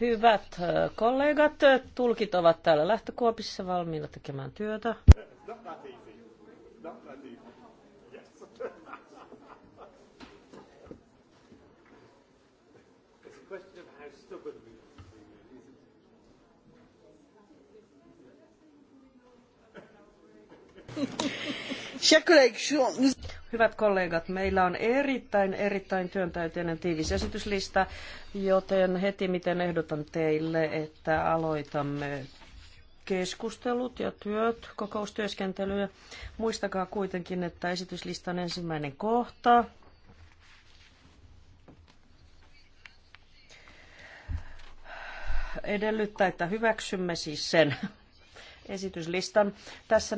Hyvät kollegat, tulkit ovat täällä lähtökuopissa valmiina tekemään työtä. Chers collègues, nous Hyvät kollegat, meillä on erittäin, erittäin työntäyteinen tiivis esityslista, joten heti miten ehdotan teille, että aloitamme keskustelut ja työt, kokoustyöskentelyä. Muistakaa kuitenkin, että esityslistan ensimmäinen kohta edellyttää, että hyväksymme siis sen esityslistan. Tässä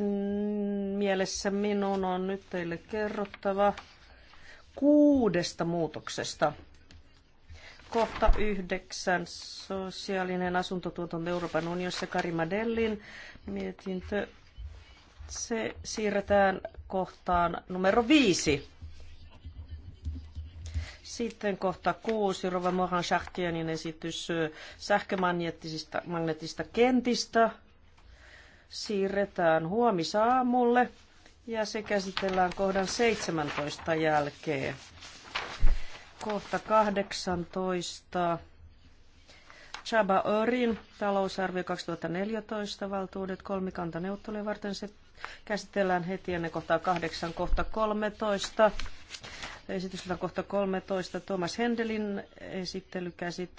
mielessä minun on nyt teille kerrottava kuudesta muutoksesta. Kohta yhdeksän sosiaalinen asuntotuotanto Euroopan unionissa Karimadellin mietintö. Se siirretään kohtaan numero viisi. Sitten kohta kuusi, Rova Mohan Schachtianin esitys sähkömagneettisista magnetista kentistä siirretään huomisaamulle ja se käsitellään kohdan 17 jälkeen. Kohta 18. Chaba Örin talousarvio 2014 valtuudet kolmikantaneuvotteluja varten se käsitellään heti ennen kohtaa 8 kohta 13. Esitystä kohta 13. Thomas Hendelin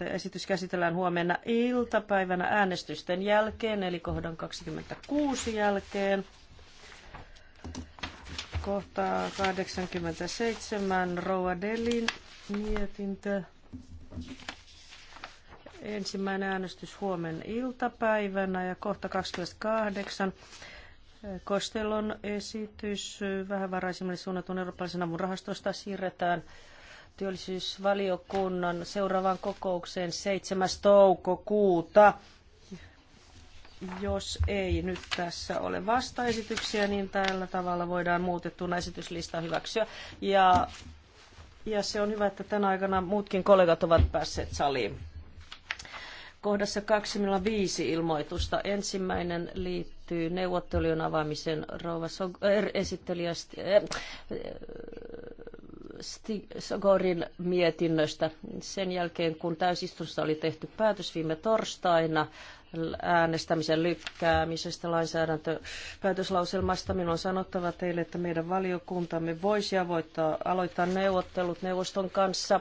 esitys käsitellään huomenna iltapäivänä äänestysten jälkeen, eli kohdan 26 jälkeen. Kohta 87. Roa Delin mietintö. Ensimmäinen äänestys huomenna iltapäivänä ja kohta 28 Kostelon esitys vähävaraisimmille suunnatun eurooppalaisen avun rahastosta siirretään työllisyysvaliokunnan seuraavaan kokoukseen 7. toukokuuta. Jos ei nyt tässä ole vastaesityksiä, niin tällä tavalla voidaan muutettuna esityslista hyväksyä. Ja, ja se on hyvä, että tänä aikana muutkin kollegat ovat päässeet saliin. Kohdassa 2.5 ilmoitusta. Ensimmäinen liittyy liittyy neuvottelujen avaamisen rouva äh, er, esittelijä äh, Sogorin mietinnöstä. Sen jälkeen, kun täysistunnossa oli tehty päätös viime torstaina äänestämisen lykkäämisestä lainsäädäntöpäätöslauselmasta, minun on sanottava teille, että meidän valiokuntamme voisi avoittaa, aloittaa neuvottelut neuvoston kanssa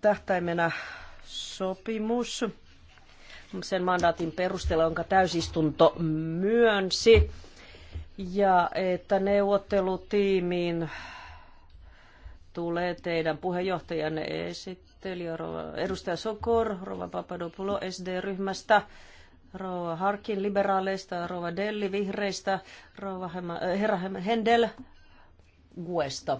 tähtäimenä sopimus sen mandaatin perusteella, jonka täysistunto myönsi, ja että neuvottelutiimiin tulee teidän puheenjohtajanne esittelijä, edustaja Sokor, Rova Papadopulo SD-ryhmästä, Rova Harkin liberaaleista, Rova Delli vihreistä, Rova Hema, eh, herra Hendel Guesta.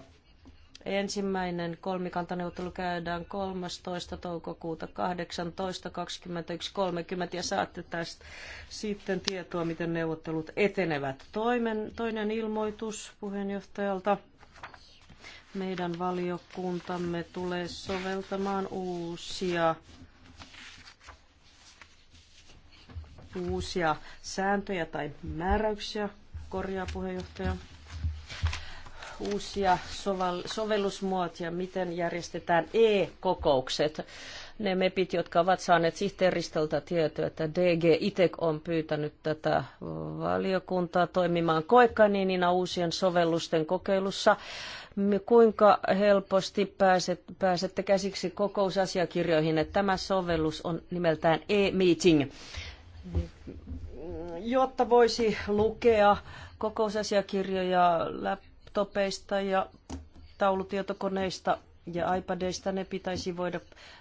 Ensimmäinen kolmikantaneuvottelu käydään 13. toukokuuta 18, 21, kolmekymmentä ja saatte tästä sitten tietoa, miten neuvottelut etenevät. Toimen, toinen ilmoitus puheenjohtajalta. Meidän valiokuntamme tulee soveltamaan uusia uusia sääntöjä tai määräyksiä, korjaa puheenjohtaja uusia sovellusmuotoja, miten järjestetään e-kokoukset. Ne MEPit, jotka ovat saaneet sihteeristöltä tietoa, että DG ITEK on pyytänyt tätä valiokuntaa toimimaan koekaninina uusien sovellusten kokeilussa. Kuinka helposti pääset, pääsette käsiksi kokousasiakirjoihin, että tämä sovellus on nimeltään e-meeting? jotta voisi lukea kokousasiakirjoja läpi laptopeista ja taulutietokoneista ja iPadeista ne pitäisi voida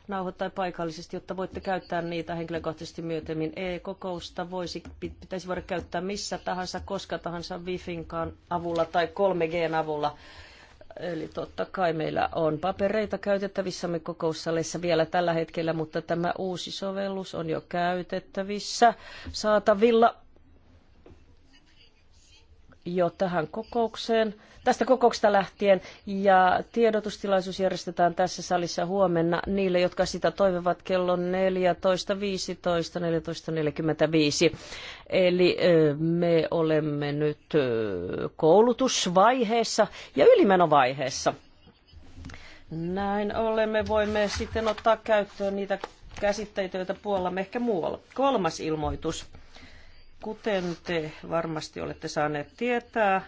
nauhoittaa paikallisesti, jotta voitte käyttää niitä henkilökohtaisesti myöhemmin. E-kokousta voisi, pitäisi voida käyttää missä tahansa, koska tahansa Wifinkaan avulla tai 3Gn avulla. Eli totta kai meillä on papereita käytettävissämme kokoussaleissa vielä tällä hetkellä, mutta tämä uusi sovellus on jo käytettävissä, saatavilla jo tähän kokoukseen tästä kokouksesta lähtien ja tiedotustilaisuus järjestetään tässä salissa huomenna niille, jotka sitä toivovat kello 14.15, 14.45. Eli me olemme nyt koulutusvaiheessa ja ylimenovaiheessa. Näin olemme, voimme sitten ottaa käyttöön niitä käsitteitä, joita puolamme ehkä muualla. Kolmas ilmoitus. Kuten te varmasti olette saaneet tietää,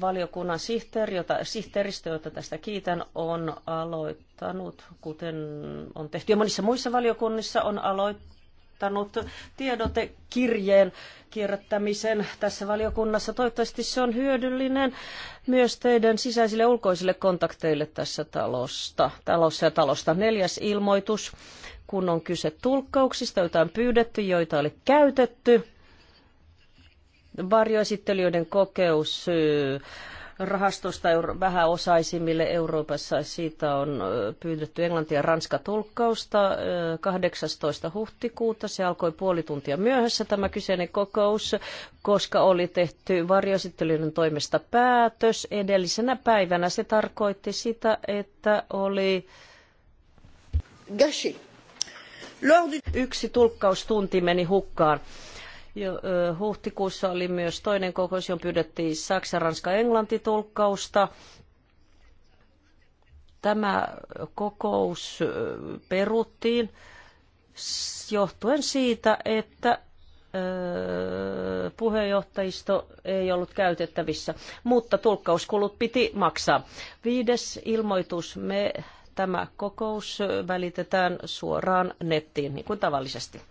valiokunnan sihteeri, jota, sihteeristö, jota tästä kiitän, on aloittanut, kuten on tehty jo monissa muissa valiokunnissa, on aloittanut tiedotekirjeen kierrättämisen tässä valiokunnassa. Toivottavasti se on hyödyllinen myös teidän sisäisille ulkoisille kontakteille tässä talosta, talossa ja talosta. Neljäs ilmoitus, kun on kyse tulkkauksista, joita on pyydetty, joita oli käytetty varjoesittelijöiden kokeus rahastosta vähäosaisimmille Euroopassa. Siitä on pyydetty englantia ja ranska tulkkausta 18. huhtikuuta. Se alkoi puoli tuntia myöhässä tämä kyseinen kokous, koska oli tehty varjoesittelyiden toimesta päätös. Edellisenä päivänä se tarkoitti sitä, että oli... Gashi. Yksi tulkkaustunti meni hukkaan. Jo, huhtikuussa oli myös toinen kokous, johon pyydettiin Saksa, Ranska, Englanti tulkkausta. Tämä kokous peruttiin johtuen siitä, että puheenjohtajisto ei ollut käytettävissä, mutta tulkkauskulut piti maksaa. Viides ilmoitus. Me tämä kokous välitetään suoraan nettiin, niin kuin tavallisesti.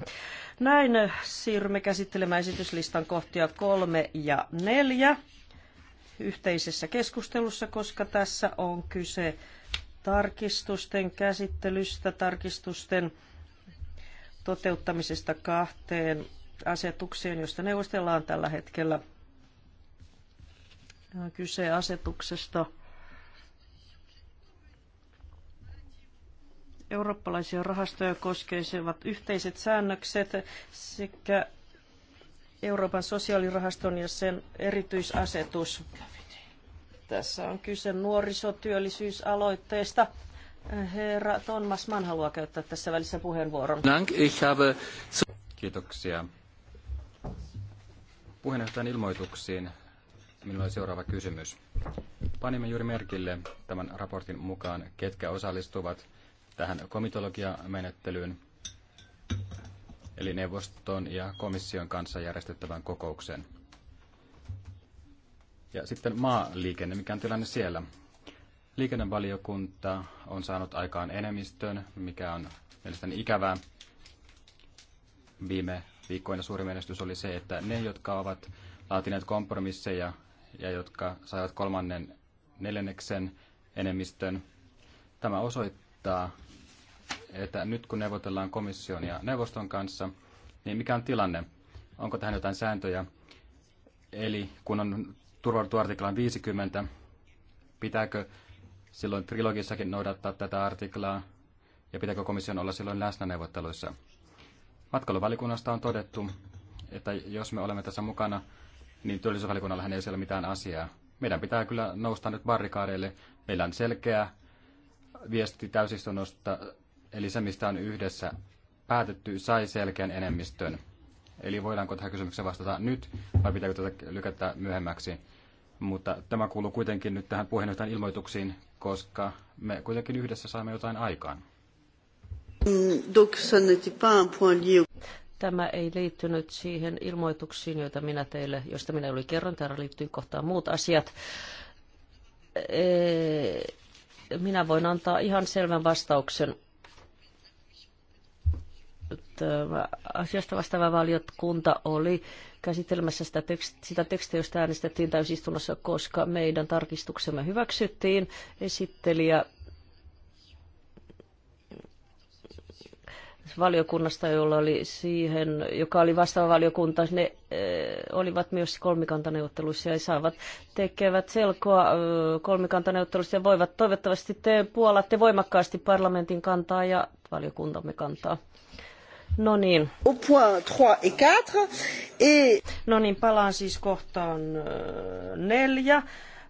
Näin siirrymme käsittelemään esityslistan kohtia kolme ja neljä yhteisessä keskustelussa, koska tässä on kyse tarkistusten käsittelystä, tarkistusten toteuttamisesta kahteen asetukseen, josta neuvostellaan tällä hetkellä. Kyse asetuksesta Eurooppalaisia rahastoja koskeisevat yhteiset säännökset sekä Euroopan sosiaalirahaston ja sen erityisasetus. Tässä on kyse nuorisotyöllisyysaloitteesta. Herra Thomas Mann haluaa käyttää tässä välissä puheenvuoron. Kiitoksia. Puheenjohtajan ilmoituksiin minulla on seuraava kysymys. Panimme juuri merkille tämän raportin mukaan, ketkä osallistuvat tähän komitologiamenettelyyn, eli neuvoston ja komission kanssa järjestettävän kokouksen. Ja sitten maaliikenne, mikä on tilanne siellä? Liikennevaliokunta on saanut aikaan enemmistön, mikä on mielestäni ikävää. Viime viikkoina suuri menestys oli se, että ne, jotka ovat laatineet kompromisseja ja jotka saivat kolmannen neljänneksen enemmistön, tämä osoittaa, että nyt kun neuvotellaan komission ja neuvoston kanssa, niin mikä on tilanne? Onko tähän jotain sääntöjä? Eli kun on turvattu artiklaan 50, pitääkö silloin trilogissakin noudattaa tätä artiklaa ja pitääkö komission olla silloin läsnä neuvotteluissa? Matkailuvalikunnasta on todettu, että jos me olemme tässä mukana, niin työllisyysvalikunnalla ei ole mitään asiaa. Meidän pitää kyllä nousta nyt barrikaadeille. Meillä on selkeä viesti täysistunnosta Eli se, mistä on yhdessä päätetty, sai selkeän enemmistön. Eli voidaanko tähän kysymykseen vastata nyt vai pitääkö tätä lykätä myöhemmäksi? Mutta tämä kuuluu kuitenkin nyt tähän puheenjohtajan ilmoituksiin, koska me kuitenkin yhdessä saamme jotain aikaan. Tämä ei liittynyt siihen ilmoituksiin, joita minä teille, joista minä oli kerron. Täällä liittyy kohtaan muut asiat. Minä voin antaa ihan selvän vastauksen tämä äh, asiasta vastaava valiokunta oli käsittelemässä sitä, tekst, sitä tekstiä, josta äänestettiin täysistunnossa, koska meidän tarkistuksemme hyväksyttiin. Esittelijä valiokunnasta, jolla oli siihen, joka oli vastaava valiokunta, ne ö, äh, olivat myös kolmikantaneuvotteluissa ja saavat, tekevät selkoa ö, äh, kolmikantaneuvotteluissa ja voivat toivottavasti te puolatte voimakkaasti parlamentin kantaa ja valiokuntamme kantaa. No niin. Au point 3 et 4. Et... No niin, palaan siis kohtaan äh, neljä.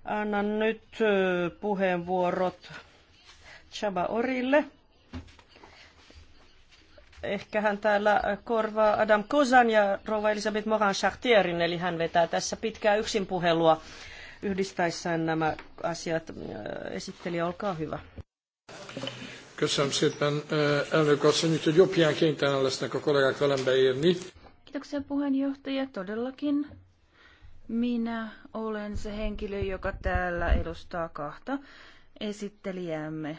Annan nyt äh, puheenvuorot Chaba Orille. Ehkä hän täällä korvaa Adam Kozan ja rouva Elisabeth Moran Chartierin, eli hän vetää tässä pitkää yksinpuhelua yhdistäessään nämä asiat. Äh, esittelijä, olkaa hyvä. Köszönöm szépen, eh, elnök asszony, úgyhogy jobb hiány kénytelen lesznek a kollégák velem beírni. Kiitoksia puheenjohtaja. Todellakin minä olen se henkilö, joka täällä edustaa kahta esittelijäämme.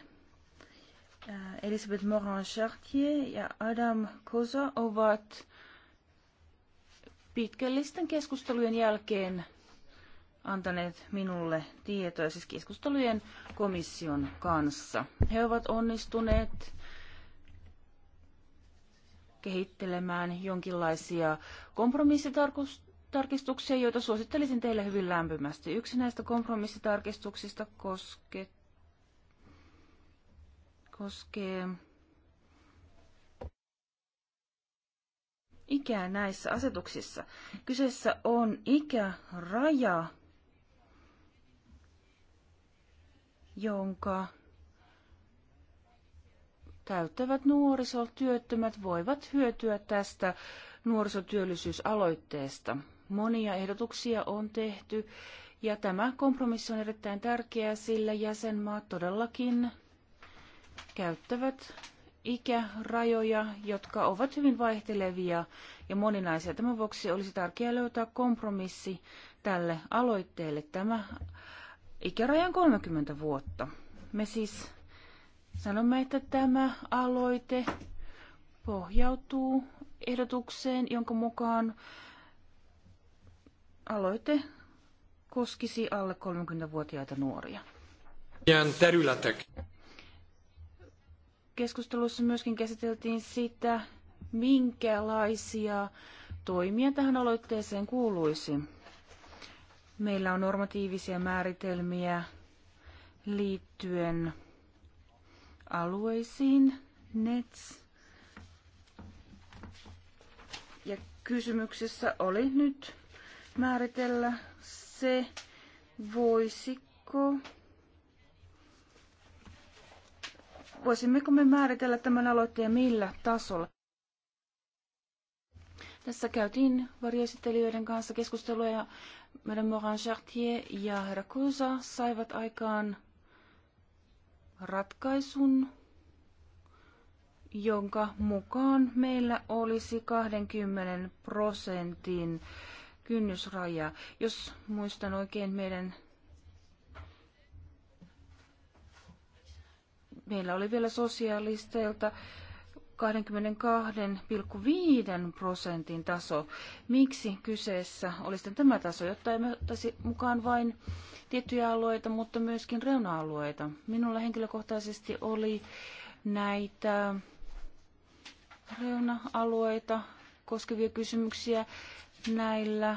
Eh, Elisabeth Morin-Chartier ja Adam Kosa ovat pitkällisten keskustelujen jälkeen antaneet minulle tietoja, siis keskustelujen komission kanssa. He ovat onnistuneet kehittelemään jonkinlaisia kompromissitarkistuksia, joita suosittelisin teille hyvin lämpimästi. Yksi näistä kompromissitarkistuksista koske, koskee ikää näissä asetuksissa. Kyseessä on ikäraja jonka täyttävät nuorisotyöttömät voivat hyötyä tästä nuorisotyöllisyysaloitteesta. Monia ehdotuksia on tehty ja tämä kompromissi on erittäin tärkeä, sillä jäsenmaat todellakin käyttävät ikärajoja, jotka ovat hyvin vaihtelevia ja moninaisia. Tämän vuoksi olisi tärkeää löytää kompromissi tälle aloitteelle. Tämä ikärajan 30 vuotta. Me siis sanomme, että tämä aloite pohjautuu ehdotukseen, jonka mukaan aloite koskisi alle 30-vuotiaita nuoria. Keskustelussa myöskin käsiteltiin sitä, minkälaisia toimia tähän aloitteeseen kuuluisi. Meillä on normatiivisia määritelmiä liittyen alueisiin, NETS. Ja kysymyksessä oli nyt määritellä se, voisiko voisimmeko me määritellä tämän aloitteen millä tasolla? Tässä käytiin varjoesittelijöiden kanssa keskustelua ja Madame Morin Chartier ja herra Kusa saivat aikaan ratkaisun, jonka mukaan meillä olisi 20 prosentin kynnysraja. Jos muistan oikein meidän meillä oli vielä sosiaalisteilta 22,5 prosentin taso. Miksi kyseessä olisi tämä taso, jotta emme ottaisi mukaan vain tiettyjä alueita, mutta myöskin reuna-alueita? Minulla henkilökohtaisesti oli näitä reuna-alueita koskevia kysymyksiä näillä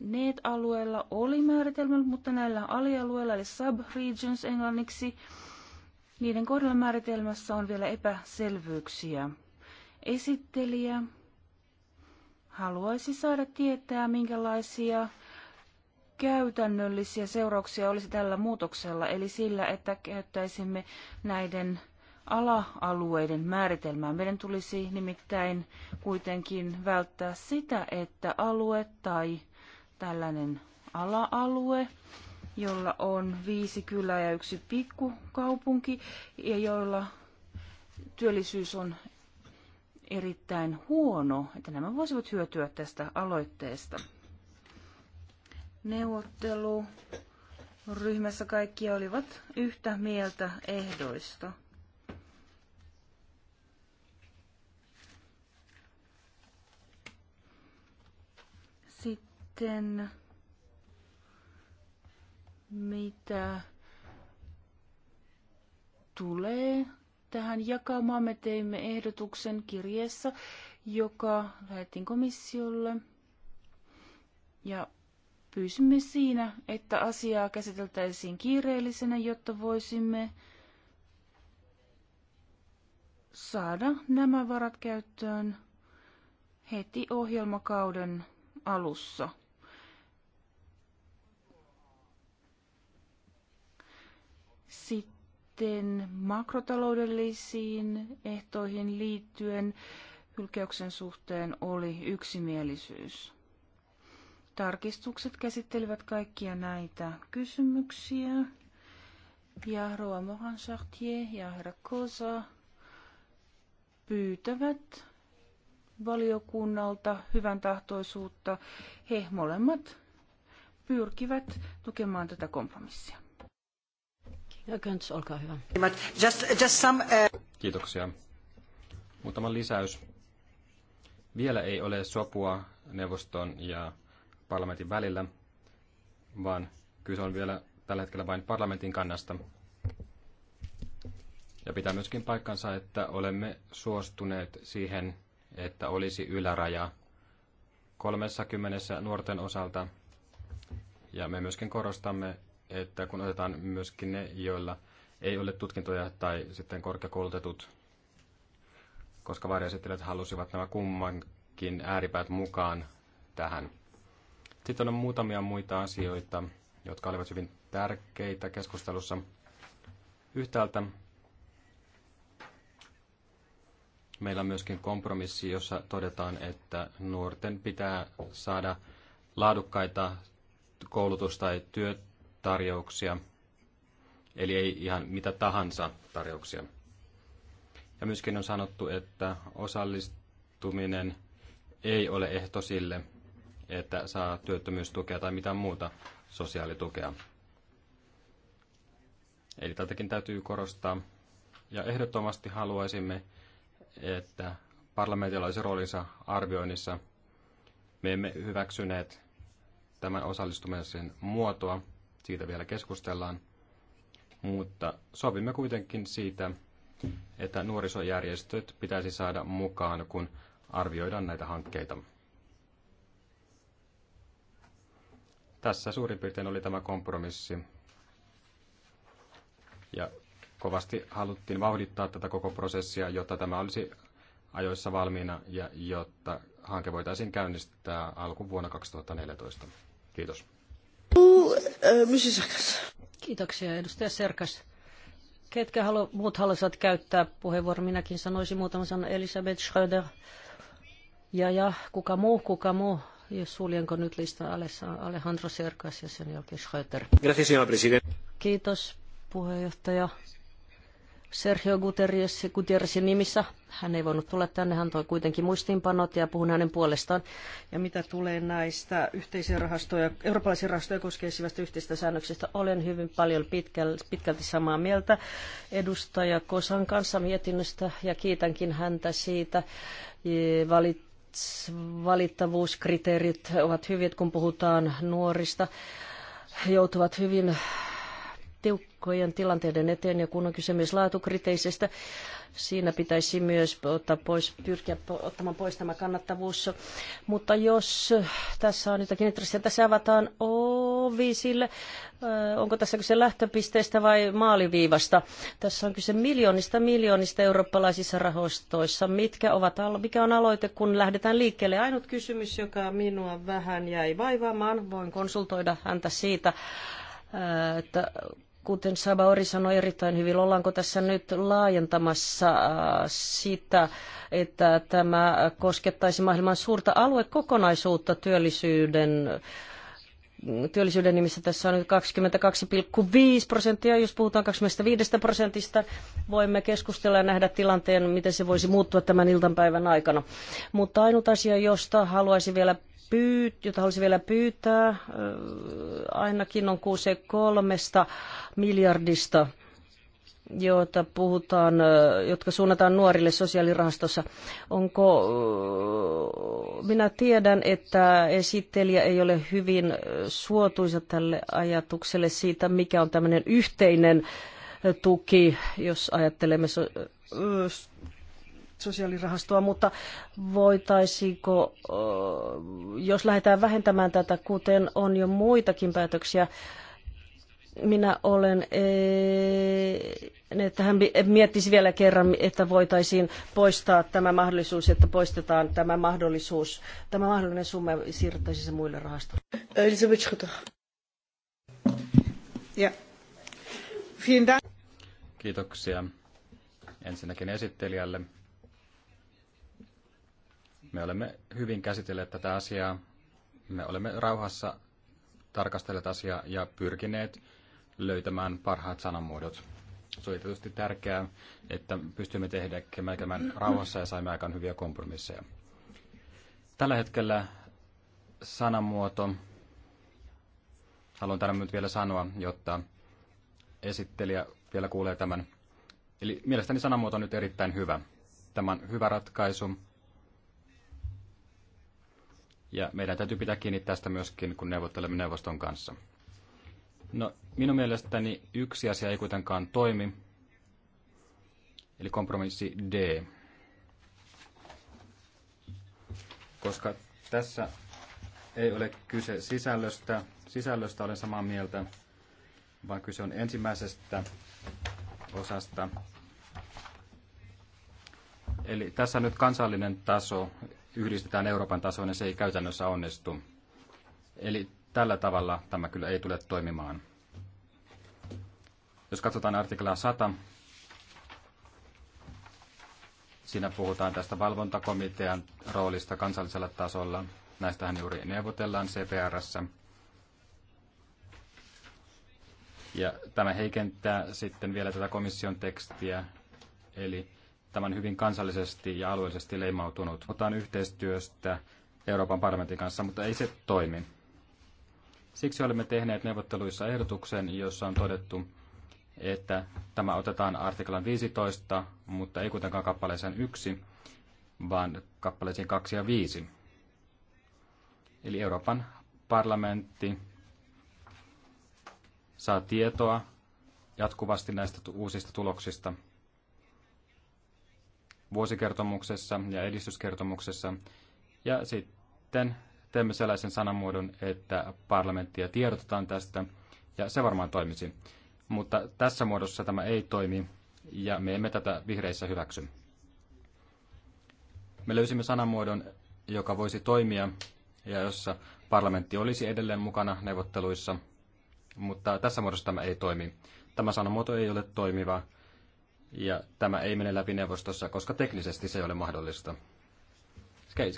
NEET-alueilla oli määritelmä, mutta näillä alialueilla eli subregions englanniksi – niiden kohdalla määritelmässä on vielä epäselvyyksiä. Esittelijä haluaisi saada tietää, minkälaisia käytännöllisiä seurauksia olisi tällä muutoksella, eli sillä, että käyttäisimme näiden ala-alueiden määritelmää. Meidän tulisi nimittäin kuitenkin välttää sitä, että alue tai tällainen ala-alue jolla on viisi kylää ja yksi pikkukaupunki ja joilla työllisyys on erittäin huono, että nämä voisivat hyötyä tästä aloitteesta. Neuvottelu ryhmässä kaikki olivat yhtä mieltä ehdoista. Sitten mitä tulee tähän jakamaan, me teimme ehdotuksen kirjeessä, joka lähetin komissiolle. Ja pyysimme siinä, että asiaa käsiteltäisiin kiireellisenä, jotta voisimme saada nämä varat käyttöön heti ohjelmakauden alussa. Sitten makrotaloudellisiin ehtoihin liittyen hylkäyksen suhteen oli yksimielisyys. Tarkistukset käsittelivät kaikkia näitä kysymyksiä. Ja Roa Mohan Chartier ja herra Kosa pyytävät valiokunnalta hyvän tahtoisuutta. He molemmat pyrkivät tukemaan tätä kompromissia. Jököns, olkaa hyvä. Just, just some, uh... Kiitoksia. Muutama lisäys. Vielä ei ole sopua neuvoston ja parlamentin välillä, vaan kyse on vielä tällä hetkellä vain parlamentin kannasta. Ja pitää myöskin paikkansa, että olemme suostuneet siihen, että olisi yläraja 30 nuorten osalta. Ja me myöskin korostamme että kun otetaan myöskin ne, joilla ei ole tutkintoja tai sitten korkeakoulutetut, koska varjaesittelijät halusivat nämä kummankin ääripäät mukaan tähän. Sitten on muutamia muita asioita, jotka olivat hyvin tärkeitä keskustelussa. Yhtäältä meillä on myöskin kompromissi, jossa todetaan, että nuorten pitää saada laadukkaita koulutus- tai työt tarjouksia, eli ei ihan mitä tahansa tarjouksia. Ja myöskin on sanottu, että osallistuminen ei ole ehto sille, että saa työttömyystukea tai mitään muuta sosiaalitukea. Eli tätäkin täytyy korostaa. Ja ehdottomasti haluaisimme, että parlamentilla olisi roolinsa arvioinnissa. Me emme hyväksyneet tämän osallistumisen muotoa, siitä vielä keskustellaan. Mutta sovimme kuitenkin siitä, että nuorisojärjestöt pitäisi saada mukaan, kun arvioidaan näitä hankkeita. Tässä suurin piirtein oli tämä kompromissi. Ja kovasti haluttiin vauhdittaa tätä koko prosessia, jotta tämä olisi ajoissa valmiina ja jotta hanke voitaisiin käynnistää alkuvuonna 2014. Kiitos. Kiitoksia, edustaja Serkas. Ketkä halu, muut haluaisivat käyttää puheenvuoro? Minäkin sanoisin muutaman sanan Elisabeth Schröder. Ja, ja kuka muu, kuka muu? Jos suljenko nyt listan Alejandro Serkas ja sen jälkeen Schröder. Gracias, Kiitos, puheenjohtaja. Sergio Guterres, Gutierresin nimissä. Hän ei voinut tulla tänne, hän toi kuitenkin muistiinpanot ja puhun hänen puolestaan. Ja mitä tulee näistä yhteisiä rahastoja, eurooppalaisia rahastoja koskevista yhteistä säännöksistä, olen hyvin paljon pitkälti samaa mieltä edustaja Kosan kanssa mietinnöstä ja kiitänkin häntä siitä. Valit, valittavuuskriteerit ovat hyviä, kun puhutaan nuorista joutuvat hyvin tiukkojen tilanteiden eteen ja kun on kyse myös laatukriteisistä, siinä pitäisi myös ottaa pois, pyrkiä ottamaan pois tämä kannattavuus. Mutta jos tässä on jotakin intressiä, tässä avataan ovi sille, onko tässä kyse lähtöpisteestä vai maaliviivasta. Tässä on kyse miljoonista miljoonista eurooppalaisissa rahastoissa. Mitkä ovat, mikä on aloite, kun lähdetään liikkeelle? Ainut kysymys, joka minua vähän jäi vaivaamaan, voin konsultoida häntä siitä, että kuten Sabaori sanoi erittäin hyvin, ollaanko tässä nyt laajentamassa äh, sitä, että tämä koskettaisi maailman suurta aluekokonaisuutta työllisyyden työllisyyden nimissä tässä on nyt 22,5 prosenttia, jos puhutaan 25 prosentista. Voimme keskustella ja nähdä tilanteen, miten se voisi muuttua tämän iltapäivän aikana. Mutta ainut asia, josta haluaisin vielä pyyt, jota haluaisin vielä pyytää, ainakin on kuuse kolmesta miljardista joita puhutaan, jotka suunnataan nuorille sosiaalirahastossa. Onko, minä tiedän, että esittelijä ei ole hyvin suotuisa tälle ajatukselle siitä, mikä on tämmöinen yhteinen tuki, jos ajattelemme sosiaalirahastoa, mutta voitaisiinko, jos lähdetään vähentämään tätä, kuten on jo muitakin päätöksiä, minä olen, että hän miettisi vielä kerran, että voitaisiin poistaa tämä mahdollisuus, että poistetaan tämä mahdollisuus, tämä mahdollinen summa siirrettäisiin se muille rahastoille. Elisabeth Kiitoksia ensinnäkin esittelijälle me olemme hyvin käsitelleet tätä asiaa. Me olemme rauhassa tarkastelleet asiaa ja pyrkineet löytämään parhaat sanamuodot. Se oli tietysti tärkeää, että pystymme kemäkemään rauhassa ja saimme aikaan hyviä kompromisseja. Tällä hetkellä sanamuoto, haluan tämän nyt vielä sanoa, jotta esittelijä vielä kuulee tämän. Eli mielestäni sanamuoto on nyt erittäin hyvä. Tämä on hyvä ratkaisu ja meidän täytyy pitää kiinni tästä myöskin, kun neuvottelemme neuvoston kanssa. No, minun mielestäni yksi asia ei kuitenkaan toimi, eli kompromissi D. Koska tässä ei ole kyse sisällöstä, sisällöstä olen samaa mieltä, vaan kyse on ensimmäisestä osasta. Eli tässä on nyt kansallinen taso yhdistetään Euroopan tasoon, niin se ei käytännössä onnistu. Eli tällä tavalla tämä kyllä ei tule toimimaan. Jos katsotaan artiklaa 100, siinä puhutaan tästä valvontakomitean roolista kansallisella tasolla. Näistähän juuri neuvotellaan CPRssä. Ja tämä heikentää sitten vielä tätä komission tekstiä, eli Tämän hyvin kansallisesti ja alueellisesti leimautunut. Otan yhteistyöstä Euroopan parlamentin kanssa, mutta ei se toimi. Siksi olemme tehneet neuvotteluissa ehdotuksen, jossa on todettu, että tämä otetaan artiklan 15, mutta ei kuitenkaan kappaleeseen 1, vaan kappaleisiin 2 ja 5. Eli Euroopan parlamentti saa tietoa jatkuvasti näistä uusista tuloksista – vuosikertomuksessa ja edistyskertomuksessa. Ja sitten teemme sellaisen sanamuodon, että parlamenttia tiedotetaan tästä, ja se varmaan toimisi. Mutta tässä muodossa tämä ei toimi, ja me emme tätä vihreissä hyväksy. Me löysimme sanamuodon, joka voisi toimia, ja jossa parlamentti olisi edelleen mukana neuvotteluissa, mutta tässä muodossa tämä ei toimi. Tämä sanamuoto ei ole toimiva, ja tämä ei mene läpi neuvostossa, koska teknisesti se ei ole mahdollista.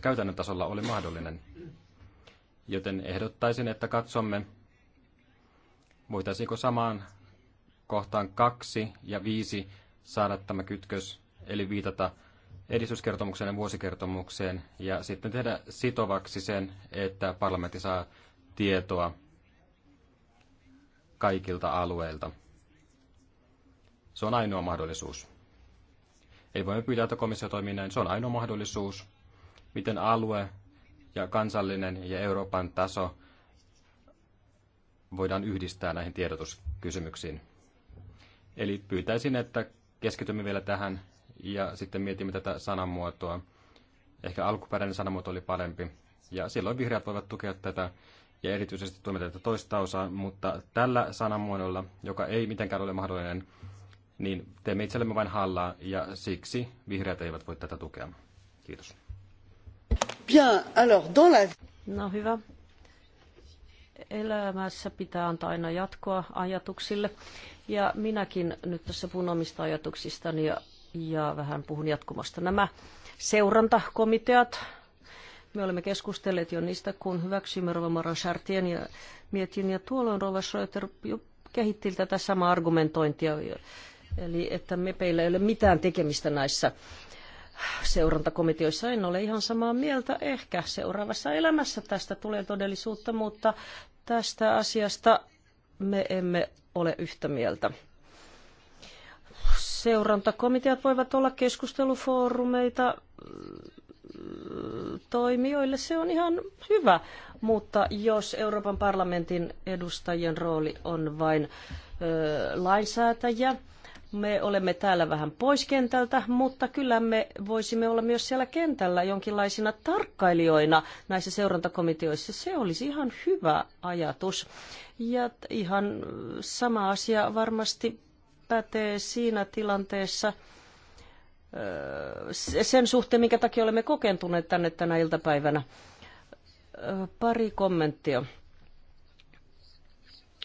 Käytännön tasolla oli mahdollinen. Joten ehdottaisin, että katsomme, voitaisiinko samaan kohtaan kaksi ja viisi saada tämä kytkös, eli viitata edistyskertomukseen ja vuosikertomukseen, ja sitten tehdä sitovaksi sen, että parlamentti saa tietoa kaikilta alueilta. Se on ainoa mahdollisuus. Ei voi pyytää, että komissio toimii näin. Se on ainoa mahdollisuus, miten alue ja kansallinen ja Euroopan taso voidaan yhdistää näihin tiedotuskysymyksiin. Eli pyytäisin, että keskitymme vielä tähän ja sitten mietimme tätä sanamuotoa. Ehkä alkuperäinen sanamuoto oli parempi. Ja silloin vihreät voivat tukea tätä ja erityisesti tuomita tätä toista osaa, mutta tällä sanamuodolla, joka ei mitenkään ole mahdollinen, niin teemme itsellemme vain hallaa ja siksi vihreät eivät voi tätä tukea. Kiitos. Bien, alors dans la... No hyvä. Elämässä pitää antaa aina jatkoa ajatuksille. Ja minäkin nyt tässä puhun omista ajatuksistani ja, ja vähän puhun jatkumasta. Nämä seurantakomiteat, me olemme keskustelleet jo niistä, kun hyväksyimme Rova Moran Chartien ja mietin, ja tuolloin Rova Schröter jo kehitti tätä samaa argumentointia, Eli että mepeillä ei ole mitään tekemistä näissä seurantakomiteoissa. En ole ihan samaa mieltä. Ehkä seuraavassa elämässä tästä tulee todellisuutta, mutta tästä asiasta me emme ole yhtä mieltä. Seurantakomiteat voivat olla keskustelufoorumeita mm, toimijoille. Se on ihan hyvä, mutta jos Euroopan parlamentin edustajien rooli on vain ö, lainsäätäjä, me olemme täällä vähän pois kentältä, mutta kyllä me voisimme olla myös siellä kentällä jonkinlaisina tarkkailijoina näissä seurantakomiteoissa. Se olisi ihan hyvä ajatus. Ja ihan sama asia varmasti pätee siinä tilanteessa, öö, sen suhteen, minkä takia olemme kokentuneet tänne tänä iltapäivänä. Öö, pari kommenttia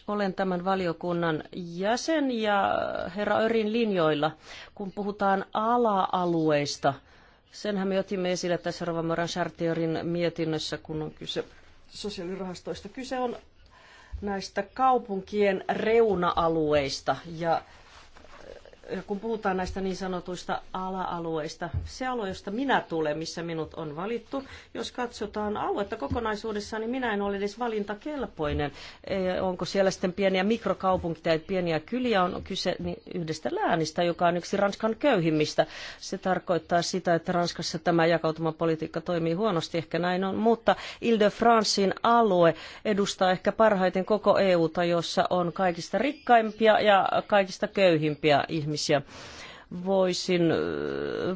olen tämän valiokunnan jäsen ja herra Örin linjoilla, kun puhutaan ala-alueista. Senhän me otimme esille tässä Rovamoran Chartierin mietinnössä, kun on kyse sosiaalirahastoista. Kyse on näistä kaupunkien reuna-alueista ja kun puhutaan näistä niin sanotuista ala-alueista, se alue, josta minä tulen, missä minut on valittu, jos katsotaan aluetta kokonaisuudessaan, niin minä en ole edes valintakelpoinen. E, onko siellä sitten pieniä mikrokaupunkia tai pieniä kyliä, on kyse niin yhdestä läänistä, joka on yksi Ranskan köyhimmistä. Se tarkoittaa sitä, että Ranskassa tämä jakautumapolitiikka toimii huonosti, ehkä näin on, mutta Ile-de-Francein alue edustaa ehkä parhaiten koko EUta, jossa on kaikista rikkaimpia ja kaikista köyhimpiä ihmisiä myönteisiä. Voisin,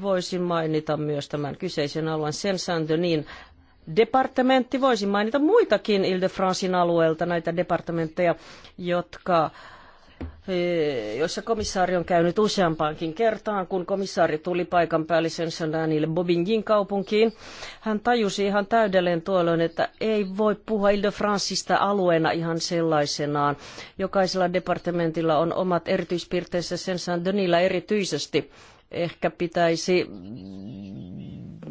voisin mainita myös tämän kyseisen alueen sen niin departementti, voisin mainita muitakin Ile-de-Francein alueelta näitä departementteja, jotka Eh, jossa komissaari on käynyt useampaankin kertaan, kun komissaari tuli paikan päälle sen Bobingin kaupunkiin. Hän tajusi ihan täydelleen tuolloin, että ei voi puhua Ile-Francista alueena ihan sellaisenaan. Jokaisella departementilla on omat erityispiirteensä sen Denillä erityisesti ehkä pitäisi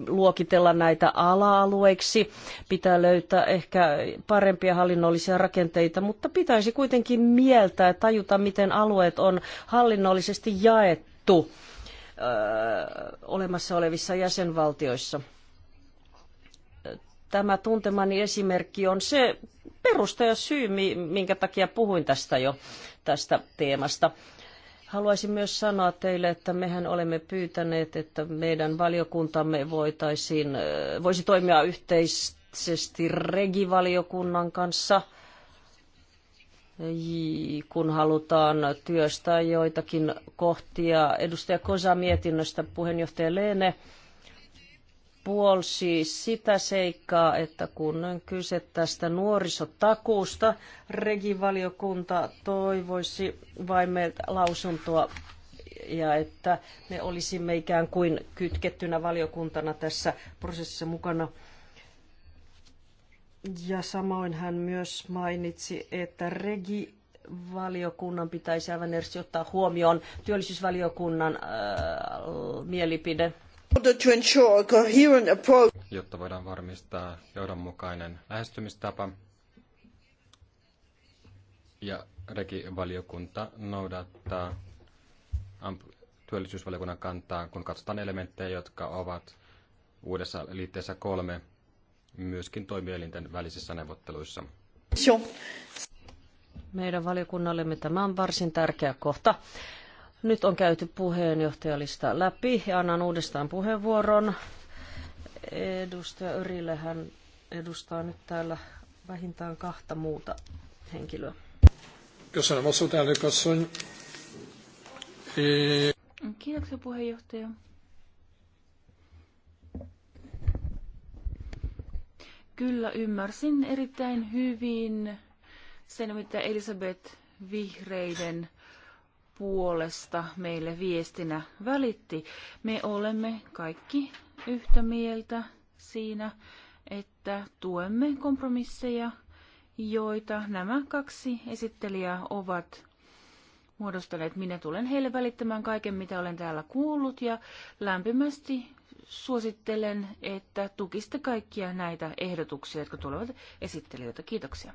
luokitella näitä ala-alueiksi. Pitää löytää ehkä parempia hallinnollisia rakenteita, mutta pitäisi kuitenkin mieltää ja tajuta, miten alueet on hallinnollisesti jaettu öö, olemassa olevissa jäsenvaltioissa. Tämä tuntemani esimerkki on se peruste ja syy, minkä takia puhuin tästä jo, tästä teemasta. Haluaisin myös sanoa teille, että mehän olemme pyytäneet, että meidän valiokuntamme voitaisiin, voisi toimia yhteisesti regivaliokunnan kanssa, kun halutaan työstää joitakin kohtia. Edustaja Kosa mietinnöstä puheenjohtaja Leene puolsi siis sitä seikkaa, että kun on kyse tästä nuorisotakuusta, regivaliokunta toivoisi vain meiltä lausuntoa ja että me olisimme ikään kuin kytkettynä valiokuntana tässä prosessissa mukana. Ja samoin hän myös mainitsi, että regi valiokunnan pitäisi aivan erityisesti ottaa huomioon työllisyysvaliokunnan äh, mielipide Jotta voidaan varmistaa johdonmukainen lähestymistapa, ja regivaliokunta noudattaa työllisyysvaliokunnan kantaa, kun katsotaan elementtejä, jotka ovat uudessa liitteessä kolme myöskin toimielinten välisissä neuvotteluissa. Meidän valiokunnallemme tämä on varsin tärkeä kohta. Nyt on käyty puheenjohtajalista läpi ja annan uudestaan puheenvuoron. Edustaja Yrille hän edustaa nyt täällä vähintään kahta muuta henkilöä. Köszönöm a szót, elnök asszony. Kiitoksia puheenjohtaja. Kyllä ymmärsin erittäin hyvin sen, mitä Elisabeth Vihreiden puolesta meille viestinä välitti. Me olemme kaikki yhtä mieltä siinä, että tuemme kompromisseja, joita nämä kaksi esittelijää ovat muodostaneet. Minä tulen heille välittämään kaiken, mitä olen täällä kuullut ja lämpimästi suosittelen, että tukiste kaikkia näitä ehdotuksia, jotka tulevat esittelijöitä. Kiitoksia.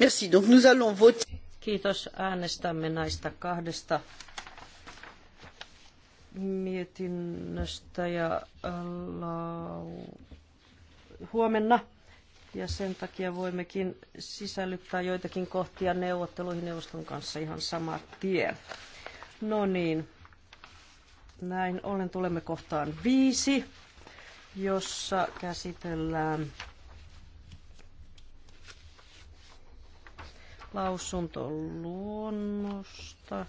Merci. Donc nous allons voter. Kiitos. Äänestämme näistä kahdesta mietinnöstä ja äh, lau... huomenna. Ja sen takia voimmekin sisällyttää joitakin kohtia neuvotteluihin neuvoston kanssa ihan sama tie. No niin, näin ollen tulemme kohtaan viisi, jossa käsitellään lausuntoluonnosta.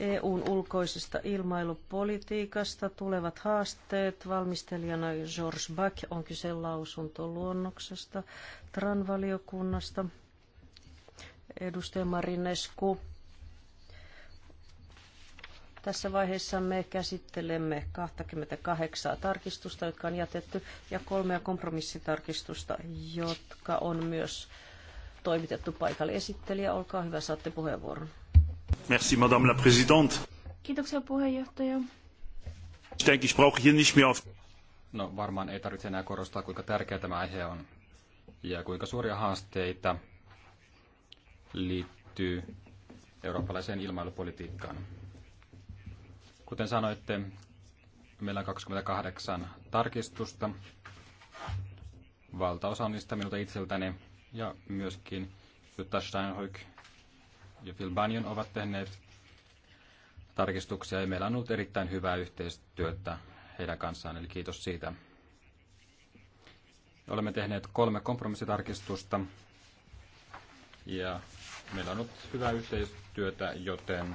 EUn ulkoisesta ilmailupolitiikasta tulevat haasteet. Valmistelijana George Back on kyse lausuntoluonnoksesta TRAN-valiokunnasta. Edustaja Marinescu. Tässä vaiheessa me käsittelemme 28 tarkistusta, jotka on jätetty, ja kolmea kompromissitarkistusta, jotka on myös toimitettu paikalle. Esittelijä, olkaa hyvä, saatte puheenvuoron. Merci, Madame la Présidente. Kiitoksia puheenjohtaja. Ich denke, ich brauche hier nicht mehr No varmaan ei tarvitse enää korostaa, kuinka tärkeä tämä aihe on ja kuinka suuria haasteita liittyy eurooppalaiseen ilmailupolitiikkaan. Kuten sanoitte, meillä on 28 tarkistusta. Valtaosa on niistä minulta itseltäni ja myöskin Jutta Steinhoek ja Phil Bunyan ovat tehneet tarkistuksia ja meillä on ollut erittäin hyvää yhteistyötä heidän kanssaan, eli kiitos siitä. Olemme tehneet kolme kompromissitarkistusta ja meillä on ollut hyvää yhteistyötä, joten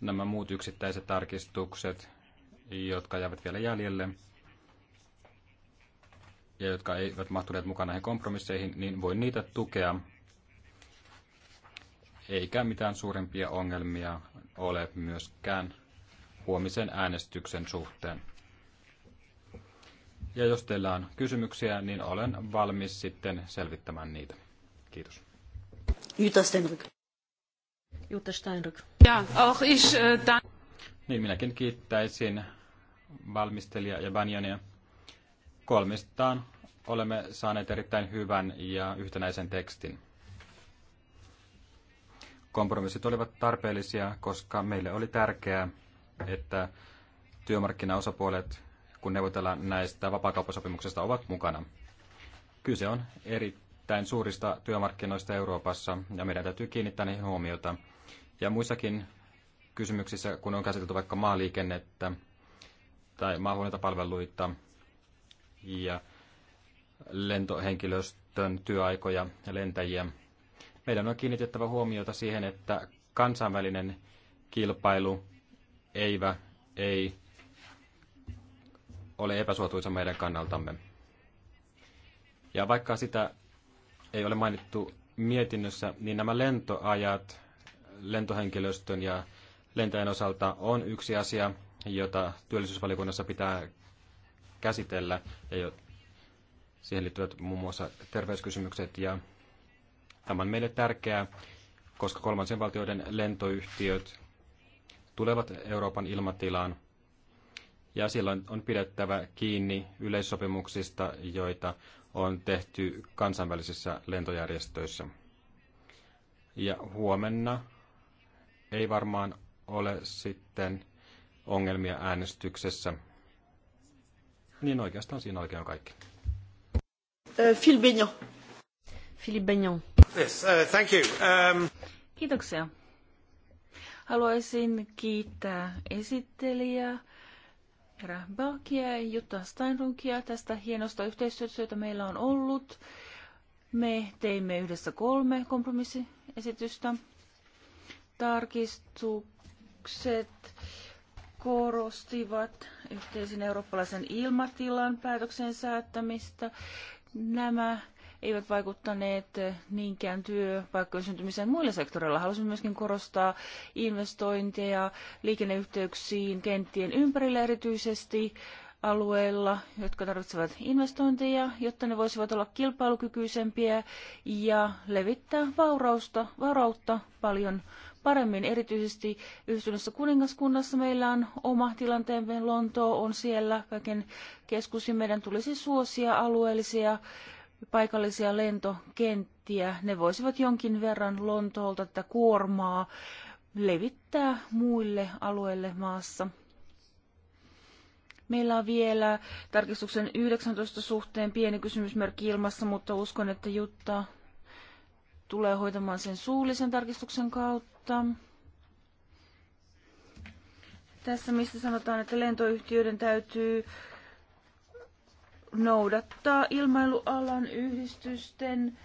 nämä muut yksittäiset tarkistukset, jotka jäävät vielä jäljelle, ja jotka eivät mahtuneet mukaan näihin kompromisseihin, niin voin niitä tukea. Eikä mitään suurempia ongelmia ole myöskään huomisen äänestyksen suhteen. Ja jos teillä on kysymyksiä, niin olen valmis sitten selvittämään niitä. Kiitos. Jutta Steinrück. Jutta Steinrück. Ja, auch ich, äh, Niin, minäkin kiittäisin valmistelija ja Banjania kolmistaan olemme saaneet erittäin hyvän ja yhtenäisen tekstin. Kompromissit olivat tarpeellisia, koska meille oli tärkeää, että työmarkkinaosapuolet, kun neuvotellaan näistä vapaakauppasopimuksista, ovat mukana. Kyse on erittäin suurista työmarkkinoista Euroopassa ja meidän täytyy kiinnittää niihin huomiota. Ja muissakin kysymyksissä, kun on käsitelty vaikka maaliikennettä tai maahuolintapalveluita, ja lentohenkilöstön työaikoja ja lentäjiä. Meidän on kiinnitettävä huomiota siihen, että kansainvälinen kilpailu ei, ei ole epäsuotuisa meidän kannaltamme. Ja vaikka sitä ei ole mainittu mietinnössä, niin nämä lentoajat lentohenkilöstön ja lentäjän osalta on yksi asia, jota työllisyysvaliokunnassa pitää käsitellä. Ja jo siihen liittyvät muun muassa terveyskysymykset ja tämä on meille tärkeää, koska kolmansien valtioiden lentoyhtiöt tulevat Euroopan ilmatilaan ja silloin on pidettävä kiinni yleissopimuksista, joita on tehty kansainvälisissä lentojärjestöissä. Ja huomenna ei varmaan ole sitten ongelmia äänestyksessä. Niin oikeastaan siinä oikein on kaikki. Phil Philippe Benyon. Yes, uh, thank you. Um... Kiitoksia. Haluaisin kiittää esittelijää. Herra Bakia ja Jutta Steinrunkia tästä hienosta yhteistyöstä, jota meillä on ollut. Me teimme yhdessä kolme kompromissiesitystä. Tarkistukset korostivat yhteisen eurooppalaisen ilmatilan päätöksen säättämistä. Nämä eivät vaikuttaneet niinkään työpaikkojen syntymiseen muilla sektoreilla. Halusin myöskin korostaa investointeja liikenneyhteyksiin kenttien ympärillä erityisesti alueilla, jotka tarvitsevat investointeja, jotta ne voisivat olla kilpailukykyisempiä ja levittää vaurausta, vaurautta paljon paremmin. Erityisesti yhdessä kuningaskunnassa meillä on oma tilanteemme. Lonto on siellä kaiken keskus ja meidän tulisi suosia alueellisia paikallisia lentokenttiä. Ne voisivat jonkin verran Lontoolta tätä kuormaa levittää muille alueille maassa. Meillä on vielä tarkistuksen 19 suhteen pieni kysymysmerkki ilmassa, mutta uskon, että Jutta tulee hoitamaan sen suullisen tarkistuksen kautta. Tässä mistä sanotaan, että lentoyhtiöiden täytyy noudattaa ilmailualan yhdistysten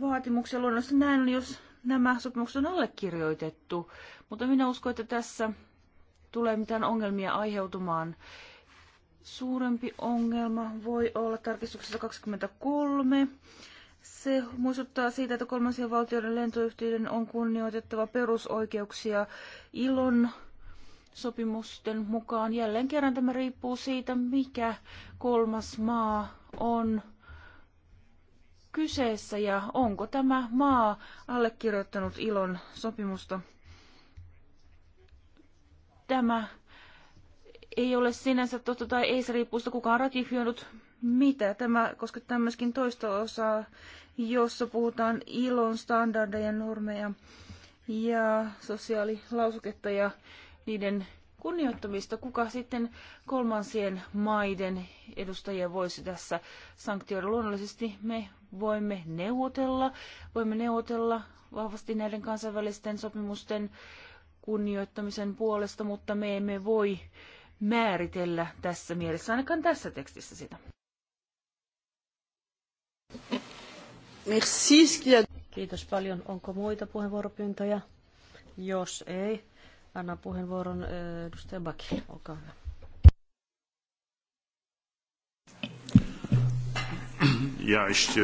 vaatimuksia luonnollisesti näin on, jos nämä sopimukset on allekirjoitettu. Mutta minä uskon, että tässä tulee mitään ongelmia aiheutumaan. Suurempi ongelma voi olla tarkistuksessa 23, se muistuttaa siitä, että kolmansien valtioiden lentoyhtiöiden on kunnioitettava perusoikeuksia ilon sopimusten mukaan. Jälleen kerran tämä riippuu siitä, mikä kolmas maa on kyseessä ja onko tämä maa allekirjoittanut ilon sopimusta. Tämä ei ole sinänsä totta tai ei se riippuu sitä, kuka on ratifioinut mitä. Tämä koskettaa myöskin toista osaa, jossa puhutaan ilon standardeja, normeja ja sosiaalilausuketta ja niiden kunnioittamista. Kuka sitten kolmansien maiden edustajia voisi tässä sanktioida? Luonnollisesti me voimme neuvotella, voimme neuvotella vahvasti näiden kansainvälisten sopimusten kunnioittamisen puolesta, mutta me emme voi määritellä tässä mielessä, ainakaan tässä tekstissä sitä. Kiitos paljon. Onko muita puheenvuoropyyntöjä? Jos ei, anna puheenvuoron edustaja Bakille. Olkaa hyvä. Ja işte.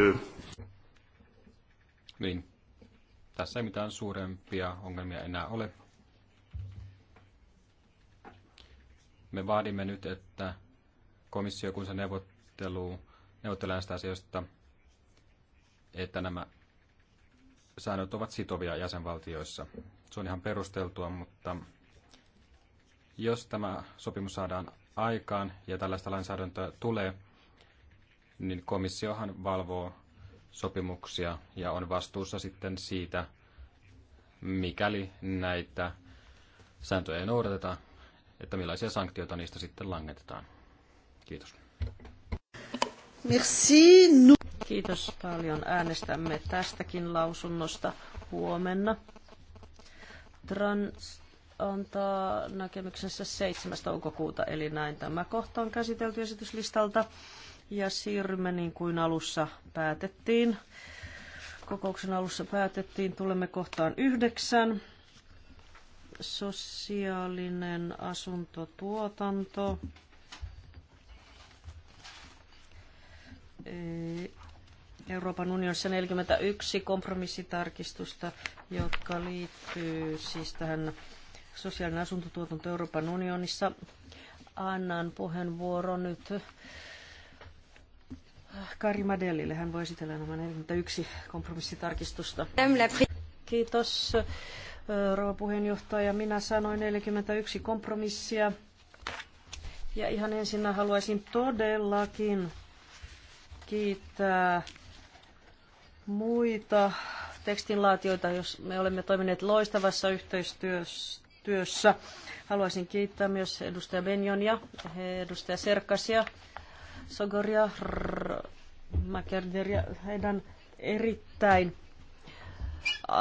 Niin. Tässä ei mitään suurempia ongelmia enää ole. Me vaadimme nyt, että komissio, kun se neuvottelu, neuvottelee näistä asioista, että nämä säännöt ovat sitovia jäsenvaltioissa. Se on ihan perusteltua, mutta jos tämä sopimus saadaan aikaan ja tällaista lainsäädäntöä tulee, niin komissiohan valvoo sopimuksia ja on vastuussa sitten siitä, mikäli näitä sääntöjä ei noudateta, että millaisia sanktioita niistä sitten langetetaan. Kiitos. Merci. Kiitos paljon. Äänestämme tästäkin lausunnosta huomenna. Trans antaa näkemyksensä 7. toukokuuta, eli näin tämä kohta on käsitelty esityslistalta. Ja siirrymme niin kuin alussa päätettiin. Kokouksen alussa päätettiin, tulemme kohtaan yhdeksän. Sosiaalinen asuntotuotanto. E- Euroopan unionissa 41 kompromissitarkistusta, jotka liittyy siis tähän sosiaalinen asuntotuotanto Euroopan unionissa. Annan puheenvuoron nyt Kari Madellille. Hän voi esitellä nämä 41 kompromissitarkistusta. Kiitos rouva puheenjohtaja. Minä sanoin 41 kompromissia. Ja ihan ensinnä haluaisin todellakin kiittää muita tekstinlaatioita, jos me olemme toimineet loistavassa yhteistyössä. Haluaisin kiittää myös edustaja Benjonia, edustaja Serkasia, Sogoria, Makerderia, heidän erittäin äh,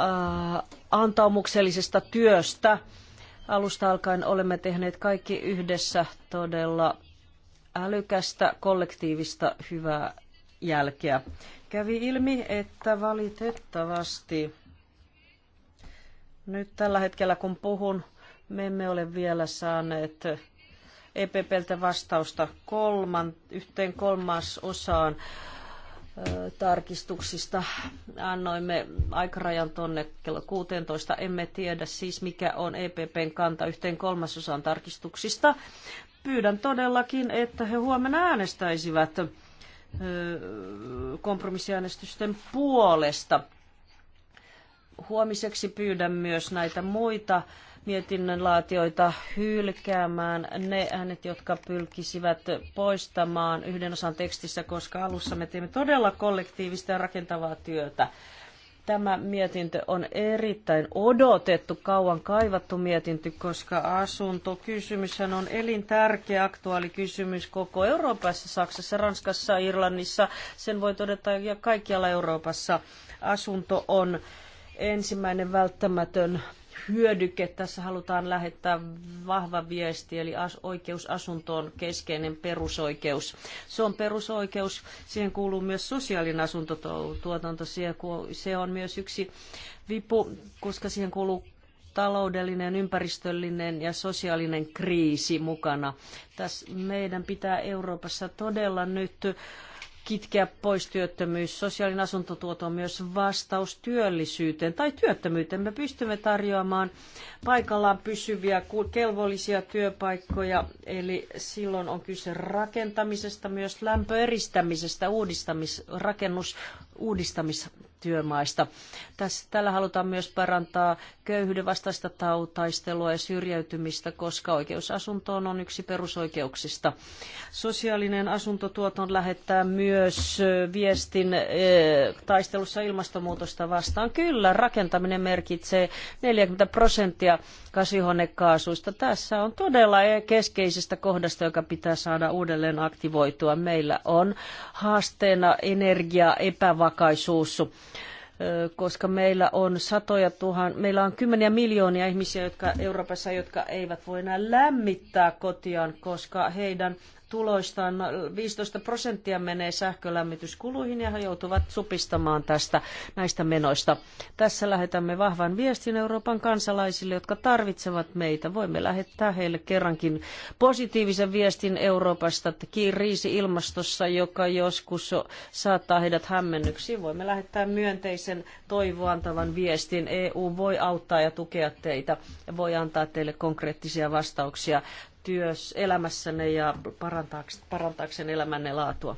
antaumuksellisesta työstä. Alusta alkaen olemme tehneet kaikki yhdessä todella älykästä, kollektiivista, hyvää jälkeä. Kävi ilmi, että valitettavasti nyt tällä hetkellä kun puhun, me emme ole vielä saaneet EPPltä vastausta kolman, yhteen kolmas osaan tarkistuksista. Annoimme aikarajan tuonne kello 16. Emme tiedä siis, mikä on EPPn kanta yhteen kolmasosan tarkistuksista. Pyydän todellakin, että he huomenna äänestäisivät kompromissiäänestysten puolesta. Huomiseksi pyydän myös näitä muita mietinnön laatioita hylkäämään ne äänet, jotka pylkisivät poistamaan yhden osan tekstissä, koska alussa me teimme todella kollektiivista ja rakentavaa työtä. Tämä mietintö on erittäin odotettu, kauan kaivattu mietintö, koska asuntokysymys on elintärkeä aktuaali kysymys koko Euroopassa, Saksassa, Ranskassa, Irlannissa. Sen voi todeta ja kaikkialla Euroopassa asunto on ensimmäinen välttämätön hyödyke. Tässä halutaan lähettää vahva viesti, eli as, oikeus asuntoon keskeinen perusoikeus. Se on perusoikeus. Siihen kuuluu myös sosiaalinen asuntotuotanto. Se on myös yksi vipu, koska siihen kuuluu taloudellinen, ympäristöllinen ja sosiaalinen kriisi mukana. Tässä meidän pitää Euroopassa todella nyt kitkeä pois työttömyys. Sosiaalinen asuntotuoto on myös vastaus työllisyyteen tai työttömyyteen. Me pystymme tarjoamaan paikallaan pysyviä kelvollisia työpaikkoja, eli silloin on kyse rakentamisesta, myös lämpöeristämisestä, uudistamis, rakennus, uudistamis, työmaista. Tässä, tällä halutaan myös parantaa köyhyyden vastaista taistelua ja syrjäytymistä, koska oikeus asuntoon on yksi perusoikeuksista. Sosiaalinen asuntotuoton lähettää myös viestin taistelussa ilmastonmuutosta vastaan. Kyllä, rakentaminen merkitsee 40 prosenttia kasvihuonekaasuista. Tässä on todella keskeisestä kohdasta, joka pitää saada uudelleen aktivoitua. Meillä on haasteena energia epävakaisuus koska meillä on satoja tuhan, meillä on kymmeniä miljoonia ihmisiä jotka Euroopassa, jotka eivät voi enää lämmittää kotiaan, koska heidän tuloistaan 15 prosenttia menee sähkölämmityskuluihin ja he joutuvat supistamaan tästä näistä menoista. Tässä lähetämme vahvan viestin Euroopan kansalaisille, jotka tarvitsevat meitä. Voimme lähettää heille kerrankin positiivisen viestin Euroopasta, että kriisi ilmastossa, joka joskus saattaa heidät hämmennyksiin. Voimme lähettää myönteisen toivoa antavan viestin. EU voi auttaa ja tukea teitä ja voi antaa teille konkreettisia vastauksia työs elämässänne ja parantaaks, parantaakseen elämänne laatua?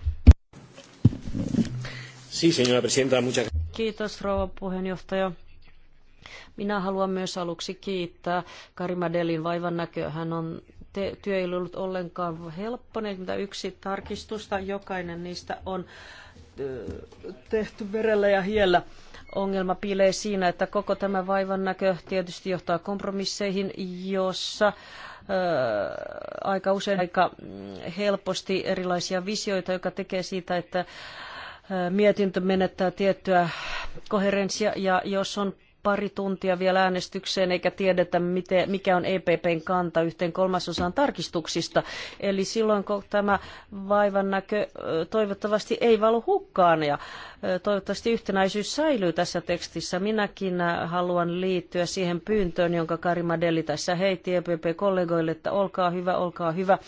Kiitos, rouva puheenjohtaja. Minä haluan myös aluksi kiittää Karimadelin vaivan näköä. Hän on te, työ ei ollut ollenkaan helppo, yksi tarkistusta, jokainen niistä on tehty verellä ja hiellä. Ongelma piilee siinä, että koko tämä vaivan näkö tietysti johtaa kompromisseihin, jossa aika usein aika helposti erilaisia visioita, joka tekee siitä, että mietintö menettää tiettyä koherenssia ja jos on pari tuntia vielä äänestykseen eikä tiedetä, miten, mikä on EPPn kanta yhteen kolmasosaan tarkistuksista. Eli silloin kun tämä vaivan näkö toivottavasti ei valu hukkaan ja toivottavasti yhtenäisyys säilyy tässä tekstissä. Minäkin haluan liittyä siihen pyyntöön, jonka Karima Deli tässä heitti EPP-kollegoille, että olkaa hyvä, olkaa hyvä.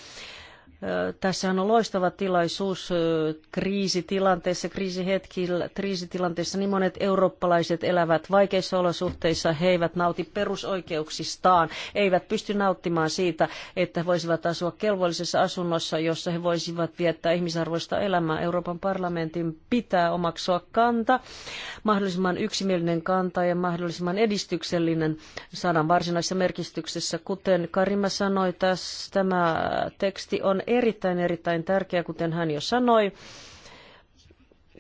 Tässähän on loistava tilaisuus kriisitilanteessa, kriisihetkillä, kriisitilanteessa niin monet eurooppalaiset elävät vaikeissa olosuhteissa, he eivät nauti perusoikeuksistaan, eivät pysty nauttimaan siitä, että voisivat asua kelvollisessa asunnossa, jossa he voisivat viettää ihmisarvoista elämää. Euroopan parlamentin pitää omaksua kanta, mahdollisimman yksimielinen kanta ja mahdollisimman edistyksellinen sanan varsinaisessa merkityksessä. Kuten Karima sanoi, tässä tämä teksti on erittäin, erittäin tärkeä, kuten hän jo sanoi.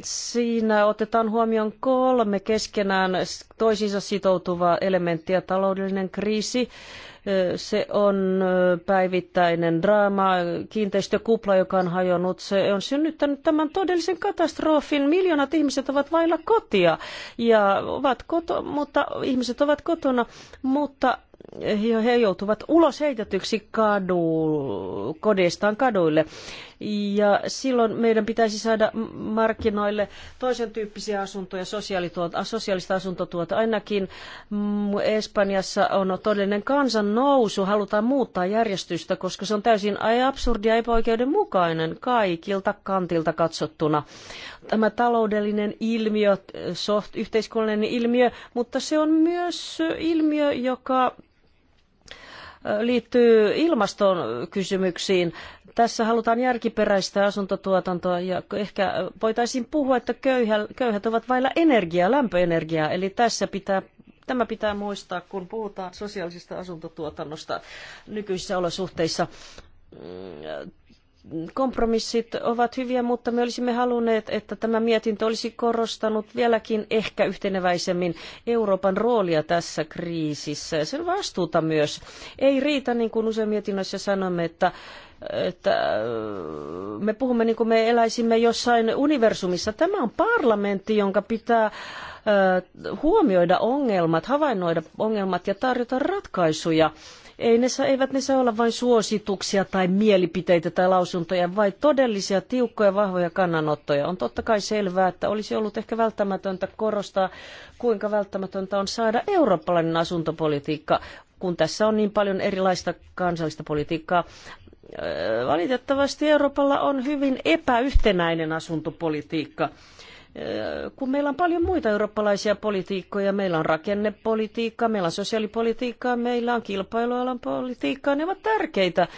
Siinä otetaan huomioon kolme keskenään toisiinsa sitoutuvaa elementtiä. Taloudellinen kriisi, se on päivittäinen draama, kiinteistökupla, joka on hajonnut. Se on synnyttänyt tämän todellisen katastrofin. Miljoonat ihmiset ovat vailla kotia, ja ovat koto, mutta ihmiset ovat kotona, mutta he joutuvat ulos heitetyksi kadu, kodeistaan kaduille. Ja silloin meidän pitäisi saada markkinoille toisen tyyppisiä asuntoja, sosiaalista asuntotuota. Ainakin Espanjassa on todellinen kansan nousu, halutaan muuttaa järjestystä, koska se on täysin absurdi ja epäoikeudenmukainen kaikilta kantilta katsottuna. Tämä taloudellinen ilmiö, soft, yhteiskunnallinen ilmiö, mutta se on myös ilmiö, joka liittyy ilmaston kysymyksiin. Tässä halutaan järkiperäistä asuntotuotantoa ja ehkä voitaisiin puhua, että köyhät ovat vailla energiaa, lämpöenergiaa. Eli tässä pitää Tämä pitää muistaa, kun puhutaan sosiaalisesta asuntotuotannosta nykyisissä olosuhteissa kompromissit ovat hyviä, mutta me olisimme halunneet, että tämä mietintö olisi korostanut vieläkin ehkä yhteneväisemmin Euroopan roolia tässä kriisissä ja sen vastuuta myös. Ei riitä, niin kuin usein mietinnössä sanomme, että että me puhumme niin kuin me eläisimme jossain universumissa. Tämä on parlamentti, jonka pitää huomioida ongelmat, havainnoida ongelmat ja tarjota ratkaisuja ei ne saa, eivät ne saa olla vain suosituksia tai mielipiteitä tai lausuntoja, vaan todellisia tiukkoja vahvoja kannanottoja. On totta kai selvää, että olisi ollut ehkä välttämätöntä korostaa, kuinka välttämätöntä on saada eurooppalainen asuntopolitiikka, kun tässä on niin paljon erilaista kansallista politiikkaa äh, valitettavasti Euroopalla on hyvin epäyhtenäinen asuntopolitiikka kun meillä on paljon muita eurooppalaisia politiikkoja, meillä on rakennepolitiikkaa, meillä on sosiaalipolitiikkaa, meillä on kilpailualan politiikkaa, ne ovat tärkeitä.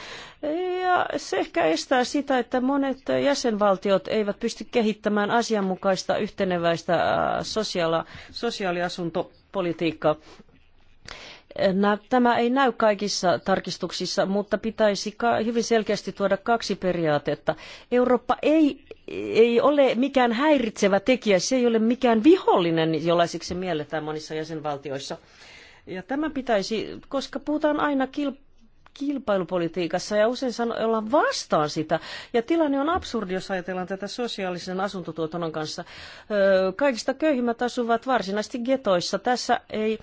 Ja se ehkä estää sitä, että monet jäsenvaltiot eivät pysty kehittämään asianmukaista yhteneväistä sosiaali- sosiaaliasuntopolitiikkaa. Tämä ei näy kaikissa tarkistuksissa, mutta pitäisi hyvin selkeästi tuoda kaksi periaatetta. Eurooppa ei, ei ole mikään häiritsevä tekijä, se ei ole mikään vihollinen, jollaiseksi se mielletään monissa jäsenvaltioissa. Ja tämä pitäisi, koska puhutaan aina kilpailusta, kilpailupolitiikassa ja usein sanoo ollaan vastaan sitä. Ja tilanne on absurdi, jos ajatellaan tätä sosiaalisen asuntotuotannon kanssa. Kaikista köyhimmät asuvat varsinaisesti getoissa. Tässä ei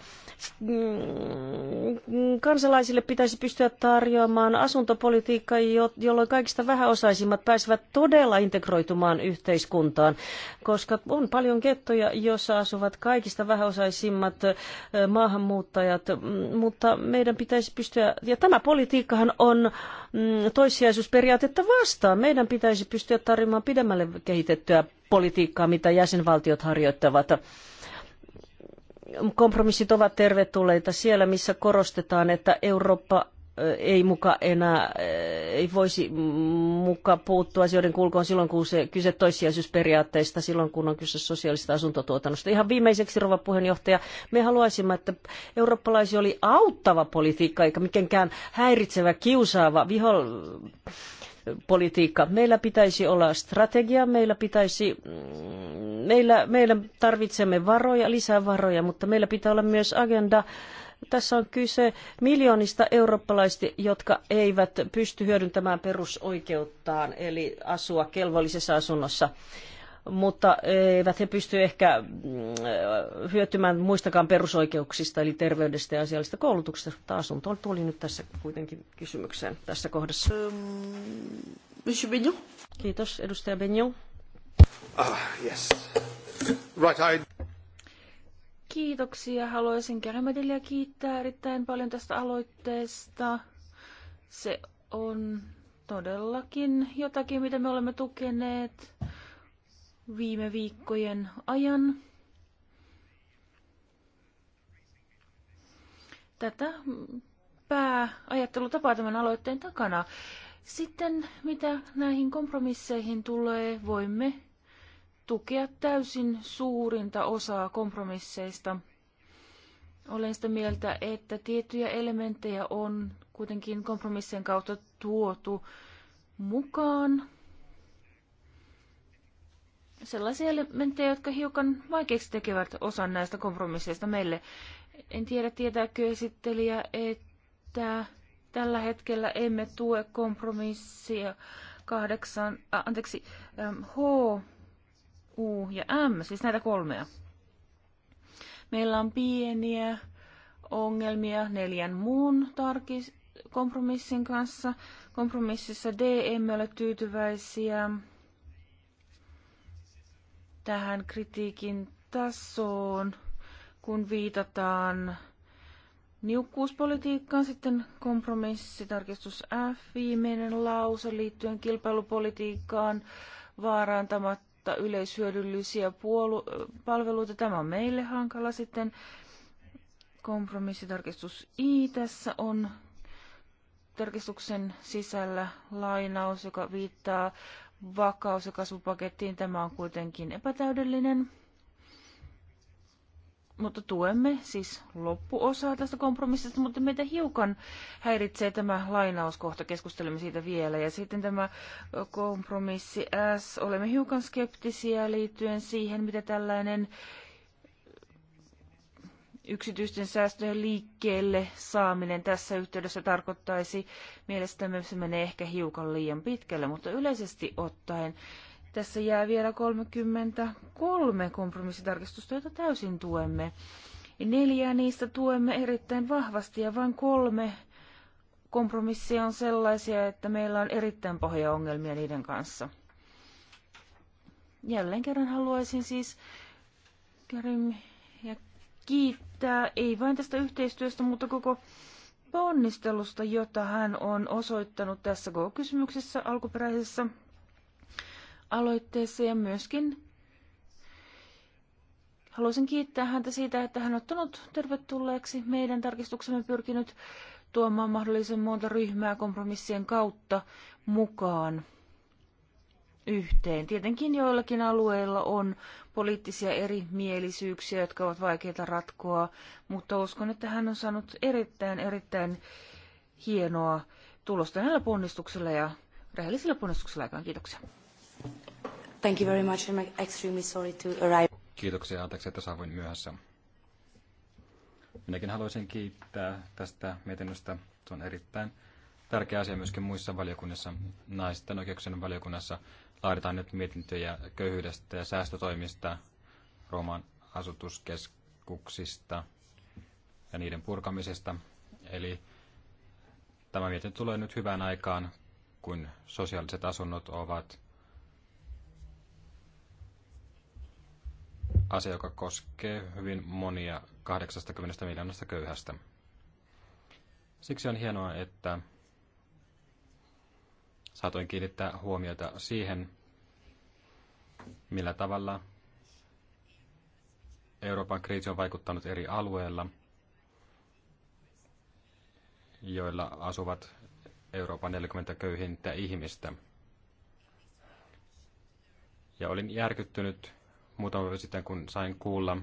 Mm, kansalaisille pitäisi pystyä tarjoamaan asuntopolitiikkaa, jolloin kaikista vähäosaisimmat pääsevät todella integroitumaan yhteiskuntaan, koska on paljon ghettoja, joissa asuvat kaikista vähäosaisimmat maahanmuuttajat, mm, mutta meidän pitäisi pystyä, ja tämä politiikkahan on mm, toissijaisuusperiaatetta vastaan, meidän pitäisi pystyä tarjoamaan pidemmälle kehitettyä politiikkaa, mitä jäsenvaltiot harjoittavat kompromissit ovat tervetulleita siellä, missä korostetaan, että Eurooppa ei muka enää, ei voisi muka puuttua asioiden kulkoon silloin, kun se kyse toissijaisuusperiaatteista, silloin kun on kyse sosiaalista asuntotuotannosta. Ihan viimeiseksi, rouva puheenjohtaja, me haluaisimme, että eurooppalaisi oli auttava politiikka, eikä mitenkään häiritsevä, kiusaava, viho, politiikka. Meillä pitäisi olla strategia, meillä pitäisi, mm, meillä, meillä tarvitsemme varoja, lisää varoja, mutta meillä pitää olla myös agenda. Tässä on kyse miljoonista eurooppalaisista, jotka eivät pysty hyödyntämään perusoikeuttaan, eli asua kelvollisessa asunnossa mutta eivät he pysty ehkä mm, hyötymään muistakaan perusoikeuksista, eli terveydestä ja asiallisesta koulutuksesta. Mutta asunto tuli nyt tässä kuitenkin kysymykseen tässä kohdassa. Euh, Monsieur Benyon. Kiitos, edustaja Benjou. Ah, yes. Right, I... Kiitoksia. Haluaisin Kärmedeliä kiittää erittäin paljon tästä aloitteesta. Se on todellakin jotakin, mitä me olemme tukeneet viime viikkojen ajan. Tätä pääajattelutapaa tämän aloitteen takana. Sitten mitä näihin kompromisseihin tulee, voimme tukea täysin suurinta osaa kompromisseista. Olen sitä mieltä, että tiettyjä elementtejä on kuitenkin kompromissien kautta tuotu mukaan sellaisia elementtejä, jotka hiukan vaikeiksi tekevät osan näistä kompromisseista meille. En tiedä, tietääkö esittelijä, että tällä hetkellä emme tue kompromissia kahdeksan, äh, anteeksi, H, U ja M, siis näitä kolmea. Meillä on pieniä ongelmia neljän muun tarkis, kompromissin kanssa. Kompromississa D emme ole tyytyväisiä tähän kritiikin tasoon, kun viitataan niukkuuspolitiikkaan, sitten kompromissitarkistus F, viimeinen lause liittyen kilpailupolitiikkaan, vaarantamatta yleishyödyllisiä puolu- palveluita. Tämä on meille hankala. Sitten kompromissitarkistus I, tässä on tarkistuksen sisällä lainaus, joka viittaa vakaus- ja kasvupakettiin. Tämä on kuitenkin epätäydellinen, mutta tuemme siis loppuosaa tästä kompromissista, mutta meitä hiukan häiritsee tämä lainauskohta, keskustelemme siitä vielä. Ja sitten tämä kompromissi S, olemme hiukan skeptisiä liittyen siihen, mitä tällainen äh, yksityisten säästöjen liikkeelle saaminen tässä yhteydessä tarkoittaisi mielestämme, se menee ehkä hiukan liian pitkälle, mutta yleisesti ottaen tässä jää vielä 33 kompromissitarkistusta, joita täysin tuemme. Neljää niistä tuemme erittäin vahvasti ja vain kolme kompromissia on sellaisia, että meillä on erittäin pohja ongelmia niiden kanssa. Jälleen kerran haluaisin siis Karim ja kiittää ei vain tästä yhteistyöstä, mutta koko ponnistelusta, jota hän on osoittanut tässä Go-kysymyksessä alkuperäisessä aloitteessa ja myöskin haluaisin kiittää häntä siitä, että hän on ottanut tervetulleeksi meidän tarkistuksemme pyrkinyt tuomaan mahdollisen monta ryhmää kompromissien kautta mukaan yhteen. Tietenkin joillakin alueilla on poliittisia erimielisyyksiä, jotka ovat vaikeita ratkoa, mutta uskon, että hän on saanut erittäin, erittäin hienoa tulosta näillä ponnistuksilla ja rehellisillä ponnistuksilla aikaan. Kiitoksia. Thank you very much. I'm extremely sorry to arrive. Kiitoksia. Anteeksi, että saavuin myöhässä. Minäkin haluaisin kiittää tästä mietinnöstä. Se on erittäin tärkeä asia myöskin muissa valiokunnissa, naisten oikeuksien valiokunnassa laaditaan nyt mietintöjä köyhyydestä ja säästötoimista, Rooman asutuskeskuksista ja niiden purkamisesta. Eli tämä mietintö tulee nyt hyvään aikaan, kun sosiaaliset asunnot ovat asia, joka koskee hyvin monia 80 miljoonasta köyhästä. Siksi on hienoa, että saatoin kiinnittää huomiota siihen, millä tavalla Euroopan kriisi on vaikuttanut eri alueilla, joilla asuvat Euroopan 40 köyhintä ihmistä. Ja olin järkyttynyt muutama vuosi sitten, kun sain kuulla,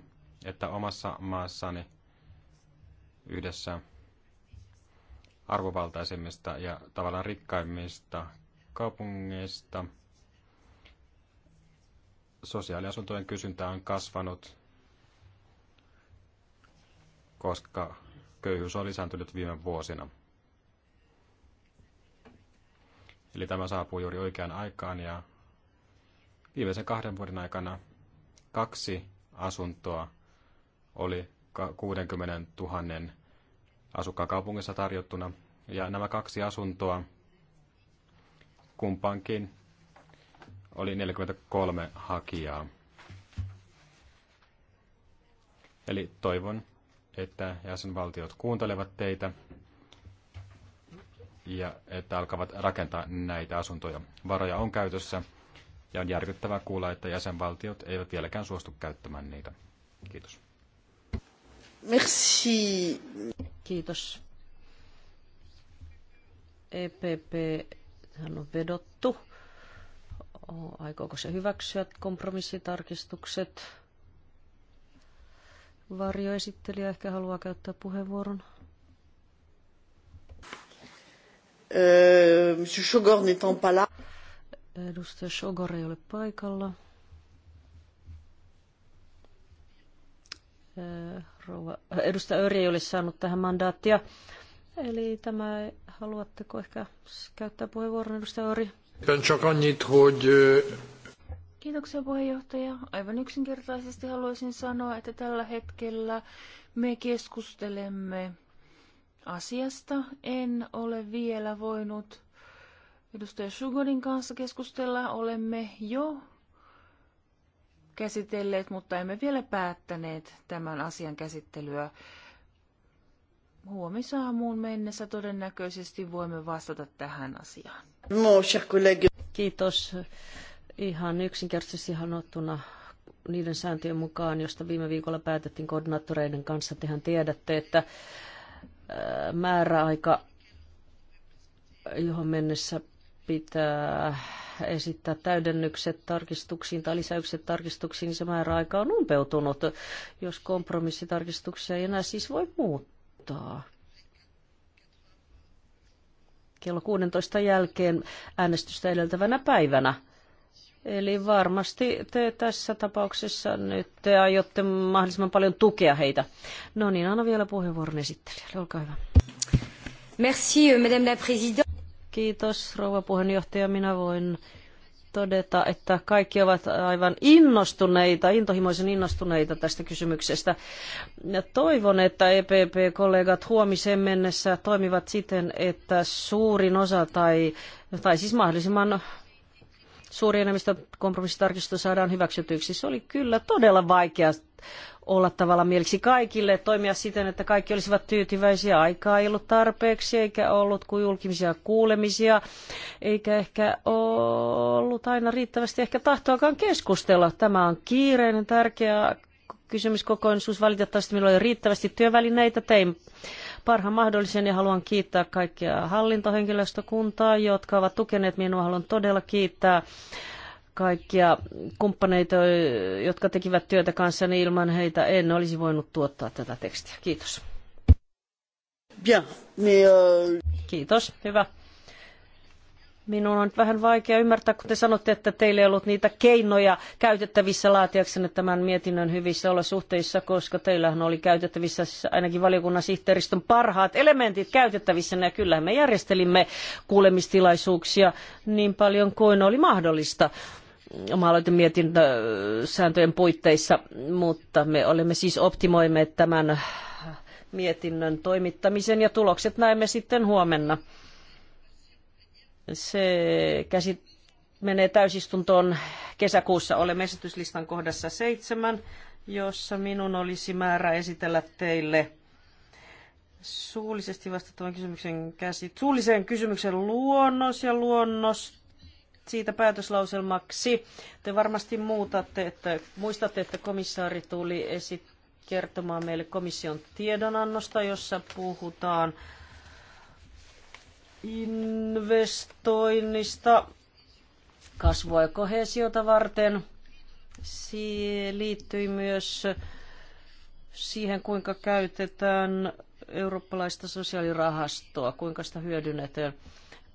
että omassa maassani yhdessä arvovaltaisemmista ja tavallaan rikkaimmista kaupungeista. Sosiaaliasuntojen kysyntä on kasvanut, koska köyhyys on lisääntynyt viime vuosina. Eli tämä saapuu juuri oikeaan aikaan ja viimeisen kahden vuoden aikana kaksi asuntoa oli 60 000 asukkaan kaupungissa tarjottuna. Ja nämä kaksi asuntoa kumpaankin oli 43 hakijaa. Eli toivon, että jäsenvaltiot kuuntelevat teitä ja että alkavat rakentaa näitä asuntoja. Varoja on käytössä ja on järkyttävää kuulla, että jäsenvaltiot eivät vieläkään suostu käyttämään niitä. Kiitos. Merci. Kiitos. EPP, hän on vedottu. Aikooko se hyväksyä kompromissitarkistukset? Varjoesittelijä ehkä haluaa käyttää puheenvuoron. Monsieur Chogor pas là. Edustaja Chogor ei ole paikalla rouva, edustaja Öri ei olisi saanut tähän mandaattia. Eli tämä, haluatteko ehkä käyttää puheenvuoron, edustaja Öri? Kiitoksia puheenjohtaja. Aivan yksinkertaisesti haluaisin sanoa, että tällä hetkellä me keskustelemme asiasta. En ole vielä voinut edustaja Sugodin kanssa keskustella. Olemme jo käsitelleet, mutta emme vielä päättäneet tämän asian käsittelyä. Huomisaamuun mennessä todennäköisesti voimme vastata tähän asiaan. No, Kiitos. Ihan yksinkertaisesti sanottuna niiden sääntöjen mukaan, josta viime viikolla päätettiin koordinaattoreiden kanssa, tehän tiedätte, että määräaika, johon mennessä pitää esittää täydennykset tarkistuksiin tai lisäykset tarkistuksiin, niin se määräaika on umpeutunut, jos kompromissitarkistuksia ei enää siis voi muuttaa. Kello 16 jälkeen äänestystä edeltävänä päivänä. Eli varmasti te tässä tapauksessa nyt te aiotte mahdollisimman paljon tukea heitä. No niin, anna vielä puheenvuoron esittelijälle. Olkaa hyvä. Merci, madame la présidente. Kiitos, rouva puheenjohtaja. Minä voin todeta, että kaikki ovat aivan innostuneita, intohimoisen innostuneita tästä kysymyksestä. Ja toivon, että EPP-kollegat huomisen mennessä toimivat siten, että suurin osa tai, tai siis mahdollisimman suuri enemmistö kompromissitarkistusta saadaan hyväksytyksi. Se oli kyllä todella vaikea olla tavallaan mieliksi kaikille, toimia siten, että kaikki olisivat tyytyväisiä. Aikaa ei ollut tarpeeksi, eikä ollut kuin julkisia kuulemisia, eikä ehkä ollut aina riittävästi ehkä tahtoakaan keskustella. Tämä on kiireinen, tärkeä kysymyskokoisuus. Valitettavasti minulla ei ole riittävästi työvälineitä. Tein parhaan mahdollisen ja haluan kiittää kaikkia hallintohenkilöstökuntaa, jotka ovat tukeneet minua. Haluan todella kiittää kaikkia kumppaneita, jotka tekivät työtä kanssani ilman heitä en olisi voinut tuottaa tätä tekstiä. Kiitos. Bien, mais, euh, Kiitos, hyvä. Minun on nyt vähän vaikea ymmärtää, kun te sanotte, että teillä ei ollut niitä keinoja käytettävissä laatiaksenne tämän mietinnön hyvissä olosuhteissa, koska teillähän oli käytettävissä ainakin valiokunnan sihteeristön parhaat elementit käytettävissä. Ja kyllähän me järjestelimme kuulemistilaisuuksia niin paljon kuin oli mahdollista oma mietintö äh, sääntöjen puitteissa, mutta me olemme siis optimoimme tämän mietinnön toimittamisen ja tulokset näemme sitten huomenna. Se käsi menee täysistuntoon kesäkuussa. Olemme esityslistan kohdassa seitsemän, jossa minun olisi määrä esitellä teille suullisesti vastattavan kysymyksen käsi suullisen kysymyksen luonnos ja luonnos siitä päätöslauselmaksi. Te varmasti muutatte, että, muistatte, että komissaari tuli esit kertomaan meille komission tiedonannosta, jossa puhutaan investoinnista kasvua ja kohesiota varten. Siihen liittyi myös siihen, kuinka käytetään eurooppalaista sosiaalirahastoa, kuinka sitä hyödynnetään.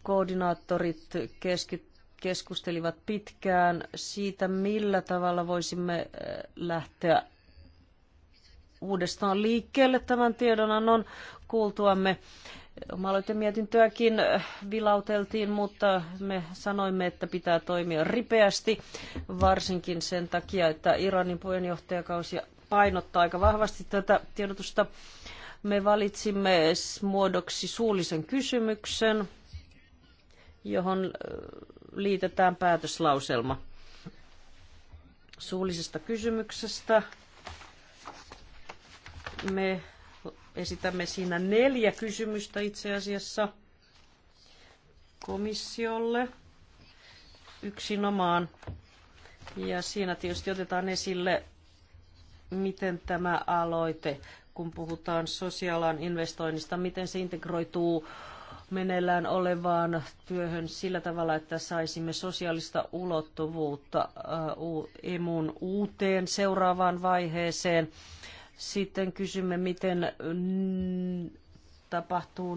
Koordinaattorit keskittyvät keskustelivat pitkään siitä, millä tavalla voisimme eh, lähteä uudestaan liikkeelle tämän tiedonannon kuultuamme. Mietintöäkin eh, vilauteltiin, mutta me sanoimme, että pitää toimia ripeästi, varsinkin sen takia, että Iranin puheenjohtajakausi painottaa aika vahvasti tätä tiedotusta. Me valitsimme muodoksi suullisen kysymyksen, johon eh, liitetään päätöslauselma suullisesta kysymyksestä. Me esitämme siinä neljä kysymystä itse asiassa komissiolle yksinomaan. Ja siinä tietysti otetaan esille, miten tämä aloite, kun puhutaan sosiaalan investoinnista, miten se integroituu meneillään olevaan työhön sillä tavalla, että saisimme sosiaalista ulottuvuutta äh, emun uuteen seuraavaan vaiheeseen. Sitten kysymme, miten tapahtuu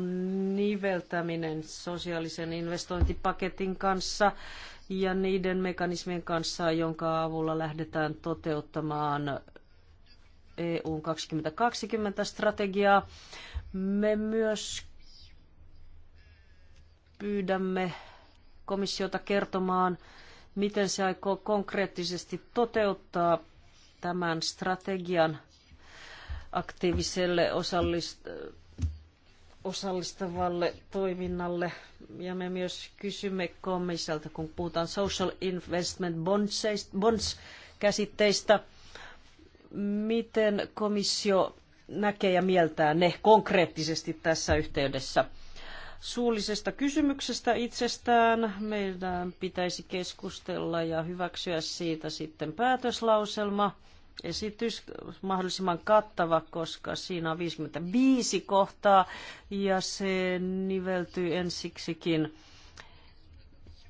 niveltäminen sosiaalisen investointipaketin kanssa ja niiden mekanismien kanssa, jonka avulla lähdetään toteuttamaan EU 2020 strategiaa. Me myös pyydämme komissiota kertomaan, miten se aikoo konkreettisesti toteuttaa tämän strategian aktiiviselle osallist- osallistavalle toiminnalle. Ja me myös kysymme komissiolta, kun puhutaan social investment bonds-käsitteistä, miten komissio näkee ja mieltää ne konkreettisesti tässä yhteydessä – suullisesta kysymyksestä itsestään. Meidän pitäisi keskustella ja hyväksyä siitä sitten päätöslauselma. Esitys mahdollisimman kattava, koska siinä on 55 kohtaa ja se niveltyy ensiksikin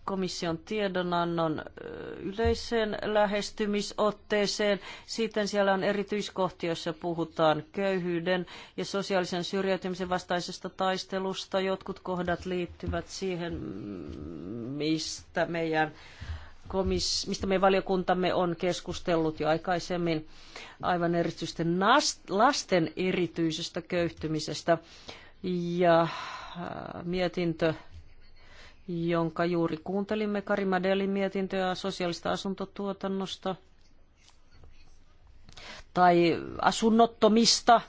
komission tiedonannon yleiseen lähestymisotteeseen. Sitten siellä on erityiskohtia, joissa puhutaan köyhyyden ja sosiaalisen syrjäytymisen vastaisesta taistelusta. Jotkut kohdat liittyvät siihen, mistä meidän komis, mistä meidän valiokuntamme on keskustellut jo aikaisemmin, aivan erityisesti lasten erityisestä köyhtymisestä. Ja mietintö jonka juuri kuuntelimme, Karimadelin mietintöä sosiaalista asuntotuotannosta tai asunnottomista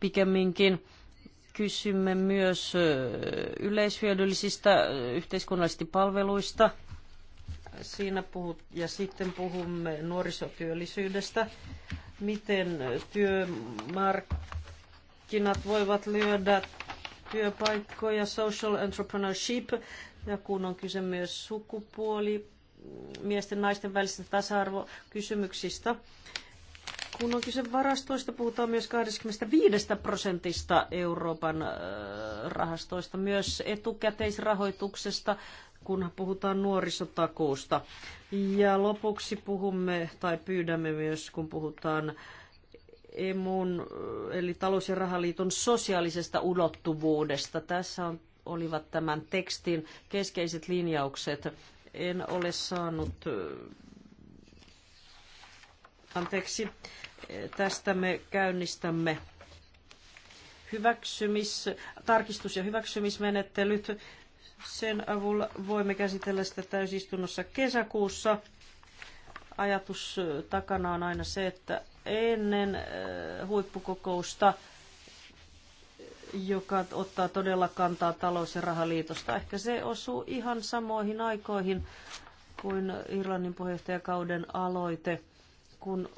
pikemminkin. Kysymme myös yleishyödyllisistä yhteiskunnallisista palveluista. Siinä puhut, ja sitten puhumme nuorisotyöllisyydestä. Miten työmarkkinat voivat lyödä työpaikkoja, social entrepreneurship, ja kun on kyse myös sukupuoli, miesten ja naisten välisistä tasa-arvokysymyksistä, kun on kyse varastoista, puhutaan myös 25 prosentista Euroopan äh, rahastoista, myös etukäteisrahoituksesta, kun puhutaan nuorisotakuusta. Ja lopuksi puhumme tai pyydämme myös, kun puhutaan EMUn eli talous- ja rahaliiton sosiaalisesta ulottuvuudesta. Tässä on olivat tämän tekstin keskeiset linjaukset. En ole saanut eh, anteeksi, eh, tästä me käynnistämme hyväksymis, tarkistus- ja hyväksymismenettelyt. Sen avulla voimme käsitellä sitä täysistunnossa kesäkuussa. Ajatus eh, takana on aina se, että ennen huippukokousta joka ottaa todella kantaa talous- ja rahaliitosta. Ehkä se osuu ihan samoihin aikoihin kuin Irlannin puheenjohtajakauden aloite, kun,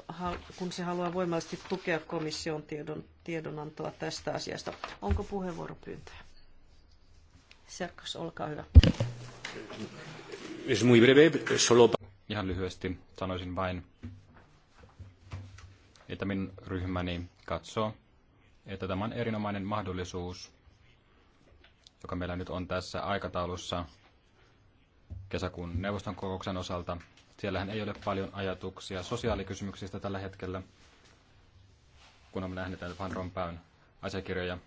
kun se haluaa voimallisesti tukea komission tiedon, tiedonantoa tästä asiasta. Onko puheenvuoropyyntöjä? Serkos, olkaa hyvä. Ihan lyhyesti sanoisin vain, että minun ryhmäni katsoo, että tämä on erinomainen mahdollisuus, joka meillä nyt on tässä aikataulussa kesäkuun neuvoston kokouksen osalta. Siellähän ei ole paljon ajatuksia sosiaalikysymyksistä tällä hetkellä, kun nähnyt tämän Van Rompäyn asiakirjoja.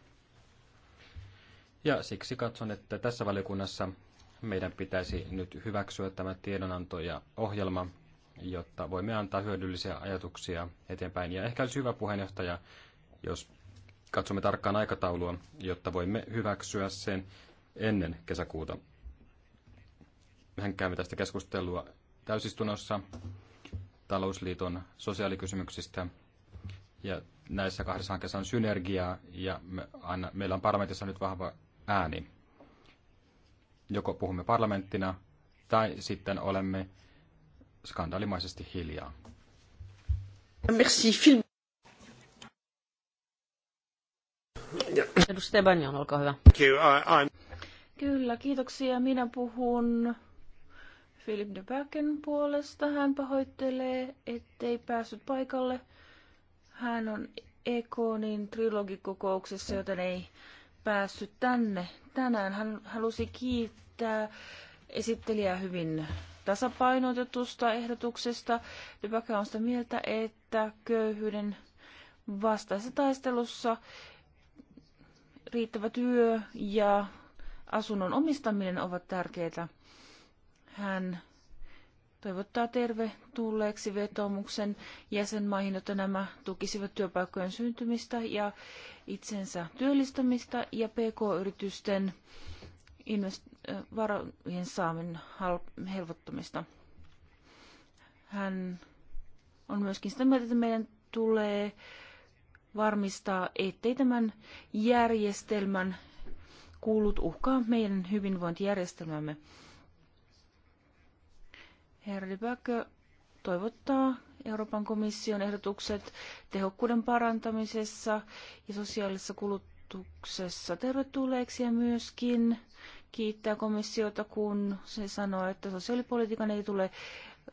Ja siksi katson, että tässä valiokunnassa meidän pitäisi nyt hyväksyä tämä tiedonanto ja ohjelma, jotta voimme antaa hyödyllisiä ajatuksia eteenpäin. Ja ehkä olisi hyvä puheenjohtaja, jos katsomme tarkkaan aikataulua, jotta voimme hyväksyä sen ennen kesäkuuta. Mehän käymme tästä keskustelua täysistunnossa talousliiton sosiaalikysymyksistä. Ja näissä kahdessa hankkeessa on synergiaa ja me anna, meillä on parlamentissa nyt vahva ääni. Joko puhumme parlamenttina tai sitten olemme skandaalimaisesti hiljaa. Merci. Edustaja Banjon, olkaa hyvä. Kyllä, kiitoksia. Minä puhun Philip de Backen puolesta. Hän pahoittelee, ettei päässyt paikalle. Hän on Ekonin trilogikokouksessa, joten ei päässyt tänne tänään. Hän halusi kiittää esittelijää hyvin tasapainotetusta ehdotuksesta. De on sitä mieltä, että köyhyyden vastaisessa taistelussa riittävä työ ja asunnon omistaminen ovat tärkeitä. Hän toivottaa tervetulleeksi vetomuksen jäsenmaihin, jotta nämä tukisivat työpaikkojen syntymistä ja itsensä työllistämistä ja pk-yritysten invest- äh, varojen saamin helpottamista. Hän on myöskin sitä mieltä, että meidän tulee varmistaa, ettei tämän järjestelmän kuulut uhkaa meidän hyvinvointijärjestelmämme. Herra Libäkö toivottaa Euroopan komission ehdotukset tehokkuuden parantamisessa ja sosiaalisessa kulutuksessa tervetulleeksi ja myöskin kiittää komissiota, kun se sanoo, että sosiaalipolitiikan ei tule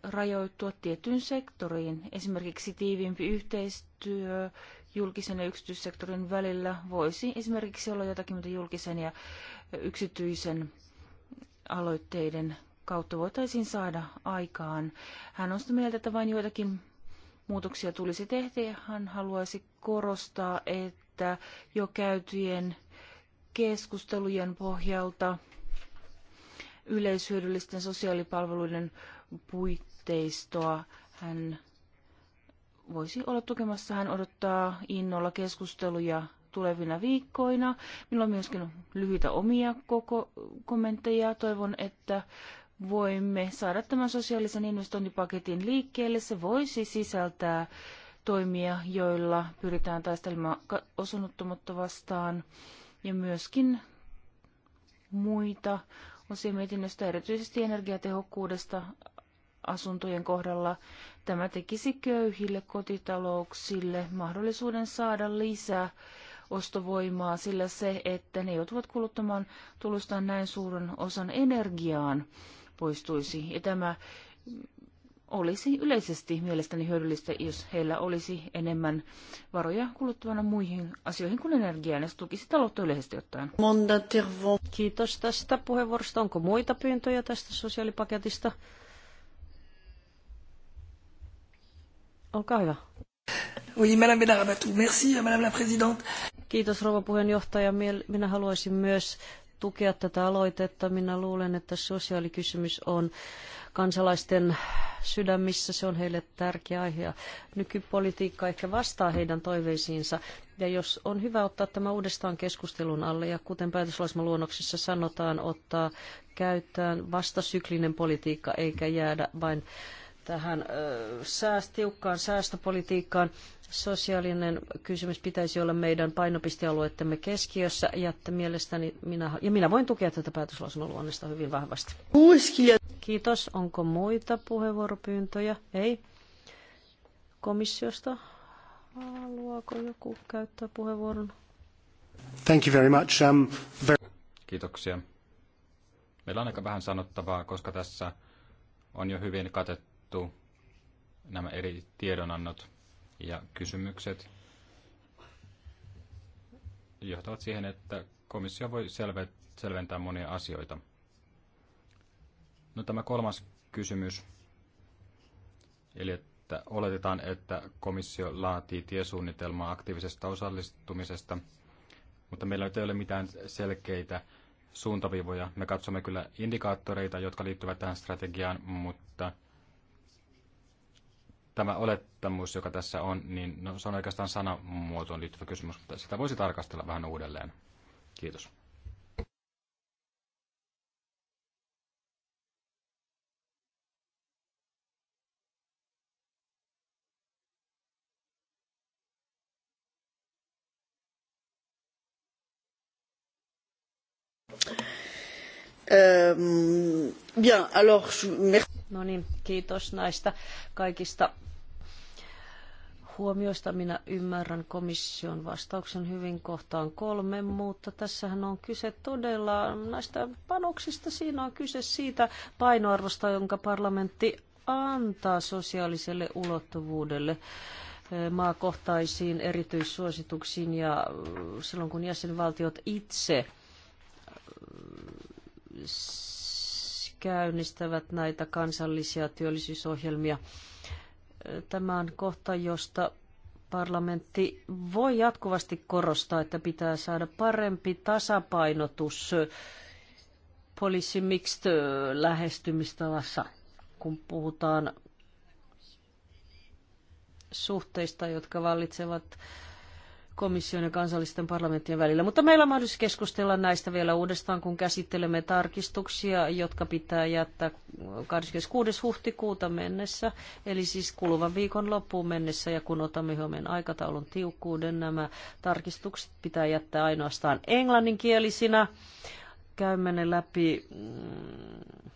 rajoittua tiettyyn sektoriin. Esimerkiksi tiiviimpi yhteistyö julkisen ja yksityissektorin välillä voisi esimerkiksi olla jotakin, mitä julkisen ja yksityisen aloitteiden kautta voitaisiin saada aikaan. Hän on sitä mieltä, että vain joitakin muutoksia tulisi tehdä ja hän haluaisi korostaa, että jo käytyjen keskustelujen pohjalta yleishyödyllisten sosiaalipalveluiden puitteistoa hän voisi olla tukemassa. Hän odottaa innolla keskusteluja tulevina viikkoina. Minulla on myöskin lyhyitä omia koko kommentteja. Toivon, että voimme saada tämän sosiaalisen investointipaketin liikkeelle. Se voisi sisältää toimia, joilla pyritään taistelemaan osunnottomuutta vastaan ja myöskin muita osia mietinnöstä, erityisesti energiatehokkuudesta asuntojen kohdalla. Tämä tekisi köyhille kotitalouksille mahdollisuuden saada lisää ostovoimaa, sillä se, että ne joutuvat kuluttamaan tulostaan näin suuren osan energiaan, poistuisi. Ja tämä olisi yleisesti mielestäni hyödyllistä, jos heillä olisi enemmän varoja kuluttavana muihin asioihin kuin energiaan, ja se tukisi taloutta yleisesti ottaen. Kiitos tästä puheenvuorosta. Onko muita pyyntöjä tästä sosiaalipaketista? Olkaa hyvä. Oui, Madame Benarabatou. Merci, Madame la Présidente. Kiitos rouva puheenjohtaja. Minä haluaisin myös tukea tätä aloitetta. Minä luulen, että sosiaalikysymys on kansalaisten sydämissä. Se on heille tärkeä aihe. Nykypolitiikka ehkä vastaa heidän toiveisiinsa. Ja jos on hyvä ottaa tämä uudestaan keskustelun alle ja kuten päätöslaismaluonnoksessa sanotaan, ottaa käyttöön vastasyklinen politiikka eikä jäädä vain tähän sääst, tiukkaan säästöpolitiikkaan. Sosiaalinen kysymys pitäisi olla meidän painopistealueettemme keskiössä ja, että mielestäni minä, ja minä voin tukea tätä päätöslausunnon hyvin vahvasti. Kiitos. Onko muita puheenvuoropyyntöjä? Ei. Komissiosta haluaako joku käyttää puheenvuoron? Thank you very much. Um, very... Kiitoksia. Meillä on aika vähän sanottavaa, koska tässä on jo hyvin katettu jaettu nämä eri tiedonannot ja kysymykset johtavat siihen, että komissio voi selventää monia asioita. No tämä kolmas kysymys, eli että oletetaan, että komissio laatii tiesuunnitelmaa aktiivisesta osallistumisesta, mutta meillä ei ole mitään selkeitä suuntaviivoja. Me katsomme kyllä indikaattoreita, jotka liittyvät tähän strategiaan, mutta – tämä olettamus, joka tässä on, niin no, se on oikeastaan sanamuotoon liittyvä kysymys, mutta sitä voisi tarkastella vähän uudelleen. Kiitos. Euh, bien, alors, je, merci. No niin, kiitos näistä kaikista huomioista. Minä ymmärrän komission vastauksen hyvin kohtaan kolme, mutta tässähän on kyse todella näistä panoksista. Siinä on kyse siitä painoarvosta, jonka parlamentti antaa sosiaaliselle ulottuvuudelle eh, maakohtaisiin erityissuosituksiin ja eh, silloin kun jäsenvaltiot itse eh, käynnistävät näitä kansallisia työllisyysohjelmia. Tämä on kohta, josta parlamentti voi jatkuvasti korostaa, että pitää saada parempi tasapainotus policy mixed lähestymistavassa, kun puhutaan suhteista, jotka vallitsevat komission ja kansallisten parlamenttien välillä. Mutta meillä on mahdollisuus keskustella näistä vielä uudestaan, kun käsittelemme tarkistuksia, jotka pitää jättää 26. huhtikuuta mennessä, eli siis kuluvan viikon loppuun mennessä, ja kun otamme huomioon aikataulun tiukkuuden, nämä tarkistukset pitää jättää ainoastaan englanninkielisinä. Käymme ne läpi, mm,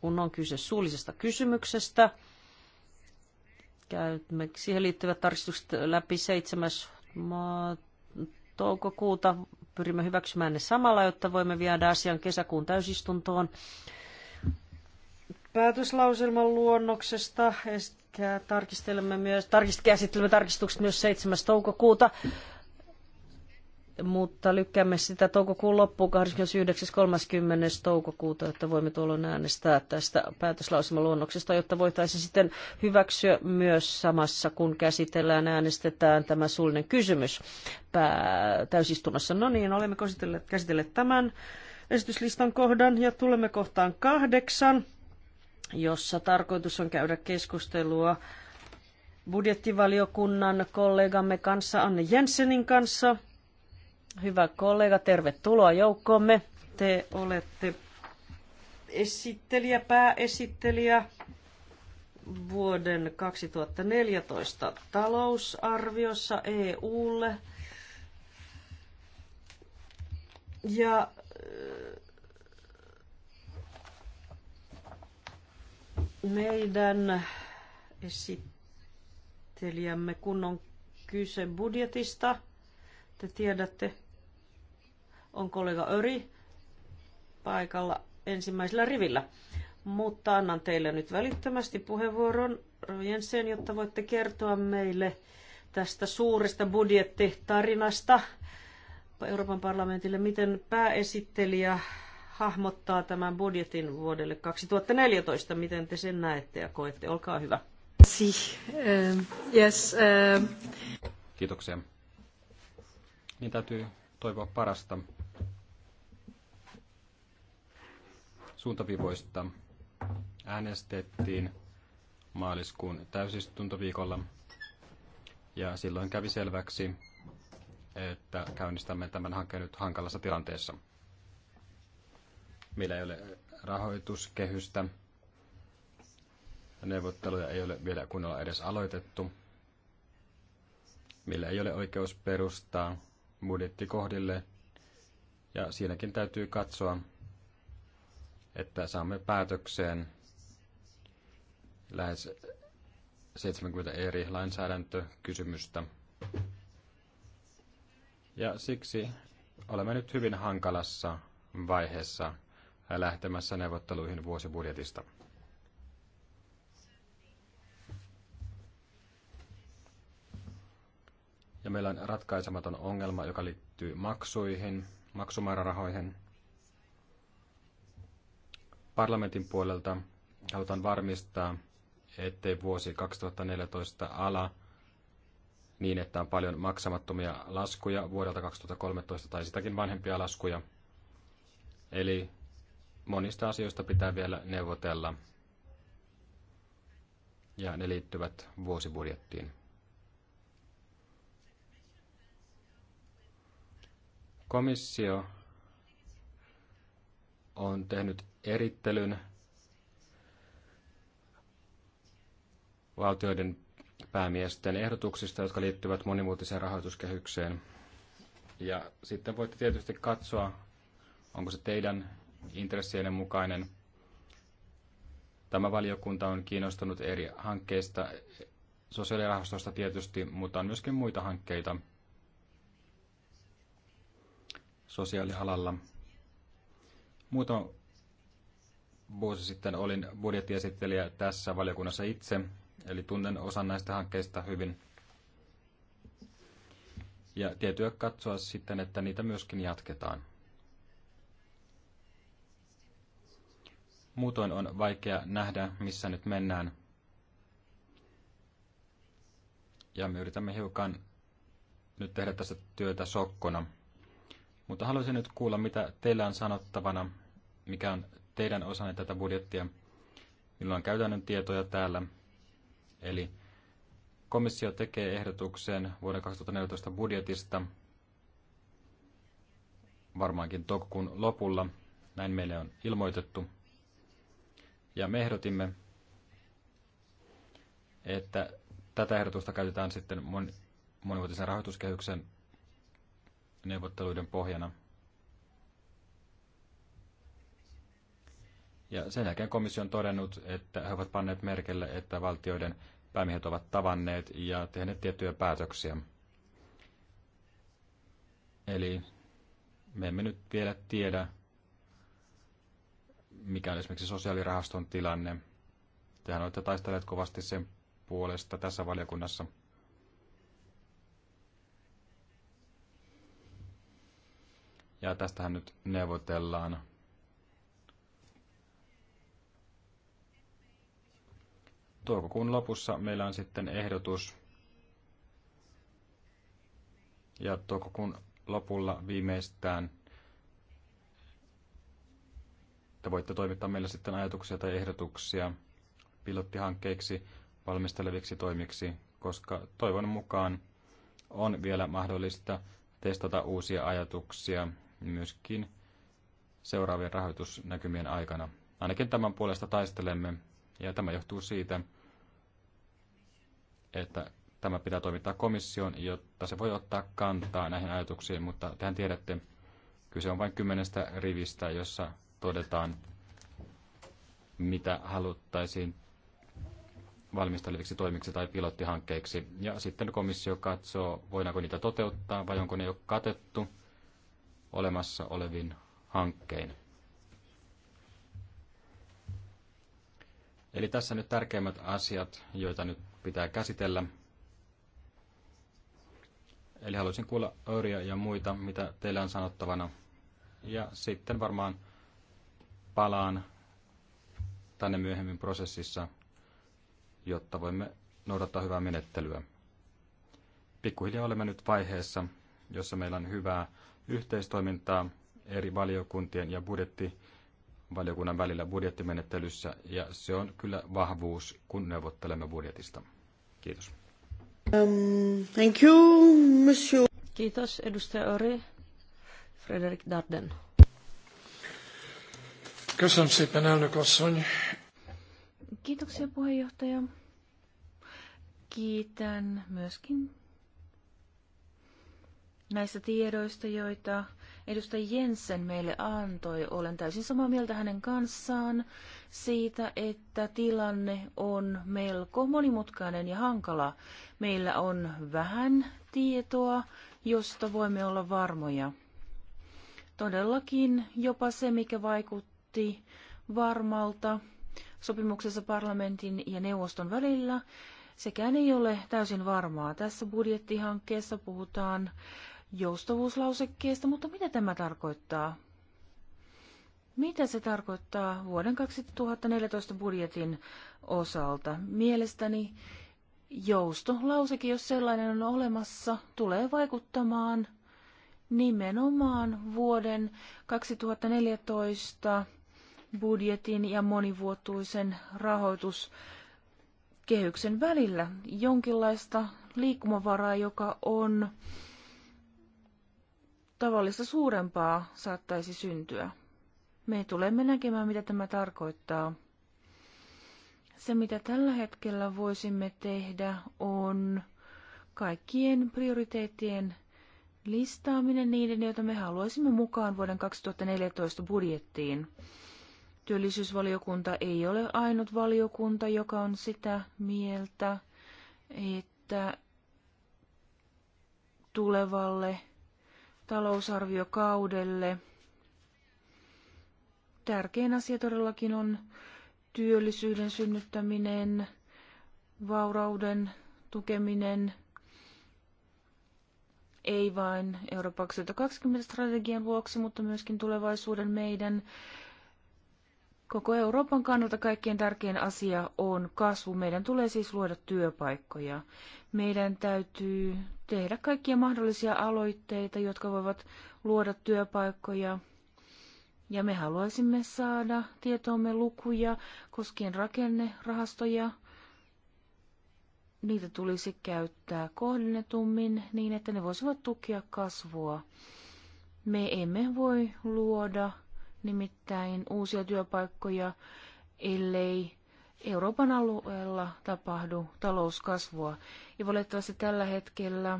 kun on kyse suullisesta kysymyksestä Käymme siihen liittyvät tarkistukset läpi 7. toukokuuta. Pyrimme hyväksymään ne samalla, jotta voimme viedä asian kesäkuun täysistuntoon. Päätöslauselman luonnoksesta tarkistelemme myös, tarkist, käsittelemme tarkistukset myös 7. toukokuuta mutta lykkäämme sitä toukokuun loppuun 29.30. toukokuuta, että voimme tuolloin äänestää tästä päätöslausumaluonnoksesta, jotta voitaisiin sitten hyväksyä myös samassa, kun käsitellään äänestetään tämä suullinen kysymys pää- täysistunnossa. No niin, olemme käsitelleet, käsitelleet tämän esityslistan kohdan ja tulemme kohtaan kahdeksan, jossa tarkoitus on käydä keskustelua budjettivaliokunnan kollegamme kanssa Anne Jensenin kanssa – Hyvä kollega, tervetuloa joukkoomme. Te olette esittelijä, pääesittelijä vuoden 2014 talousarviossa EUlle. Ja äh, meidän esittelijämme, kun on kyse budjetista – te tiedätte, on kollega Öri paikalla ensimmäisellä rivillä. Mutta annan teille nyt välittömästi puheenvuoron Jensen, jotta voitte kertoa meille tästä suuresta budjettitarinasta Euroopan parlamentille, miten pääesittelijä hahmottaa tämän budjetin vuodelle 2014, miten te sen näette ja koette. Olkaa hyvä. Si, eh, yes, eh. Kiitoksia niin täytyy toivoa parasta suuntavivoista äänestettiin maaliskuun täysistuntoviikolla ja silloin kävi selväksi, että käynnistämme tämän hankkeen nyt hankalassa tilanteessa. Meillä ei ole rahoituskehystä, neuvotteluja ei ole vielä kunnolla edes aloitettu, meillä ei ole oikeus perustaa budjettikohdille. Ja siinäkin täytyy katsoa, että saamme päätökseen lähes 70 eri lainsäädäntökysymystä. Ja siksi olemme nyt hyvin hankalassa vaiheessa lähtemässä neuvotteluihin vuosibudjetista. ja meillä on ratkaisematon ongelma, joka liittyy maksuihin, maksumäärärahoihin. Parlamentin puolelta halutaan varmistaa, ettei vuosi 2014 ala niin, että on paljon maksamattomia laskuja vuodelta 2013 tai sitäkin vanhempia laskuja. Eli monista asioista pitää vielä neuvotella ja ne liittyvät vuosibudjettiin. Komissio on tehnyt erittelyn valtioiden päämiesten ehdotuksista, jotka liittyvät monimuotoiseen rahoituskehykseen. Ja sitten voitte tietysti katsoa, onko se teidän intressienne mukainen. Tämä valiokunta on kiinnostunut eri hankkeista, sosiaalirahastosta tietysti, mutta on myöskin muita hankkeita, sosiaalialalla. Muutama vuosi sitten olin budjettiesittelijä tässä valiokunnassa itse, eli tunnen osan näistä hankkeista hyvin. Ja tietyä katsoa sitten, että niitä myöskin jatketaan. Muutoin on vaikea nähdä, missä nyt mennään. Ja me yritämme hiukan nyt tehdä tässä työtä sokkona. Mutta haluaisin nyt kuulla, mitä teillä on sanottavana, mikä on teidän osanne tätä budjettia. millä on käytännön tietoja täällä. Eli komissio tekee ehdotuksen vuoden 2014 budjetista varmaankin toukokuun lopulla. Näin meille on ilmoitettu. Ja me ehdotimme, että tätä ehdotusta käytetään sitten monivuotisen rahoituskehyksen neuvotteluiden pohjana. Ja sen jälkeen komissio on todennut, että he ovat panneet merkille, että valtioiden päämiehet ovat tavanneet ja tehneet tiettyjä päätöksiä. Eli me emme nyt vielä tiedä, mikä on esimerkiksi sosiaalirahaston tilanne. Tehän olette taistelleet kovasti sen puolesta tässä valiokunnassa – Ja tästähän nyt neuvotellaan. Toukokuun lopussa meillä on sitten ehdotus. Ja toukokuun lopulla viimeistään te voitte toimittaa meille sitten ajatuksia tai ehdotuksia pilottihankkeiksi valmisteleviksi toimiksi, koska toivon mukaan on vielä mahdollista testata uusia ajatuksia myöskin seuraavien rahoitusnäkymien aikana. Ainakin tämän puolesta taistelemme, ja tämä johtuu siitä, että tämä pitää toimittaa komissioon, jotta se voi ottaa kantaa näihin ajatuksiin, mutta tehän tiedätte, kyse on vain kymmenestä rivistä, jossa todetaan, mitä haluttaisiin valmisteleviksi toimiksi tai pilottihankkeiksi. Ja sitten komissio katsoo, voidaanko niitä toteuttaa vai onko ne jo katettu – olemassa olevin hankkein. Eli tässä nyt tärkeimmät asiat, joita nyt pitää käsitellä. Eli haluaisin kuulla Öriä ja muita, mitä teillä on sanottavana. Ja sitten varmaan palaan tänne myöhemmin prosessissa, jotta voimme noudattaa hyvää menettelyä. Pikkuhiljaa olemme nyt vaiheessa, jossa meillä on hyvää yhteistoimintaa eri valiokuntien ja budjettivaliokunnan välillä budjettimenettelyssä, ja se on kyllä vahvuus, kun neuvottelemme budjetista. Kiitos. Um, thank you, monsieur. Kiitos, edustaja Ori. Frederik Darden. Kiitoksia puheenjohtaja. Kiitän myöskin näistä tiedoista, joita edustaja Jensen meille antoi. Olen täysin samaa mieltä hänen kanssaan siitä, että tilanne on melko monimutkainen ja hankala. Meillä on vähän tietoa, josta voimme olla varmoja. Todellakin jopa se, mikä vaikutti varmalta sopimuksessa parlamentin ja neuvoston välillä, sekään ei ole täysin varmaa. Tässä budjettihankkeessa puhutaan joustavuuslausekkeesta, mutta mitä tämä tarkoittaa? Mitä se tarkoittaa vuoden 2014 budjetin osalta? Mielestäni joustolauseke, jos sellainen on olemassa, tulee vaikuttamaan nimenomaan vuoden 2014 budjetin ja monivuotuisen rahoituskehyksen välillä jonkinlaista liikkumavaraa, joka on tavallista suurempaa saattaisi syntyä. Me tulemme näkemään, mitä tämä tarkoittaa. Se, mitä tällä hetkellä voisimme tehdä, on kaikkien prioriteettien listaaminen niiden, joita me haluaisimme mukaan vuoden 2014 budjettiin. Työllisyysvaliokunta ei ole ainut valiokunta, joka on sitä mieltä, että tulevalle talousarviokaudelle. Tärkein asia todellakin on työllisyyden synnyttäminen, vaurauden tukeminen, ei vain Euroopan 2020 strategian vuoksi, mutta myöskin tulevaisuuden meidän Koko Euroopan kannalta kaikkein tärkein asia on kasvu. Meidän tulee siis luoda työpaikkoja. Meidän täytyy tehdä kaikkia mahdollisia aloitteita, jotka voivat luoda työpaikkoja. Ja me haluaisimme saada tietoomme lukuja koskien rakennerahastoja. Niitä tulisi käyttää kohdennetummin niin, että ne voisivat tukea kasvua. Me emme voi luoda nimittäin uusia työpaikkoja, ellei Euroopan alueella tapahdu talouskasvua. Ja valitettavasti tällä hetkellä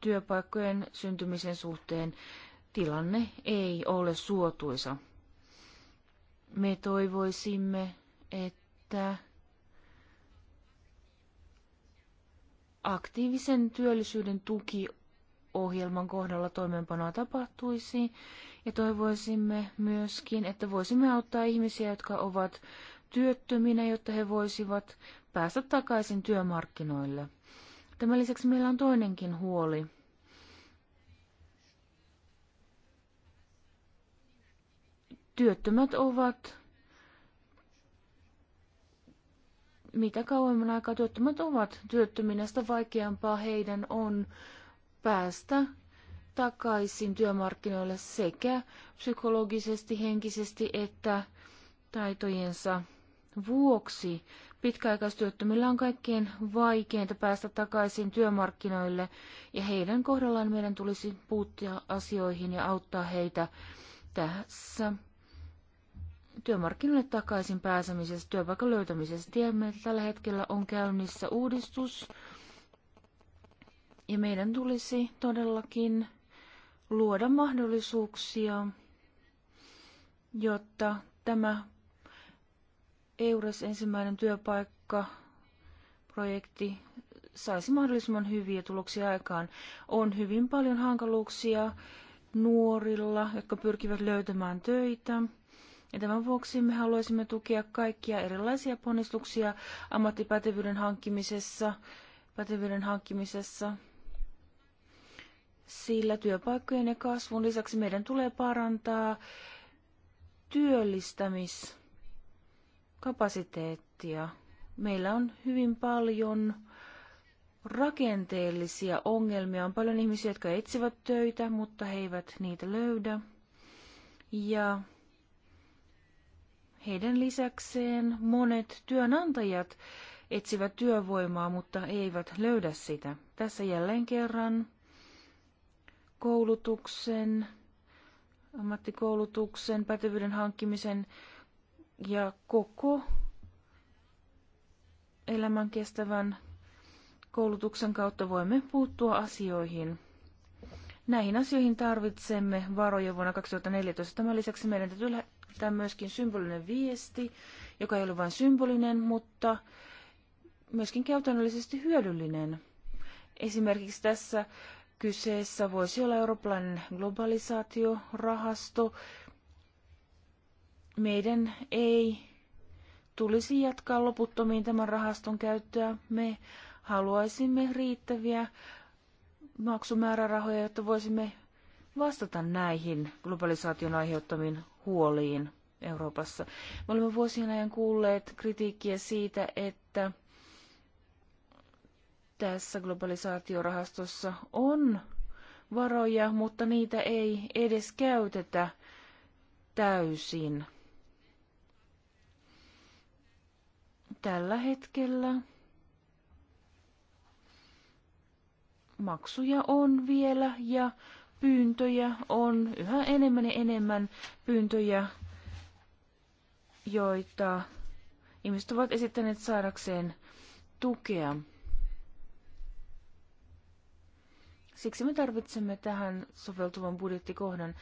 työpaikkojen syntymisen suhteen tilanne ei ole suotuisa. Me toivoisimme, että aktiivisen työllisyyden tukiohjelman kohdalla toimeenpanoa tapahtuisi ja toivoisimme myöskin, että voisimme auttaa ihmisiä, jotka ovat työttöminä, jotta he voisivat päästä takaisin työmarkkinoille. Tämän lisäksi meillä on toinenkin huoli. Työttömät ovat, mitä kauemman aikaa työttömät ovat työttöminästä vaikeampaa heidän on päästä takaisin työmarkkinoille sekä psykologisesti, henkisesti että taitojensa vuoksi. Pitkäaikaistyöttömillä on kaikkein vaikeinta päästä takaisin työmarkkinoille ja heidän kohdallaan meidän tulisi puuttua asioihin ja auttaa heitä tässä työmarkkinoille takaisin pääsemisessä, työpaikan löytämisessä. Tiedämme, että tällä hetkellä on käynnissä uudistus ja meidän tulisi todellakin luoda mahdollisuuksia, jotta tämä EURES ensimmäinen työpaikka projekti saisi mahdollisimman hyviä tuloksia aikaan. On hyvin paljon hankaluuksia nuorilla, jotka pyrkivät löytämään töitä. Ja tämän vuoksi me haluaisimme tukea kaikkia erilaisia ponnistuksia ammattipätevyyden hankkimisessa, pätevyyden hankkimisessa, sillä työpaikkojen ja kasvun lisäksi meidän tulee parantaa työllistämiskapasiteettia. Meillä on hyvin paljon rakenteellisia ongelmia. On paljon ihmisiä, jotka etsivät töitä, mutta he eivät niitä löydä. Ja heidän lisäkseen monet työnantajat etsivät työvoimaa, mutta eivät löydä sitä. Tässä jälleen kerran koulutuksen, ammattikoulutuksen, pätevyyden hankkimisen ja koko elämän kestävän koulutuksen kautta voimme puuttua asioihin. Näihin asioihin tarvitsemme varoja vuonna 2014. Tämän lisäksi meidän täytyy lähettää myöskin symbolinen viesti, joka ei ole vain symbolinen, mutta myöskin käytännöllisesti hyödyllinen. Esimerkiksi tässä Kyseessä voisi olla Euroopan globalisaatiorahasto. Meidän ei tulisi jatkaa loputtomiin tämän rahaston käyttöä. Me haluaisimme riittäviä maksumäärärahoja, jotta voisimme vastata näihin globalisaation aiheuttamiin huoliin Euroopassa. Me olemme vuosien ajan kuulleet kritiikkiä siitä, että tässä globalisaatiorahastossa on varoja, mutta niitä ei edes käytetä täysin. Tällä hetkellä maksuja on vielä ja pyyntöjä on yhä enemmän ja enemmän pyyntöjä, joita ihmiset ovat esittäneet saadakseen tukea. Siksi me tarvitsemme tähän soveltuvan budjettikohdan.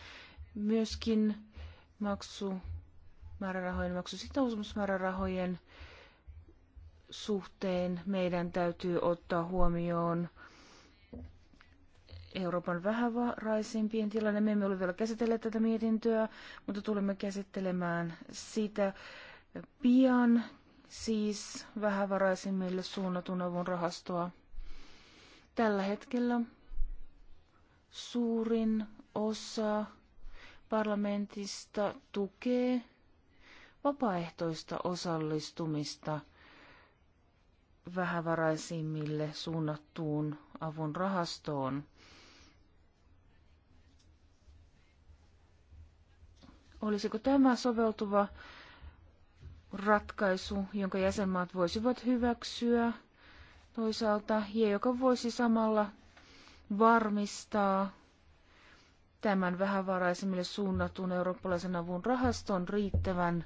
Myöskin maksumäärärahojen, maksusitoumusmäärärahojen suhteen meidän täytyy ottaa huomioon Euroopan vähävaraisimpien tilanne. Me emme ole vielä käsitelleet tätä mietintöä, mutta tulemme käsittelemään sitä pian, siis vähävaraisimmille suunnatun avun rahastoa. Tällä hetkellä Suurin osa parlamentista tukee vapaaehtoista osallistumista vähävaraisimmille suunnattuun avun rahastoon. Olisiko tämä soveltuva ratkaisu, jonka jäsenmaat voisivat hyväksyä toisaalta ja joka voisi samalla varmistaa tämän vähävaraisemmille suunnatun eurooppalaisen avun rahaston riittävän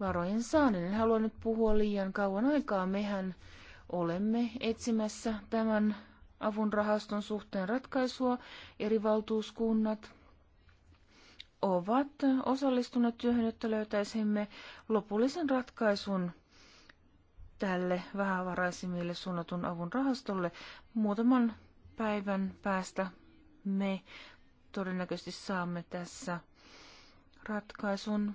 varojen saannin. En halua nyt puhua liian kauan aikaa. Mehän olemme etsimässä tämän avun rahaston suhteen ratkaisua. Eri valtuuskunnat ovat osallistuneet työhön, jotta löytäisimme lopullisen ratkaisun tälle vähävaraisimmille suunnatun avun rahastolle. Muutaman päivän päästä me todennäköisesti saamme tässä ratkaisun.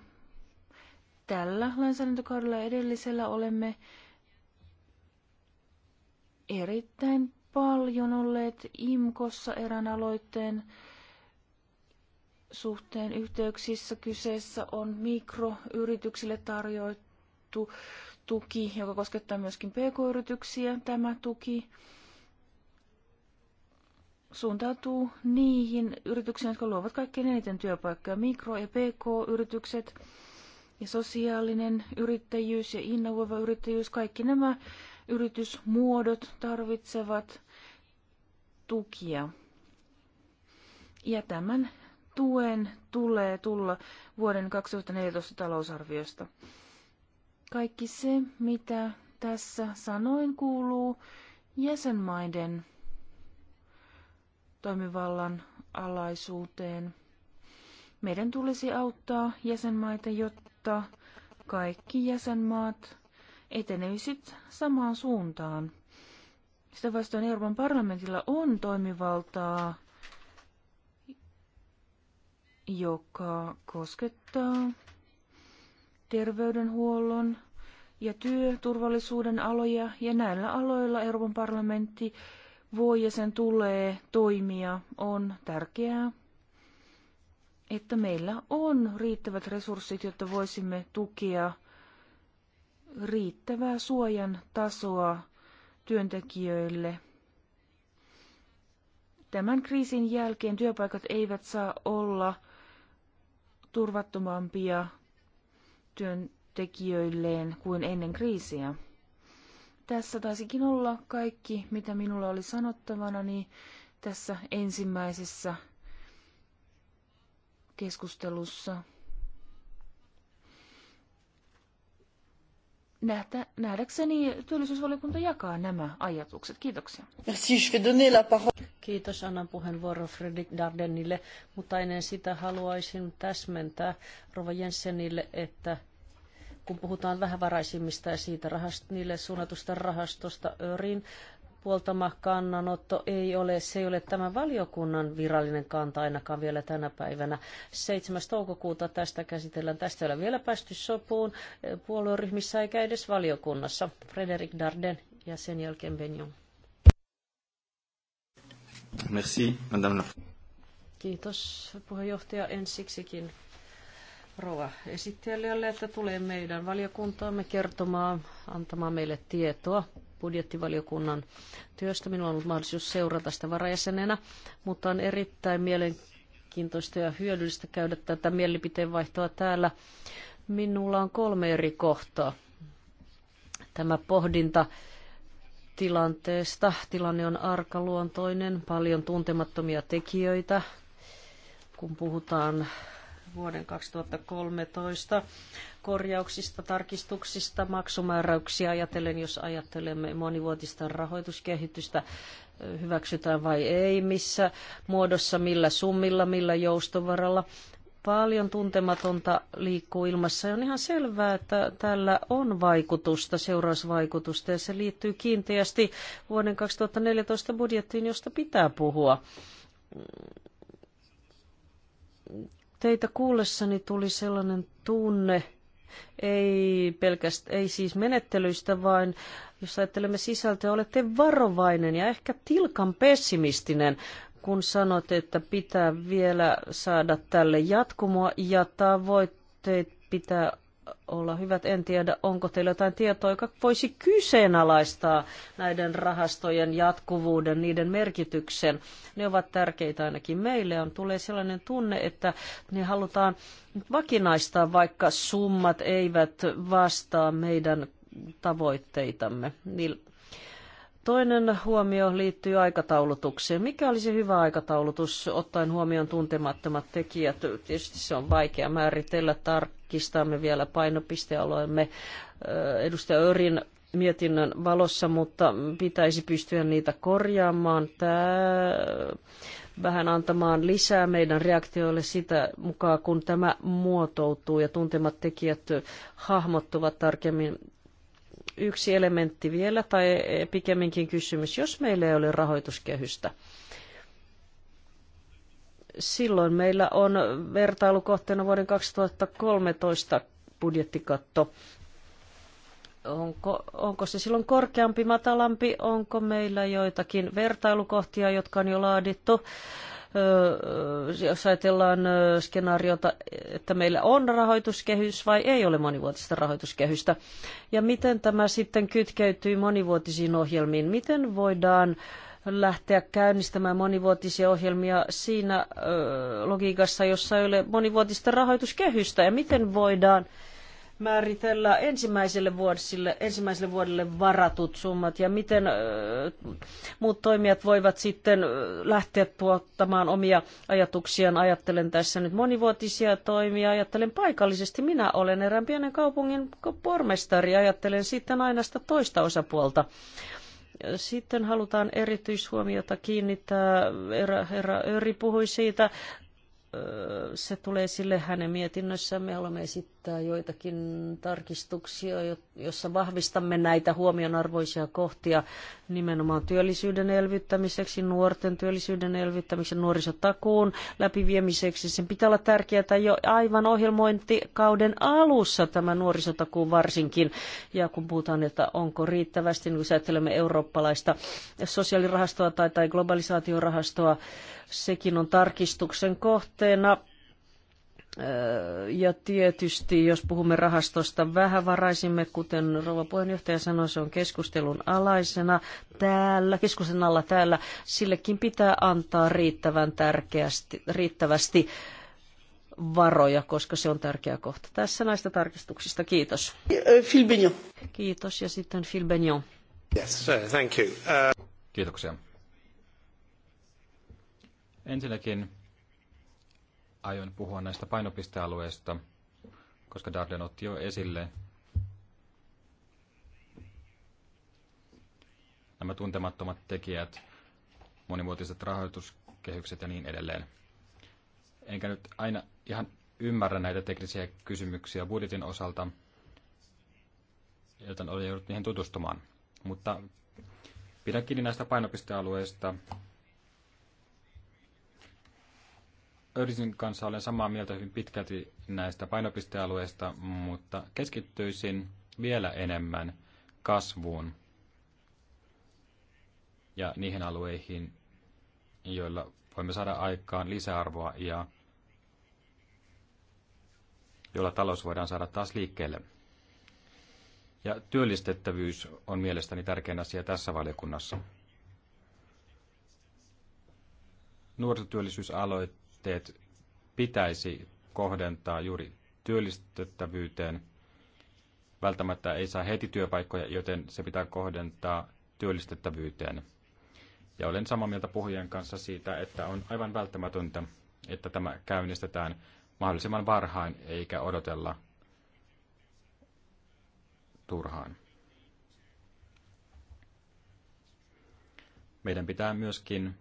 Tällä lainsäädäntökaudella edellisellä olemme erittäin paljon olleet IMKossa erään aloitteen suhteen yhteyksissä. Kyseessä on mikroyrityksille tarjoittu tuki, joka koskettaa myöskin pk-yrityksiä. Tämä tuki suuntautuu niihin yrityksiin, jotka luovat kaikkein eniten työpaikkoja. Mikro- ja pk-yritykset ja sosiaalinen yrittäjyys ja innovoiva yrittäjyys, kaikki nämä yritysmuodot tarvitsevat tukia. Ja tämän tuen tulee tulla vuoden 2014 talousarviosta. Kaikki se, mitä tässä sanoin, kuuluu jäsenmaiden toimivallan alaisuuteen. Meidän tulisi auttaa jäsenmaita, jotta kaikki jäsenmaat eteneisit samaan suuntaan. Sitä vastoin Euroopan parlamentilla on toimivaltaa, joka koskettaa terveydenhuollon ja työturvallisuuden aloja, ja näillä aloilla Euroopan parlamentti voi ja sen tulee toimia, on tärkeää, että meillä on riittävät resurssit, jotta voisimme tukea riittävää suojan tasoa työntekijöille. Tämän kriisin jälkeen työpaikat eivät saa olla turvattomampia työntekijöilleen kuin ennen kriisiä. Tässä taisikin olla kaikki, mitä minulla oli sanottavana niin tässä ensimmäisessä keskustelussa. Nähtä, nähdäkseni työllisyysvaliokunta jakaa nämä ajatukset. Kiitoksia. Kiitos, annan puheenvuoro Fredrik Dardenille, mutta ennen sitä haluaisin täsmentää Rova Jensenille, että kun puhutaan vähävaraisimmista ja siitä rahast, niille suunnatusta rahastosta örin puoltama kannanotto ei ole, se ei ole tämän valiokunnan virallinen kanta ainakaan vielä tänä päivänä. 7. toukokuuta tästä käsitellään. Tästä ei ole vielä päästy sopuun puolueryhmissä eikä edes valiokunnassa. Frederik Darden ja sen jälkeen Benjon. Merci, madame. Kiitos puheenjohtaja ensiksikin rouva esittelijälle, että tulee meidän valiokuntaamme kertomaan, antamaan meille tietoa budjettivaliokunnan työstä. Minulla on ollut mahdollisuus seurata sitä varajäsenenä, mutta on erittäin mielenkiintoista ja hyödyllistä käydä tätä mielipiteenvaihtoa täällä. Minulla on kolme eri kohtaa. Tämä pohdinta tilanteesta. Tilanne on arkaluontoinen, paljon tuntemattomia tekijöitä, kun puhutaan vuoden 2013 korjauksista, tarkistuksista, maksumääräyksiä ajatellen, jos ajattelemme monivuotista rahoituskehitystä, hyväksytään vai ei, missä muodossa, millä summilla, millä joustovaralla. Paljon tuntematonta liikkuu ilmassa ja on ihan selvää, että tällä on vaikutusta, seurausvaikutusta ja se liittyy kiinteästi vuoden 2014 budjettiin, josta pitää puhua Teitä kuullessani tuli sellainen tunne, ei pelkästään, ei siis menettelyistä, vaan jos ajattelemme sisältöä, olette varovainen ja ehkä tilkan pessimistinen, kun sanot, että pitää vielä saada tälle jatkumoa ja tavoitteet pitää olla hyvät. En tiedä, onko teillä jotain tietoa, joka voisi kyseenalaistaa näiden rahastojen jatkuvuuden, niiden merkityksen. Ne ovat tärkeitä ainakin meille. On, tulee sellainen tunne, että ne halutaan vakinaistaa, vaikka summat eivät vastaa meidän tavoitteitamme. Toinen huomio liittyy aikataulutukseen. Mikä olisi hyvä aikataulutus ottaen huomioon tuntemattomat tekijät? Tietysti se on vaikea määritellä. Tarkistamme vielä painopistealoimme edustaja Örin mietinnön valossa, mutta pitäisi pystyä niitä korjaamaan. Tämä vähän antamaan lisää meidän reaktioille sitä mukaan, kun tämä muotoutuu ja tuntemat tekijät hahmottuvat tarkemmin yksi elementti vielä, tai pikemminkin kysymys, jos meillä ei ole rahoituskehystä, silloin meillä on vertailukohteena vuoden 2013 budjettikatto. Onko, onko se silloin korkeampi, matalampi? Onko meillä joitakin vertailukohtia, jotka on jo laadittu? jos ajatellaan skenaariota, että meillä on rahoituskehys vai ei ole monivuotista rahoituskehystä. Ja miten tämä sitten kytkeytyy monivuotisiin ohjelmiin? Miten voidaan lähteä käynnistämään monivuotisia ohjelmia siinä logiikassa, jossa ei ole monivuotista rahoituskehystä? Ja miten voidaan määritellä ensimmäiselle, vuodelle, ensimmäiselle vuodelle varatut summat ja miten muut toimijat voivat sitten lähteä tuottamaan omia ajatuksiaan. Ajattelen tässä nyt monivuotisia toimia, ajattelen paikallisesti. Minä olen erään pienen kaupungin pormestari, ajattelen sitten aina sitä toista osapuolta. Sitten halutaan erityishuomiota kiinnittää, herra, herra Öri puhui siitä, se tulee sille hänen mietinnössään. Me olemme esittäneet esittää joitakin tarkistuksia, jossa vahvistamme näitä huomionarvoisia kohtia nimenomaan työllisyyden elvyttämiseksi, nuorten työllisyyden elvyttämiseksi, nuorisotakuun läpiviemiseksi. Sen pitää olla tärkeää jo aivan ohjelmointikauden alussa tämä nuorisotakuu varsinkin. Ja kun puhutaan, että onko riittävästi, niin kun ajattelemme eurooppalaista sosiaalirahastoa tai, tai globalisaatiorahastoa, sekin on tarkistuksen kohteena ja tietysti, jos puhumme rahastosta vähävaraisimme, kuten rouva puheenjohtaja sanoi, se on keskustelun alaisena täällä, keskustelun alla täällä. Sillekin pitää antaa riittävän tärkeästi, riittävästi varoja, koska se on tärkeä kohta. Tässä näistä tarkistuksista. Kiitos. Kiitos. Ja sitten Phil Yes, thank you. Uh, Kiitoksia. Ensinnäkin aion puhua näistä painopistealueista, koska Darden otti jo esille nämä tuntemattomat tekijät, monimuotiset rahoituskehykset ja niin edelleen. Enkä nyt aina ihan ymmärrä näitä teknisiä kysymyksiä budjetin osalta, joten olen joudut niihin tutustumaan. Mutta pidän kiinni näistä painopistealueista Örsin kanssa olen samaa mieltä hyvin pitkälti näistä painopistealueista, mutta keskittyisin vielä enemmän kasvuun ja niihin alueihin, joilla voimme saada aikaan lisäarvoa ja jolla talous voidaan saada taas liikkeelle. Ja työllistettävyys on mielestäni tärkein asia tässä valiokunnassa. Nuorisotyöllisyysaloitteet haasteet pitäisi kohdentaa juuri työllistettävyyteen. Välttämättä ei saa heti työpaikkoja, joten se pitää kohdentaa työllistettävyyteen. Ja olen samaa mieltä puhujien kanssa siitä, että on aivan välttämätöntä, että tämä käynnistetään mahdollisimman varhain eikä odotella turhaan. Meidän pitää myöskin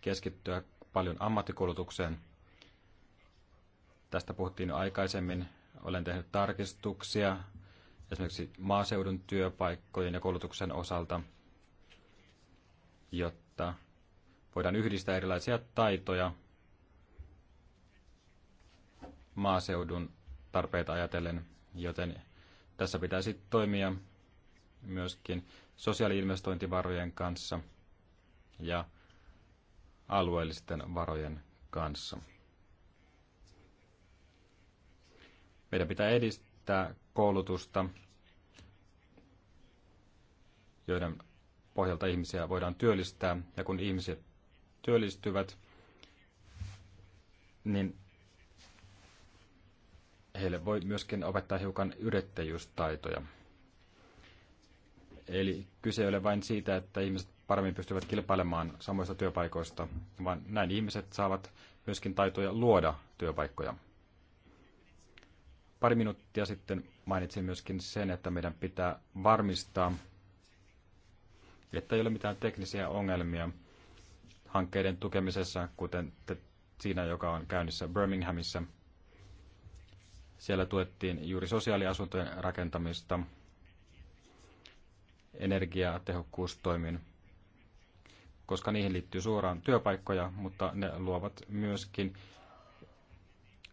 keskittyä paljon ammattikoulutukseen. Tästä puhuttiin jo aikaisemmin. Olen tehnyt tarkistuksia esimerkiksi maaseudun työpaikkojen ja koulutuksen osalta, jotta voidaan yhdistää erilaisia taitoja maaseudun tarpeita ajatellen, joten tässä pitäisi toimia myöskin sosiaaliinvestointivarojen kanssa ja alueellisten varojen kanssa. Meidän pitää edistää koulutusta, joiden pohjalta ihmisiä voidaan työllistää. Ja kun ihmiset työllistyvät, niin heille voi myöskin opettaa hiukan yrittäjyystaitoja. Eli kyse ei ole vain siitä, että ihmiset paremmin pystyvät kilpailemaan samoista työpaikoista, vaan näin ihmiset saavat myöskin taitoja luoda työpaikkoja. Pari minuuttia sitten mainitsin myöskin sen, että meidän pitää varmistaa, että ei ole mitään teknisiä ongelmia hankkeiden tukemisessa, kuten siinä, joka on käynnissä Birminghamissa. Siellä tuettiin juuri sosiaaliasuntojen rakentamista – energiatehokkuustoimin, koska niihin liittyy suoraan työpaikkoja, mutta ne luovat myöskin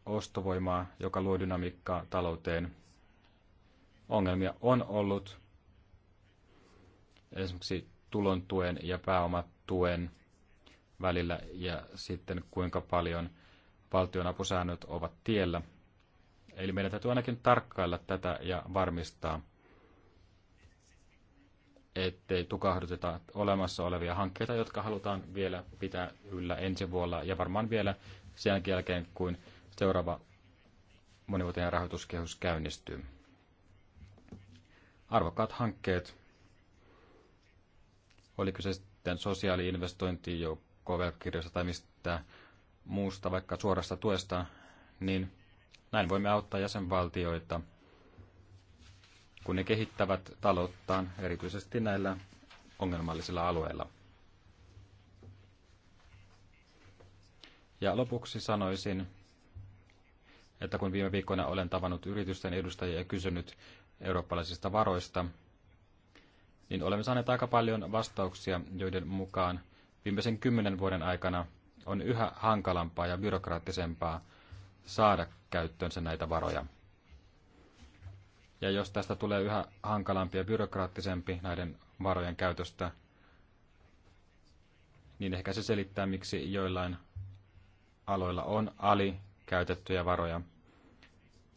ostovoimaa, joka luo dynamiikkaa talouteen. Ongelmia on ollut esimerkiksi tulontuen ja pääomatuen välillä ja sitten kuinka paljon valtionapusäännöt ovat tiellä. Eli meidän täytyy ainakin tarkkailla tätä ja varmistaa, ettei tukahduteta olemassa olevia hankkeita, jotka halutaan vielä pitää yllä ensi vuonna ja varmaan vielä sen jälkeen, kun seuraava monivuotinen rahoituskehys käynnistyy. Arvokkaat hankkeet, oliko se sitten sosiaaliinvestointi, joukkovelkkirjoista tai mistä muusta, vaikka suorasta tuesta, niin näin voimme auttaa jäsenvaltioita – kun ne kehittävät talouttaan erityisesti näillä ongelmallisilla alueilla. Ja lopuksi sanoisin, että kun viime viikkoina olen tavannut yritysten edustajia ja kysynyt eurooppalaisista varoista, niin olemme saaneet aika paljon vastauksia, joiden mukaan viimeisen kymmenen vuoden aikana on yhä hankalampaa ja byrokraattisempaa saada käyttöönsä näitä varoja. Ja jos tästä tulee yhä hankalampi ja byrokraattisempi näiden varojen käytöstä, niin ehkä se selittää, miksi joillain aloilla on alikäytettyjä varoja.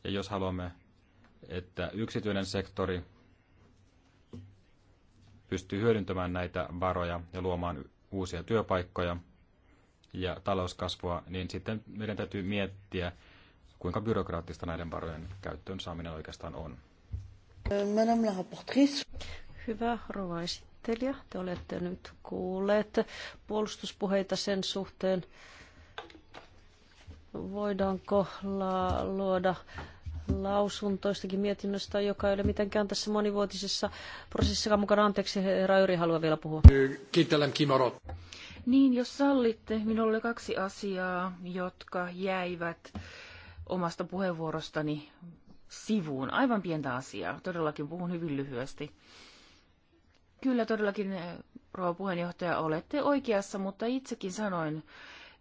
Ja jos haluamme, että yksityinen sektori pystyy hyödyntämään näitä varoja ja luomaan uusia työpaikkoja ja talouskasvua, niin sitten meidän täytyy miettiä, kuinka byrokraattista näiden varojen käyttöön saaminen oikeastaan on. Madame la rapportrice. Hyvä rouva esittelijä, te olette nyt kuulleet puolustuspuheita sen suhteen, voidaanko la- luoda lausuntoistakin mietinnöstä, joka ei ole mitenkään tässä monivuotisessa prosessissa mukana. Anteeksi, herra Yri haluaa vielä puhua. Kiittelen Kimorot. Niin, jos sallitte, minulle kaksi asiaa, jotka jäivät omasta puheenvuorostani sivuun. Aivan pientä asiaa. Todellakin puhun hyvin lyhyesti. Kyllä todellakin, eh, rouva puheenjohtaja, olette oikeassa, mutta itsekin sanoin,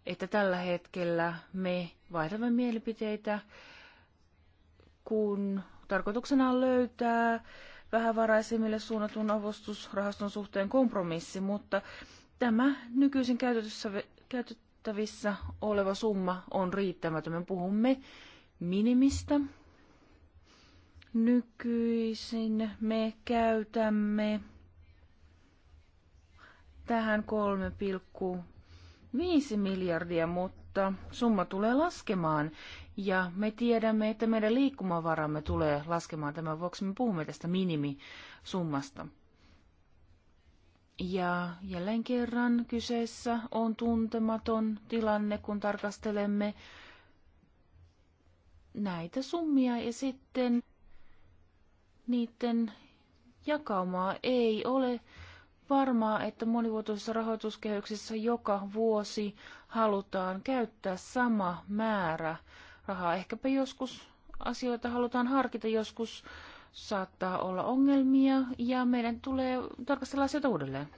että tällä hetkellä me vaihdamme mielipiteitä, kun tarkoituksena on löytää vähävaraisimmille suunnatun avustusrahaston suhteen kompromissi, mutta tämä nykyisin käytettävissä oleva summa on riittämätön. Me puhumme minimistä, Nykyisin me käytämme tähän 3,5 miljardia, mutta summa tulee laskemaan. Ja me tiedämme, että meidän liikkumavaramme tulee laskemaan tämän vuoksi. Me puhumme tästä minimisummasta. Ja jälleen kerran kyseessä on tuntematon tilanne, kun tarkastelemme näitä summia ja sitten niiden jakaumaa ei ole varmaa, että monivuotoisessa rahoituskehyksessä joka vuosi halutaan käyttää sama määrä rahaa. Ehkäpä joskus asioita halutaan harkita, joskus saattaa olla ongelmia ja meidän tulee tarkastella asioita uudelleen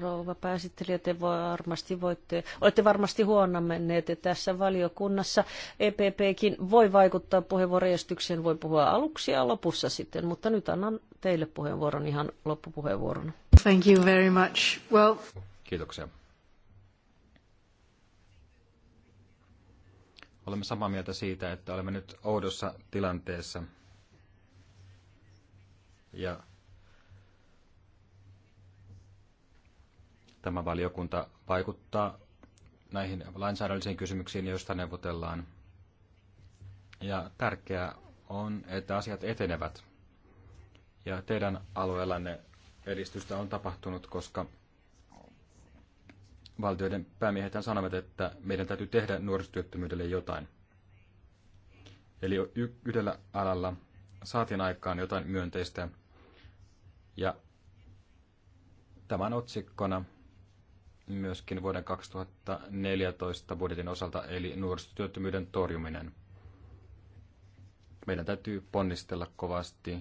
rouva pääsittelijä, te varmasti voitte, olette varmasti huononneet tässä valiokunnassa. EPPkin voi vaikuttaa puheenvuorojärjestykseen, voi puhua aluksi ja lopussa sitten, mutta nyt annan teille puheenvuoron ihan loppupuheenvuoron. Thank you very much. Well... Kiitoksia. Olemme samaa mieltä siitä, että olemme nyt oudossa tilanteessa. Ja Tämä valiokunta vaikuttaa näihin lainsäädännöllisiin kysymyksiin, joista neuvotellaan. Ja tärkeää on, että asiat etenevät. Ja teidän alueellanne edistystä on tapahtunut, koska valtioiden päämiehet sanovat, että meidän täytyy tehdä nuorisotyöttömyydelle jotain. Eli yhdellä alalla saatiin aikaan jotain myönteistä. Ja tämän otsikkona myöskin vuoden 2014 budjetin osalta, eli nuorisotyöttömyyden torjuminen. Meidän täytyy ponnistella kovasti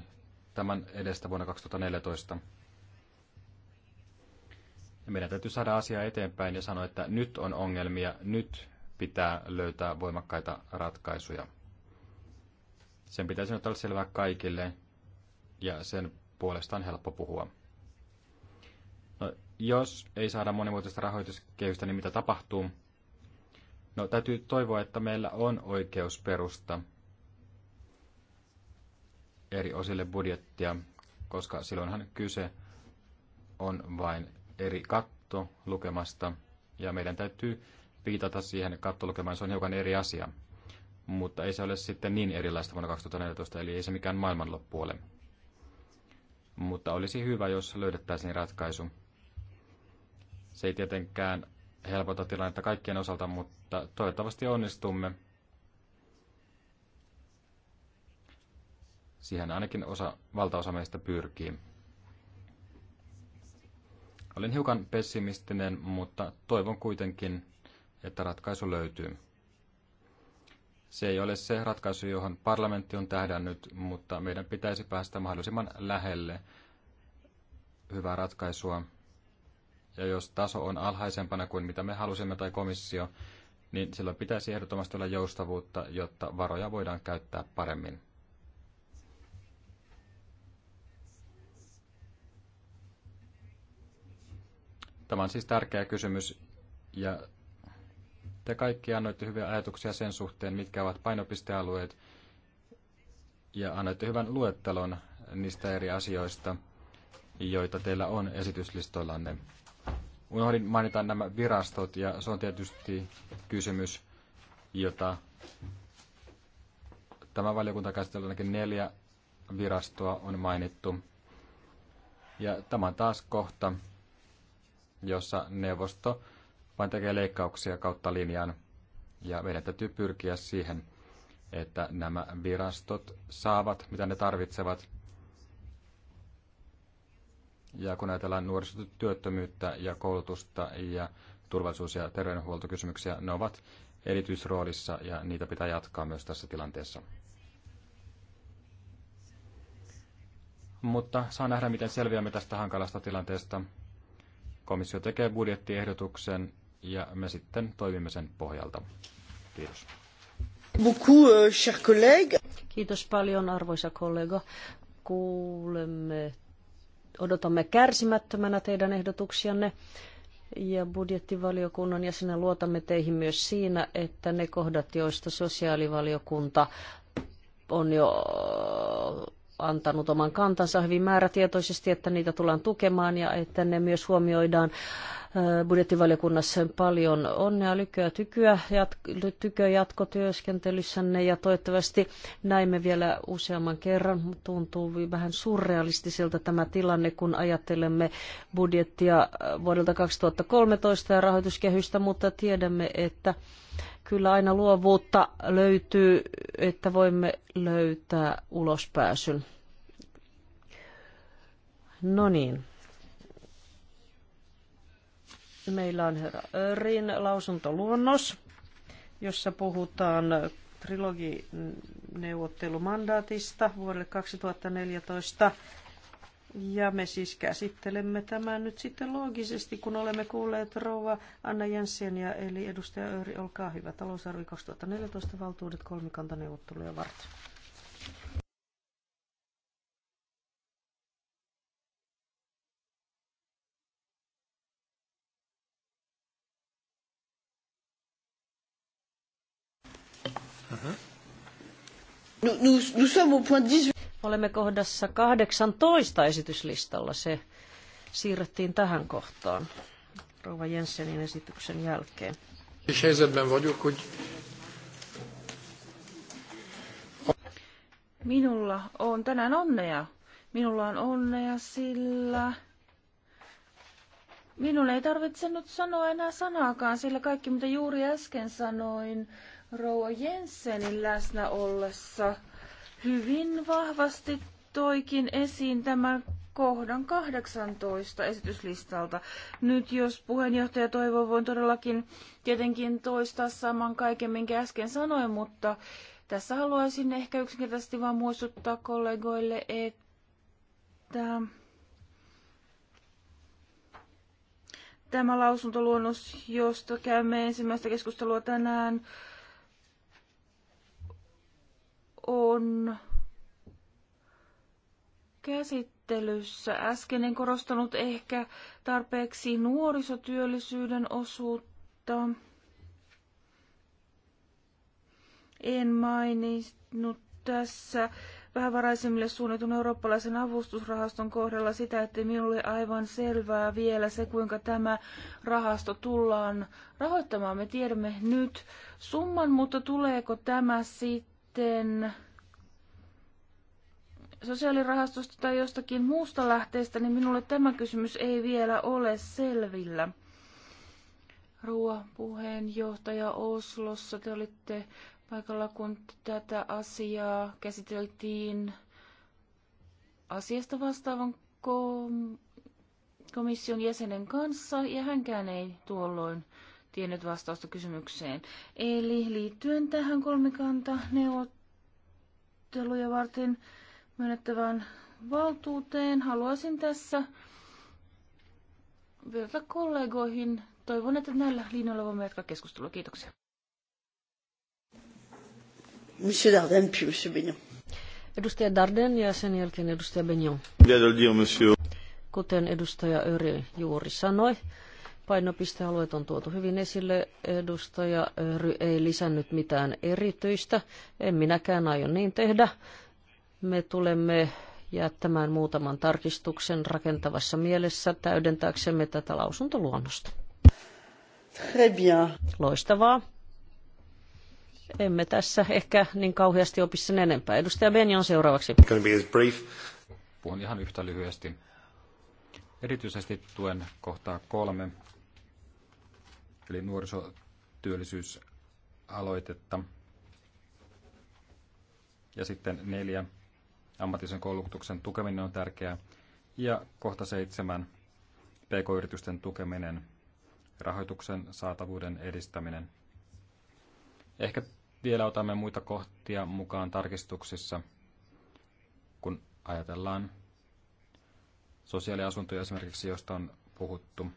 tämän edestä vuonna 2014. Ja meidän täytyy saada asia eteenpäin ja sanoa, että nyt on ongelmia, nyt pitää löytää voimakkaita ratkaisuja. Sen pitäisi nyt olla selvää kaikille ja sen puolesta on helppo puhua. Jos ei saada monimuotoista rahoituskehystä, niin mitä tapahtuu? No täytyy toivoa, että meillä on oikeusperusta eri osille budjettia, koska silloinhan kyse on vain eri kattolukemasta, ja meidän täytyy viitata siihen kattolukemaan, se on hiukan eri asia. Mutta ei se ole sitten niin erilaista vuonna 2014, eli ei se mikään maailmanloppu ole. Mutta olisi hyvä, jos löydettäisiin ratkaisu. Se ei tietenkään helpota tilannetta kaikkien osalta, mutta toivottavasti onnistumme. Siihen ainakin osa, valtaosa meistä pyrkii. Olin hiukan pessimistinen, mutta toivon kuitenkin, että ratkaisu löytyy. Se ei ole se ratkaisu, johon parlamentti on tähdännyt, mutta meidän pitäisi päästä mahdollisimman lähelle hyvää ratkaisua. Ja jos taso on alhaisempana kuin mitä me halusimme tai komissio, niin silloin pitäisi ehdottomasti olla joustavuutta, jotta varoja voidaan käyttää paremmin. Tämä on siis tärkeä kysymys ja te kaikki annoitte hyviä ajatuksia sen suhteen, mitkä ovat painopistealueet ja annoitte hyvän luettelon niistä eri asioista, joita teillä on esityslistoillanne. Unohdin mainita nämä virastot ja se on tietysti kysymys, jota tämä valiokunta käsitellä ainakin neljä virastoa on mainittu. Ja tämä on taas kohta, jossa neuvosto vain tekee leikkauksia kautta linjan. Ja meidän täytyy pyrkiä siihen, että nämä virastot saavat, mitä ne tarvitsevat, ja kun ajatellaan nuorisotyöttömyyttä ja koulutusta ja turvallisuus- ja terveydenhuoltokysymyksiä, ne ovat erityisroolissa ja niitä pitää jatkaa myös tässä tilanteessa. Mutta saa nähdä, miten selviämme tästä hankalasta tilanteesta. Komissio tekee budjettiehdotuksen ja me sitten toimimme sen pohjalta. Kiitos. Euh, Kiitos paljon arvoisa kollega. Kuulemme odotamme kärsimättömänä teidän ehdotuksianne ja budjettivaliokunnan jäsenä luotamme teihin myös siinä, että ne kohdat, joista sosiaalivaliokunta on jo antanut oman kantansa hyvin määrätietoisesti, että niitä tullaan tukemaan ja että ne myös huomioidaan budjettivaliokunnassa paljon onnea, lykyä, tykyä, jatko, tykyä jatkotyöskentelyssänne ja toivottavasti näimme vielä useamman kerran. Tuntuu vähän surrealistiselta tämä tilanne, kun ajattelemme budjettia vuodelta 2013 ja rahoituskehystä, mutta tiedämme, että kyllä aina luovuutta löytyy, että voimme löytää ulospääsyn. No niin. Meillä on herra Örin lausuntoluonnos, jossa puhutaan trilogineuvottelumandaatista vuodelle 2014 ja me siis käsittelemme tämän nyt sitten loogisesti, kun olemme kuulleet rouva Anna ja eli edustaja Öri, olkaa hyvä, talousarvi 2014 valtuudet kolmikantaneuvotteluja varten. Nous, nous, nous sommes au point 18. Olemme kohdassa 18 esityslistalla. Se siirrettiin tähän kohtaan Rouva Jensenin esityksen jälkeen. Minulla on tänään onnea. Minulla on onnea sillä... Minun ei tarvitse nyt sanoa enää sanaakaan, sillä kaikki mitä juuri äsken sanoin Rouva Jensenin läsnä ollessa hyvin vahvasti toikin esiin tämän kohdan 18 esityslistalta. Nyt jos puheenjohtaja toivoo, voin todellakin tietenkin toistaa saman kaiken, minkä äsken sanoin, mutta tässä haluaisin ehkä yksinkertaisesti vain muistuttaa kollegoille, että tämä lausuntoluonnos, josta käymme ensimmäistä keskustelua tänään, on käsittelyssä. Äsken en korostanut ehkä tarpeeksi nuorisotyöllisyyden osuutta. En maininnut tässä vähävaraisimmille suunnitun eurooppalaisen avustusrahaston kohdalla sitä, että minulle aivan selvää vielä se, kuinka tämä rahasto tullaan rahoittamaan. Me tiedämme nyt summan, mutta tuleeko tämä sitten sitten sosiaalirahastosta tai jostakin muusta lähteestä, niin minulle tämä kysymys ei vielä ole selvillä. Ruoan puheenjohtaja Oslossa, te olitte paikalla, kun tätä asiaa käsiteltiin asiasta vastaavan komission jäsenen kanssa, ja hänkään ei tuolloin tiennyt vastausta kysymykseen. Eli liittyen tähän kolmikanta neuvotteluja varten myönnettävään valtuuteen, haluaisin tässä vedota kollegoihin. Toivon, että näillä linjoilla voimme jatkaa keskustelua. Kiitoksia. Monsieur Darden, puis Monsieur Benyon. Edustaja Darden ja sen jälkeen edustaja Benyon. Kuten edustaja Öri juuri sanoi, Painopistealueet on tuotu hyvin esille. Edustaja Ry ei lisännyt mitään erityistä. En minäkään aio niin tehdä. Me tulemme jättämään muutaman tarkistuksen rakentavassa mielessä täydentääksemme tätä lausuntoluonnosta. Très bien. Loistavaa. Emme tässä ehkä niin kauheasti opi sen enempää. Edustaja Benjon seuraavaksi. Puhun ihan yhtä lyhyesti. Erityisesti tuen kohtaa kolme, eli nuorisotyöllisyysaloitetta. Ja sitten neljä, ammatillisen koulutuksen tukeminen on tärkeää. Ja kohta seitsemän, pk-yritysten tukeminen, rahoituksen saatavuuden edistäminen. Ehkä vielä otamme muita kohtia mukaan tarkistuksissa, kun ajatellaan sosiaaliasuntoja esimerkiksi, josta on puhuttu.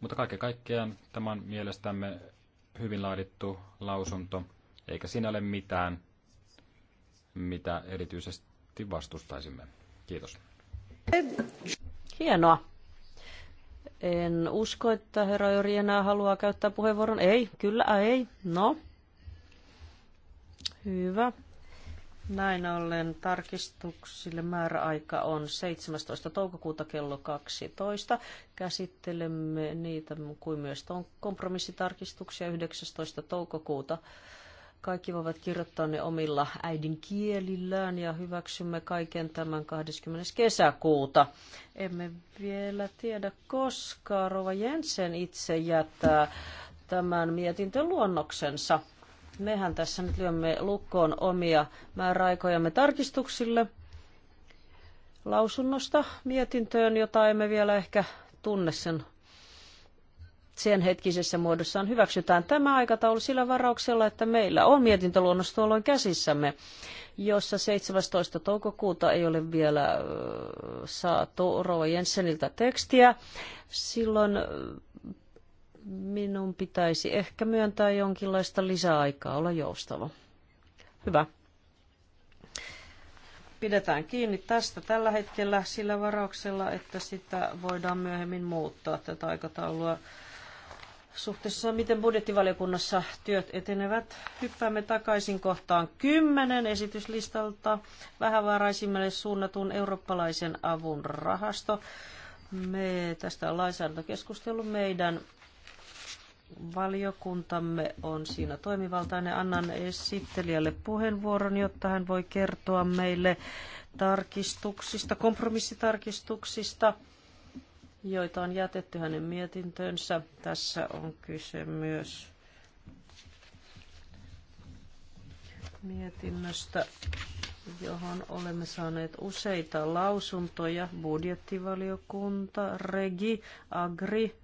Mutta kaiken kaikkiaan tämä on mielestämme hyvin laadittu lausunto, eikä siinä ole mitään, mitä erityisesti vastustaisimme. Kiitos. Hienoa. En usko, että herra Jori enää haluaa käyttää puheenvuoron. Ei, kyllä ei. No. Hyvä. Näin ollen tarkistuksille määräaika on 17. toukokuuta kello 12. Käsittelemme niitä kuin myös on kompromissitarkistuksia 19. toukokuuta. Kaikki voivat kirjoittaa ne omilla äidinkielillään ja hyväksymme kaiken tämän 20. kesäkuuta. Emme vielä tiedä, koska Rova Jensen itse jättää tämän mietintöluonnoksensa. Mehän tässä nyt lyömme lukkoon omia määräaikojamme tarkistuksille lausunnosta mietintöön, jota emme vielä ehkä tunne sen sen hetkisessä muodossaan hyväksytään tämä aikataulu sillä varauksella, että meillä on mietintöluonnos tuolloin käsissämme, jossa 17. toukokuuta ei ole vielä äh, saatu Rova Jenseniltä tekstiä. Silloin minun pitäisi ehkä myöntää jonkinlaista lisäaikaa, olla joustava. Hyvä. Pidetään kiinni tästä tällä hetkellä sillä varauksella, että sitä voidaan myöhemmin muuttaa tätä aikataulua suhteessa, miten budjettivaliokunnassa työt etenevät. Hyppäämme takaisin kohtaan kymmenen esityslistalta vähävaraisimmille suunnatun eurooppalaisen avun rahasto. Me tästä on lainsäädäntökeskustelu. Meidän Valiokuntamme on siinä toimivaltainen. Annan esittelijälle puheenvuoron, jotta hän voi kertoa meille tarkistuksista, kompromissitarkistuksista, joita on jätetty hänen mietintönsä. Tässä on kyse myös mietinnöstä, johon olemme saaneet useita lausuntoja. Budjettivaliokunta, Regi, Agri,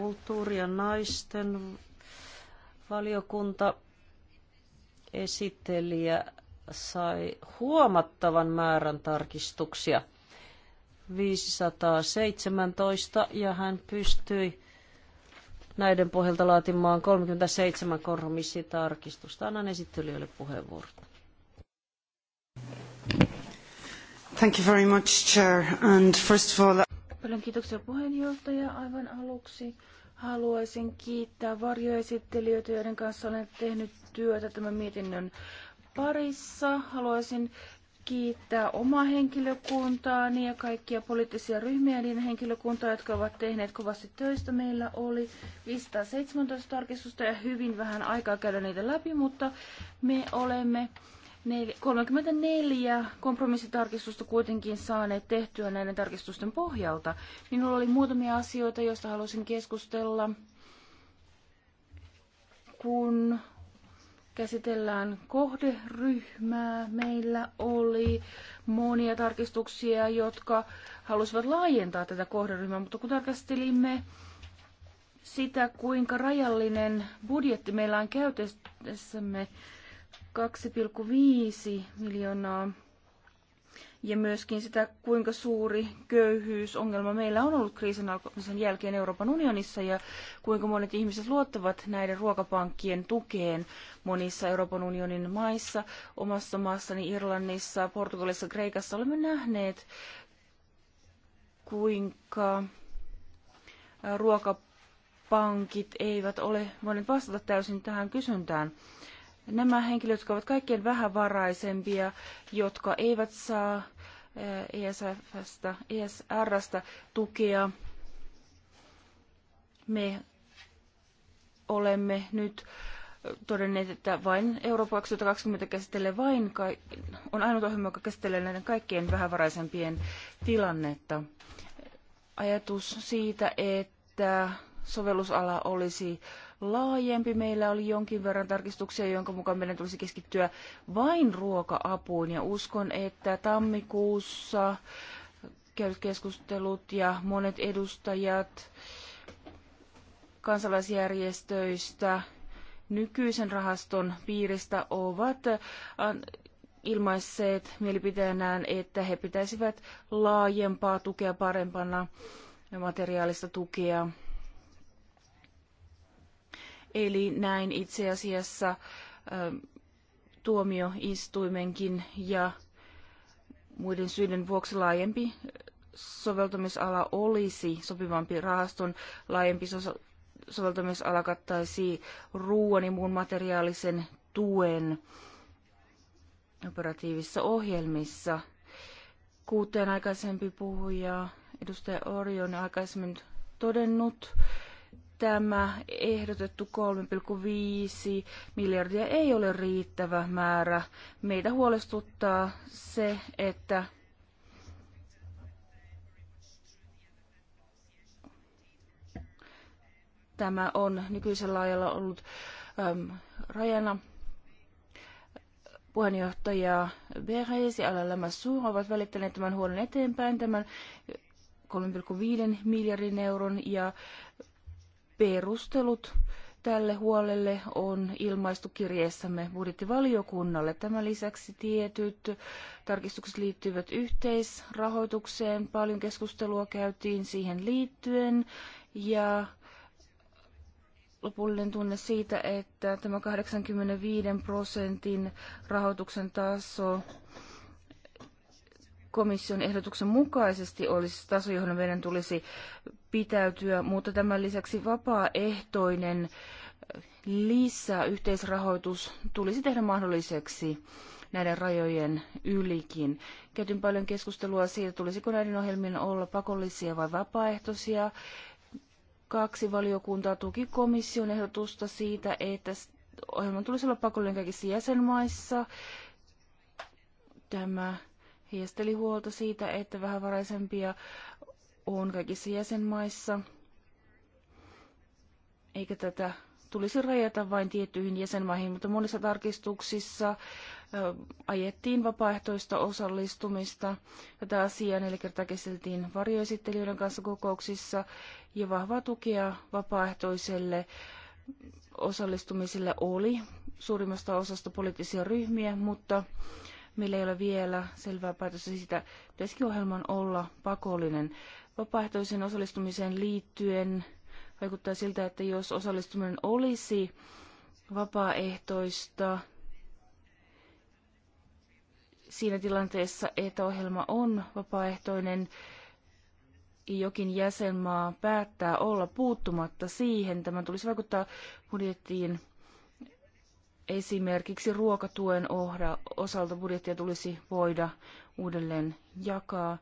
kulttuuri- ja naisten valiokunta esittelijä sai huomattavan määrän tarkistuksia, 517, ja hän pystyi näiden pohjalta laatimaan 37 kompromissitarkistusta. Annan esittelijöille puheenvuorot. Thank you very much, Chair. And first of all... Paljon kiitoksia puheenjohtaja. Aivan aluksi haluaisin kiittää varjoesittelijöitä, joiden kanssa olen tehnyt työtä tämän mietinnön parissa. Haluaisin kiittää omaa henkilökuntaani ja kaikkia poliittisia ryhmiä niiden henkilökuntaa, jotka ovat tehneet kovasti töistä. Meillä oli 517 tarkistusta ja hyvin vähän aikaa käydä niitä läpi, mutta me olemme 34 kompromissitarkistusta kuitenkin saaneet tehtyä näiden tarkistusten pohjalta. Minulla oli muutamia asioita, joista halusin keskustella, kun käsitellään kohderyhmää. Meillä oli monia tarkistuksia, jotka halusivat laajentaa tätä kohderyhmää, mutta kun tarkastelimme sitä, kuinka rajallinen budjetti meillä on käytössämme, 2,5 miljoonaa ja myöskin sitä, kuinka suuri köyhyysongelma meillä on ollut kriisin alkamisen jälkeen Euroopan unionissa ja kuinka monet ihmiset luottavat näiden ruokapankkien tukeen monissa Euroopan unionin maissa. Omassa maassani Irlannissa, Portugalissa, Kreikassa olemme nähneet, kuinka ruokapankit eivät ole voineet vastata täysin tähän kysyntään. Nämä henkilöt, jotka ovat kaikkein vähävaraisempia, jotka eivät saa esr eh, ESRstä e tukea, me olemme nyt todenneet, että vain Eurooppa 2020 käsittelee vain, on ainut ohjelma, joka käsittelee näiden kaikkien vähävaraisempien tilannetta. Ajatus siitä, että sovellusala olisi laajempi. Meillä oli jonkin verran tarkistuksia, jonka mukaan meidän tulisi keskittyä vain ruoka-apuun. Ja uskon, että tammikuussa käydyt keskustelut ja monet edustajat kansalaisjärjestöistä nykyisen rahaston piiristä ovat äh, ilmaisseet mielipiteenään, että he pitäisivät laajempaa tukea parempana materiaalista tukea Eli näin itse asiassa tuomioistuimenkin ja muiden syiden vuoksi laajempi soveltamisala olisi sopivampi rahaston laajempi soveltamisala kattaisi ruoan ja muun materiaalisen tuen operatiivisissa ohjelmissa. Kuuteen aikaisempi puhuja, edustaja Orion, aikaisemmin todennut, tämä ehdotettu 3,5 miljardia ei ole riittävä määrä. Meitä huolestuttaa se, että tämä on nykyisellä ajalla ollut äm, rajana puheenjohtaja Beres ja Alain Suu ovat välittäneet tämän huolen eteenpäin, tämän 3,5 miljardin euron ja perustelut tälle huolelle on ilmaistu kirjeessämme budjettivaliokunnalle. Tämän lisäksi tietyt tarkistukset liittyvät yhteisrahoitukseen. Paljon keskustelua käytiin siihen liittyen ja lopullinen tunne siitä, että tämä 85 prosentin rahoituksen taso komission ehdotuksen mukaisesti olisi taso, johon meidän tulisi pitäytyä, mutta tämän lisäksi vapaaehtoinen lisää yhteisrahoitus tulisi tehdä mahdolliseksi näiden rajojen ylikin. Käytin paljon keskustelua siitä, tulisiko näiden ohjelmien olla pakollisia vai vapaaehtoisia. Kaksi valiokuntaa tuki komission ehdotusta siitä, että ohjelman tulisi olla pakollinen kaikissa jäsenmaissa. Tämä hiesteli huolta siitä, että vähävaraisempia on kaikissa jäsenmaissa, eikä tätä tulisi rajata vain tiettyihin jäsenmaihin, mutta monissa tarkistuksissa ajettiin vapaaehtoista osallistumista. Tätä asiaa neljä kertaa käsiteltiin varjoesittelijöiden kanssa kokouksissa ja vahvaa tukea vapaaehtoiselle osallistumiselle oli suurimmasta osasta poliittisia ryhmiä, mutta meillä ei ole vielä selvää päätöstä siitä, pitäisikö ohjelman olla pakollinen vapaaehtoiseen osallistumiseen liittyen vaikuttaa siltä, että jos osallistuminen olisi vapaaehtoista siinä tilanteessa, että ohjelma on vapaaehtoinen, jokin jäsenmaa päättää olla puuttumatta siihen. Tämä tulisi vaikuttaa budjettiin esimerkiksi ruokatuen osalta budjettia tulisi voida uudelleen jakaa.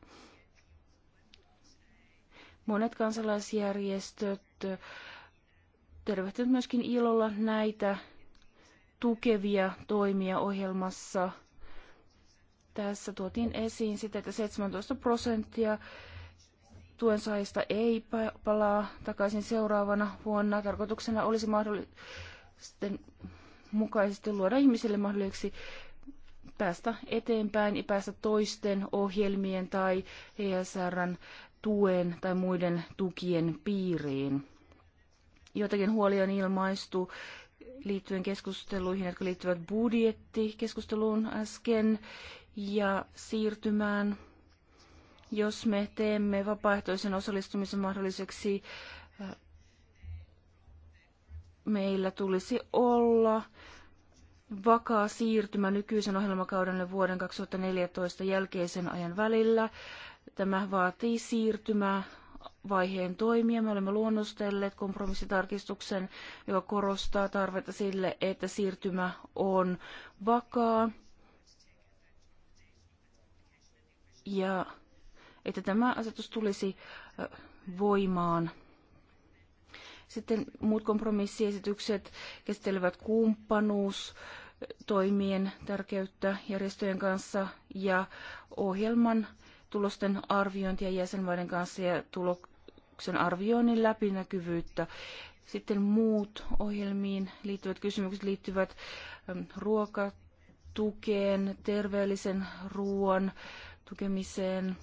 Monet kansalaisjärjestöt eh, tervehtivät myöskin ilolla näitä tukevia toimia ohjelmassa. Tässä tuotiin esiin sitä, että 17 prosenttia tuen saajista ei palaa takaisin seuraavana vuonna. Tarkoituksena olisi mahdollisten mukaisesti luoda ihmisille mahdolliseksi päästä eteenpäin ja päästä toisten ohjelmien tai ESRn tuen tai muiden tukien piiriin. Jotakin huolia on ilmaistu liittyen keskusteluihin, jotka liittyvät budjettikeskusteluun äsken ja siirtymään. Jos me teemme vapaaehtoisen osallistumisen mahdolliseksi, äh, meillä tulisi olla vakaa siirtymä nykyisen ohjelmakaudelle vuoden 2014 jälkeisen ajan välillä. Tämä vaatii siirtymää vaiheen toimia. Me olemme luonnostelleet kompromissitarkistuksen, joka korostaa tarvetta sille, että siirtymä on vakaa ja että tämä asetus tulisi voimaan. Sitten muut kompromissiesitykset käsittelevät kumppanuus, toimien tärkeyttä järjestöjen kanssa ja ohjelman tulosten arviointia jäsenmaiden kanssa ja tuloksen arvioinnin läpinäkyvyyttä. Sitten muut ohjelmiin liittyvät kysymykset liittyvät ruokatukeen, terveellisen ruoan tukemiseen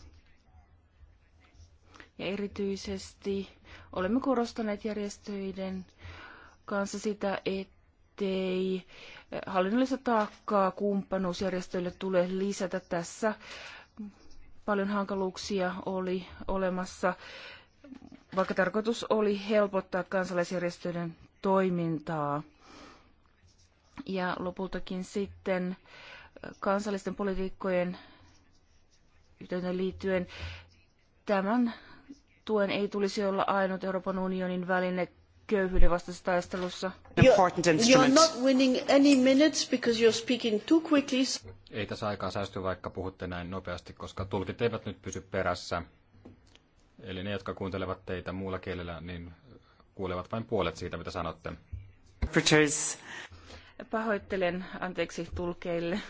ja erityisesti olemme korostaneet järjestöiden kanssa sitä, ettei hallinnollista taakkaa kumppanuusjärjestöille tule lisätä tässä paljon hankaluuksia oli olemassa, vaikka tarkoitus oli helpottaa kansalaisjärjestöiden toimintaa. Ja lopultakin sitten kansallisten politiikkojen yhteyteen liittyen tämän tuen ei tulisi olla ainut Euroopan unionin väline köyhyyden vastaisessa taistelussa. You're not winning any minutes because you're speaking too quickly. Ei tässä aikaa säästy, vaikka puhutte näin nopeasti, koska tulkit eivät nyt pysy perässä. Eli ne, jotka kuuntelevat teitä muulla kielellä, niin kuulevat vain puolet siitä, mitä sanotte. Pahoittelen anteeksi tulkeille.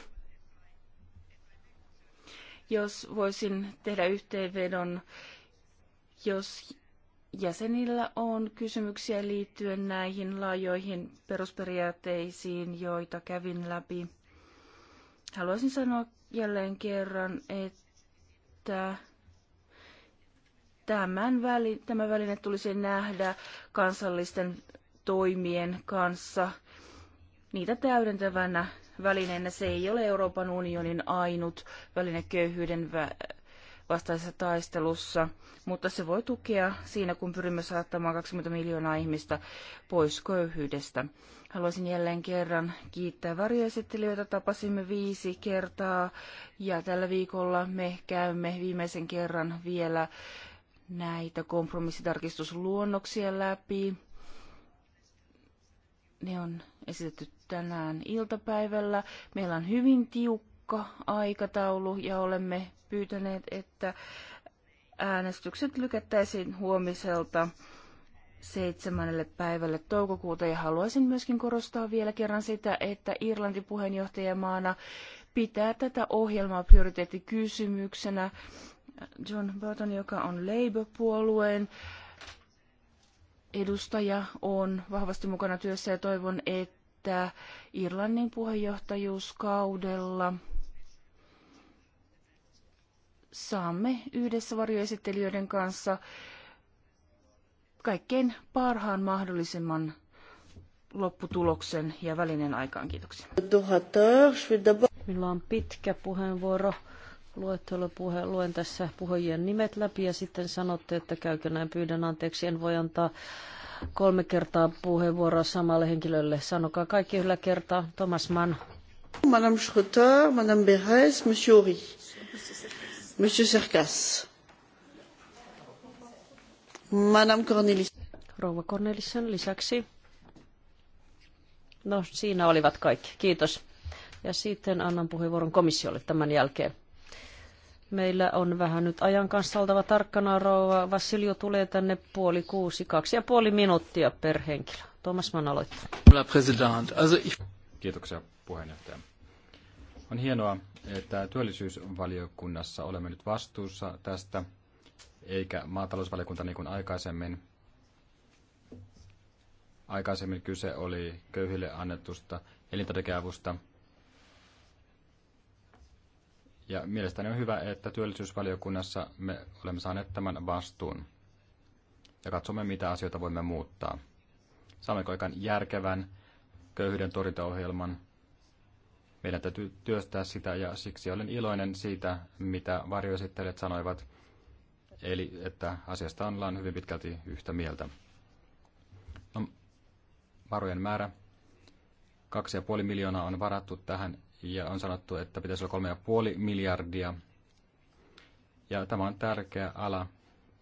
Jos voisin tehdä yhteenvedon, jos jäsenillä on kysymyksiä liittyen näihin laajoihin perusperiaatteisiin, joita kävin läpi. Haluaisin sanoa jälleen kerran, että tämän väli, tämä väline tulisi nähdä kansallisten toimien kanssa niitä täydentävänä välineenä. Se ei ole Euroopan unionin ainut väline köyhyyden vä- vastaisessa taistelussa, mutta se voi tukea siinä, kun pyrimme saattamaan 20 miljoonaa ihmistä pois köyhyydestä. Haluaisin jälleen kerran kiittää varjoesittelijöitä. Tapasimme viisi kertaa ja tällä viikolla me käymme viimeisen kerran vielä näitä kompromissitarkistusluonnoksia läpi. Ne on esitetty tänään iltapäivällä. Meillä on hyvin tiukka tiukka aikataulu ja olemme pyytäneet, että äänestykset lykättäisiin huomiselta seitsemännelle päivälle toukokuuta ja haluaisin myöskin korostaa vielä kerran sitä, että Irlanti puheenjohtajamaana pitää tätä ohjelmaa prioriteettikysymyksenä. John Burton, joka on Labour-puolueen edustaja, on vahvasti mukana työssä ja toivon, että Irlannin puheenjohtajuuskaudella – saamme yhdessä varjoesittelijöiden kanssa kaikkein parhaan mahdollisimman lopputuloksen ja välinen aikaan. Kiitoksia. Minulla on pitkä puheenvuoro. Luettelo puhe, luen tässä puhujien nimet läpi ja sitten sanotte, että käykö näin. Pyydän anteeksi, en voi antaa kolme kertaa puheenvuoroa samalle henkilölle. Sanokaa kaikki yhdellä kertaa. Thomas Mann. Madame Schröter, Madame Beres, Monsieur Ori. Monsieur Serkas. Rouva Cornelissen lisäksi. No, siinä olivat kaikki. Kiitos. Ja sitten annan puheenvuoron komissiolle tämän jälkeen. Meillä on vähän nyt ajan kanssa oltava tarkkana, rouva Vassilio tulee tänne puoli kuusi, kaksi ja puoli minuuttia per henkilö. Thomas Mann aloittaa. Kiitoksia puheenjohtaja. On hienoa, että työllisyysvaliokunnassa olemme nyt vastuussa tästä, eikä maatalousvaliokunta niin kuin aikaisemmin. Aikaisemmin kyse oli köyhille annetusta elintarvikeavusta. Ja mielestäni on hyvä, että työllisyysvaliokunnassa me olemme saaneet tämän vastuun ja katsomme, mitä asioita voimme muuttaa. Saammeko aikaan järkevän köyhyyden torjuntaohjelman, meidän täytyy työstää sitä ja siksi olen iloinen siitä, mitä varjoesittelijät sanoivat, eli että asiasta ollaan hyvin pitkälti yhtä mieltä. No, varojen määrä. 2,5 miljoonaa on varattu tähän ja on sanottu, että pitäisi olla 3,5 miljardia. Ja tämä on tärkeä ala,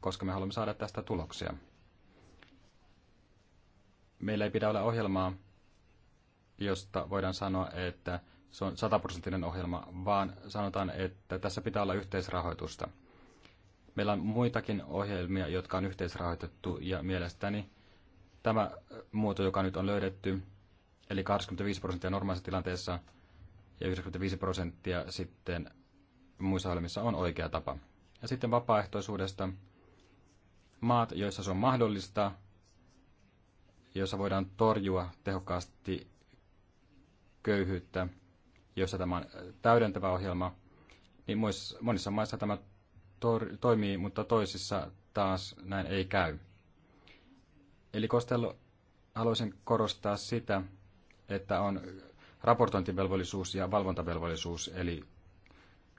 koska me haluamme saada tästä tuloksia. Meillä ei pidä olla ohjelmaa, josta voidaan sanoa, että se on sataprosenttinen ohjelma, vaan sanotaan, että tässä pitää olla yhteisrahoitusta. Meillä on muitakin ohjelmia, jotka on yhteisrahoitettu, ja mielestäni tämä muoto, joka nyt on löydetty, eli 85 prosenttia normaalissa tilanteessa ja 95 prosenttia sitten muissa ohjelmissa on oikea tapa. Ja sitten vapaaehtoisuudesta. Maat, joissa se on mahdollista, joissa voidaan torjua tehokkaasti köyhyyttä, joissa tämä on täydentävä ohjelma, niin monissa maissa tämä toimii, mutta toisissa taas näin ei käy. Eli Kostello, haluaisin korostaa sitä, että on raportointivelvollisuus ja valvontavelvollisuus, eli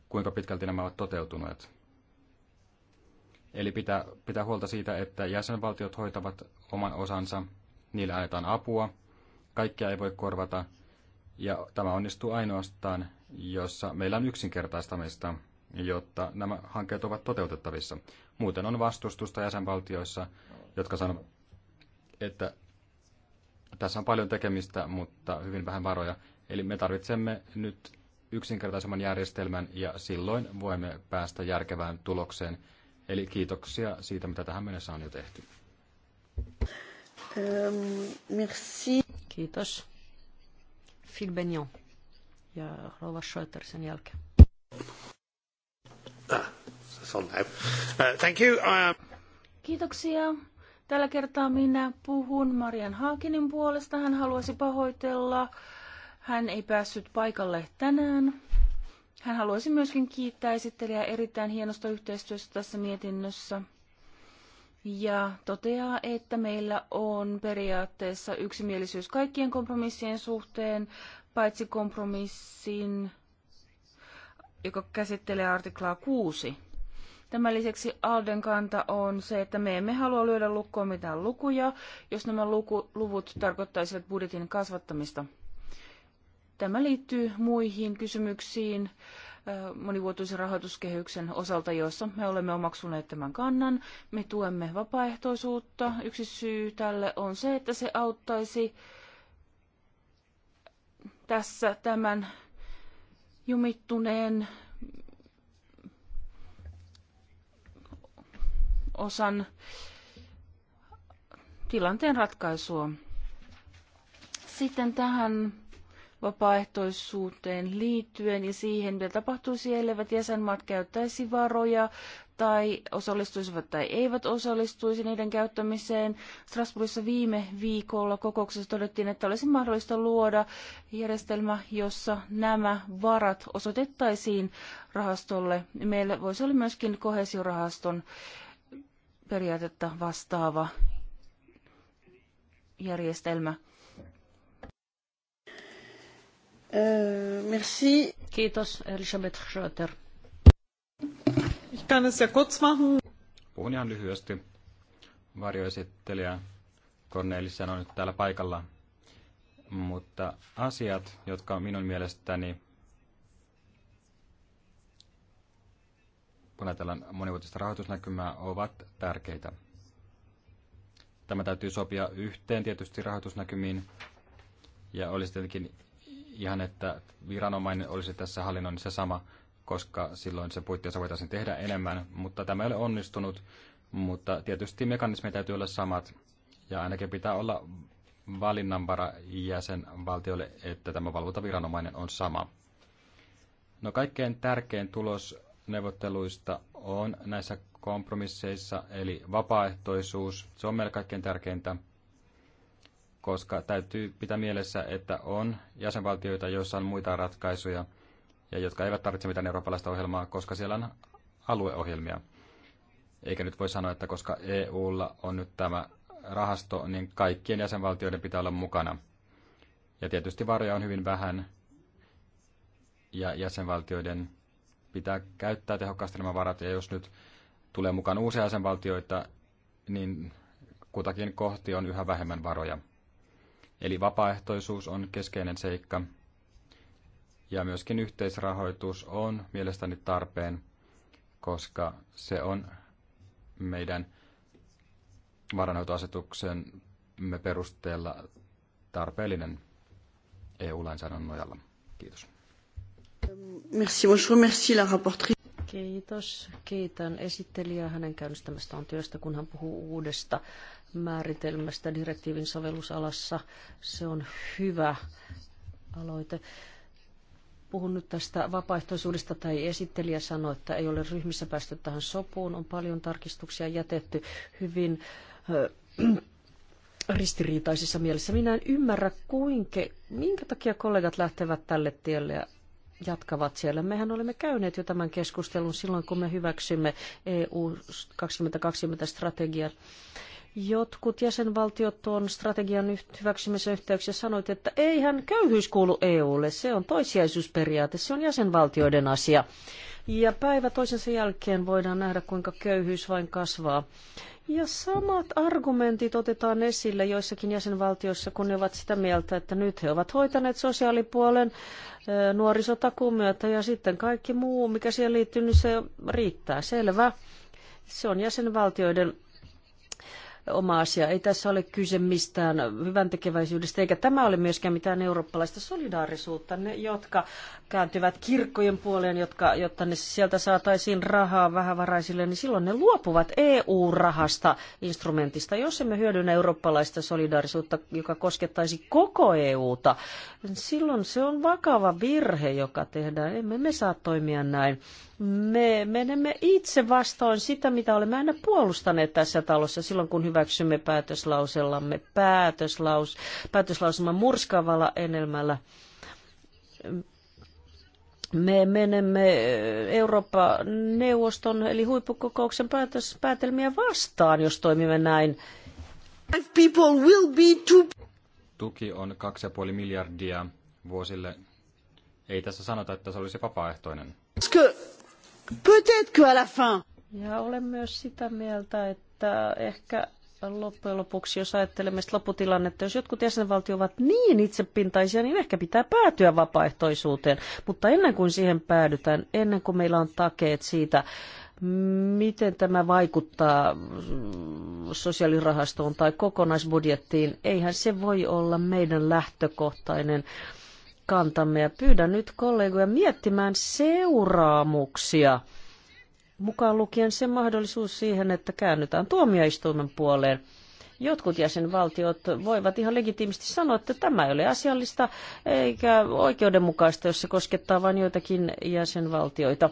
kuinka pitkälti nämä ovat toteutuneet. Eli pitää, pitää huolta siitä, että jäsenvaltiot hoitavat oman osansa, niille annetaan apua, kaikkia ei voi korvata, ja tämä onnistuu ainoastaan, jossa meillä on yksinkertaistamista, jotta nämä hankkeet ovat toteutettavissa. Muuten on vastustusta jäsenvaltioissa, jotka sanovat, että tässä on paljon tekemistä, mutta hyvin vähän varoja. Eli me tarvitsemme nyt yksinkertaisemman järjestelmän ja silloin voimme päästä järkevään tulokseen. Eli kiitoksia siitä, mitä tähän mennessä on jo tehty. Ähm, Kiitos. Phil ja Rova Schroeter sen jälkeen. Thank you. Um, Kiitoksia. Tällä kertaa minä puhun Marian Haakinin puolesta. Hän haluaisi pahoitella. Hän ei päässyt paikalle tänään. Hän haluaisi myöskin kiittää esittelijää erittäin hienosta yhteistyöstä tässä mietinnössä ja toteaa, että meillä on periaatteessa yksimielisyys kaikkien kompromissien suhteen, paitsi kompromissin, joka käsittelee artiklaa 6. Tämän lisäksi Alden kanta on se, että me emme halua lyödä lukkoon mitään lukuja, jos nämä luku, luvut tarkoittaisivat budjetin kasvattamista. Tämä liittyy muihin kysymyksiin, Monivuotisen rahoituskehyksen osalta, jossa me olemme omaksuneet tämän kannan. Me tuemme vapaaehtoisuutta. Yksi syy tälle on se, että se auttaisi tässä tämän jumittuneen osan tilanteen ratkaisua. Sitten tähän vapaaehtoisuuteen liittyen ja siihen, mitä tapahtuisi, elleivät jäsenmaat käyttäisi varoja tai osallistuisivat tai eivät osallistuisi niiden käyttämiseen. Strasbourgissa viime viikolla kokouksessa todettiin, että olisi mahdollista luoda järjestelmä, jossa nämä varat osoitettaisiin rahastolle. Meillä voisi olla myöskin kohesiorahaston periaatetta vastaava järjestelmä. Euh, merci. Kiitos, Elisabeth Schröter. Puhun ihan lyhyesti. Varjoesittelijä Cornelis on nyt täällä paikalla. Mutta asiat, jotka minun mielestäni, kun ajatellaan monivuotista rahoitusnäkymää, ovat tärkeitä. Tämä täytyy sopia yhteen tietysti rahoitusnäkymiin, ja olisi tietenkin ihan, että viranomainen olisi tässä hallinnoinnissa sama, koska silloin se puitteissa voitaisiin tehdä enemmän, mutta tämä ei ole onnistunut. Mutta tietysti mekanismit täytyy olla samat, ja ainakin pitää olla valinnanvara jäsenvaltiolle, että tämä valvontaviranomainen on sama. No kaikkein tärkein tulos neuvotteluista on näissä kompromisseissa, eli vapaaehtoisuus. Se on meille kaikkein tärkeintä koska täytyy pitää mielessä, että on jäsenvaltioita, joissa on muita ratkaisuja ja jotka eivät tarvitse mitään eurooppalaista ohjelmaa, koska siellä on alueohjelmia. Eikä nyt voi sanoa, että koska EUlla on nyt tämä rahasto, niin kaikkien jäsenvaltioiden pitää olla mukana. Ja tietysti varoja on hyvin vähän, ja jäsenvaltioiden pitää käyttää tehokkaasti nämä varat, ja jos nyt tulee mukaan uusia jäsenvaltioita, niin kutakin kohti on yhä vähemmän varoja. Eli vapaaehtoisuus on keskeinen seikka. Ja myöskin yhteisrahoitus on mielestäni tarpeen, koska se on meidän varanhoitoasetuksemme perusteella tarpeellinen EU-lainsäädännön nojalla. Kiitos. Merci, bonjour, merci la rapportrice. Kiitos. Kiitän esittelijää hänen käynnistämästään työstä, kun hän puhuu uudesta määritelmästä direktiivin sovellusalassa. Se on hyvä aloite. Puhun nyt tästä vapaaehtoisuudesta tai esittelijä sanoi, että ei ole ryhmissä päästy tähän sopuun. On paljon tarkistuksia jätetty hyvin ristiriitaisissa mielessä. Minä en ymmärrä, kuinka, minkä takia kollegat lähtevät tälle tielle ja jatkavat siellä. Mehän olemme käyneet jo tämän keskustelun silloin, kun me hyväksymme EU 2020 strategian. Jotkut jäsenvaltiot tuon strategian hyväksymisen yhteyksessä sanoivat, että eihän köyhyys kuulu EUlle, se on toissijaisuusperiaate, se on jäsenvaltioiden asia. Ja päivä toisensa jälkeen voidaan nähdä, kuinka köyhyys vain kasvaa. Ja samat argumentit otetaan esille joissakin jäsenvaltioissa, kun ne ovat sitä mieltä, että nyt he ovat hoitaneet sosiaalipuolen nuorisotakuun myötä ja sitten kaikki muu, mikä siihen liittyy, niin se riittää. Selvä. Se on jäsenvaltioiden oma asia. Ei tässä ole kyse mistään hyvän tekeväisyydestä, eikä tämä ole myöskään mitään eurooppalaista solidaarisuutta. Ne, jotka kääntyvät kirkkojen puoleen, jotka, jotta ne sieltä saataisiin rahaa vähävaraisille, niin silloin ne luopuvat EU-rahasta instrumentista, jos emme hyödynnä eurooppalaista solidaarisuutta, joka koskettaisi koko EUta. Silloin se on vakava virhe, joka tehdään. Emme me saa toimia näin. Me menemme itse vastoin sitä, mitä olemme aina puolustaneet tässä talossa silloin, kun hyväksymme päätöslauselamme, päätöslaus, päätöslauselman murskaavalla enelmällä me menemme eh, Eurooppa-neuvoston eli huippukokouksen päätös, päätelmiä vastaan, jos toimimme näin. Tuki on 2,5 miljardia vuosille. Ei tässä sanota, että se olisi vapaaehtoinen. Ja olen myös sitä mieltä, että ehkä loppujen lopuksi, jos ajattelemme sitä lopputilannetta, jos jotkut jäsenvaltiot ovat niin itsepintaisia, niin ehkä pitää päätyä vapaaehtoisuuteen. Mutta ennen kuin siihen päädytään, ennen kuin meillä on takeet siitä, miten tämä vaikuttaa sosiaalirahastoon tai kokonaisbudjettiin, eihän se voi olla meidän lähtökohtainen kantamme. Ja pyydän nyt kollegoja miettimään seuraamuksia mukaan lukien se mahdollisuus siihen, että käännytään tuomioistuimen puoleen. Jotkut jäsenvaltiot voivat ihan legitiimisti sanoa, että tämä ei ole asiallista eikä oikeudenmukaista, jos se koskettaa vain joitakin jäsenvaltioita.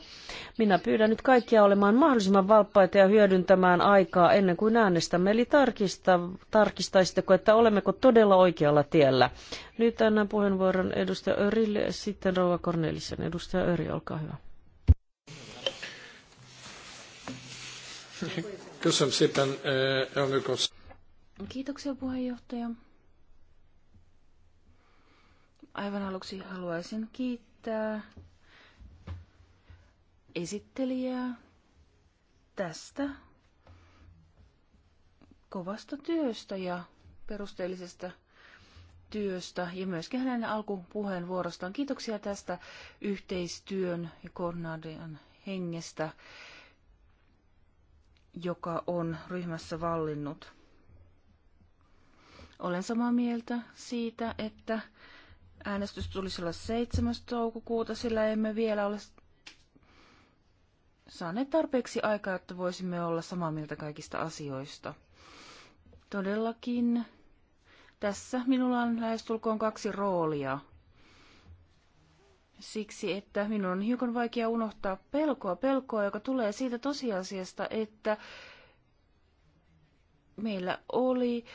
Minä pyydän nyt kaikkia olemaan mahdollisimman valppaita ja hyödyntämään aikaa ennen kuin äänestämme. Eli tarkista, tarkistaisitteko, että olemmeko todella oikealla tiellä. Nyt annan puheenvuoron edustaja Örille, sitten rouva Kornelisen. Edustaja Öri, olkaa hyvä. Köszönöm szépen, eh, elnök Kiitoksia puheenjohtaja. Aivan aluksi haluaisin kiittää esittelijää tästä kovasta työstä ja perusteellisesta työstä ja myöskin hänen alkupuheenvuorostaan. Kiitoksia tästä yhteistyön ja koordinaation hengestä joka on ryhmässä vallinnut. Olen samaa mieltä siitä, että äänestys tulisi olla 7. toukokuuta, sillä emme vielä ole saaneet tarpeeksi aikaa, että voisimme olla samaa mieltä kaikista asioista. Todellakin tässä minulla on lähestulkoon kaksi roolia – siksi, että minun on hiukan vaikea unohtaa pelkoa, pelkoa, joka tulee siitä tosiasiasta, että meillä oli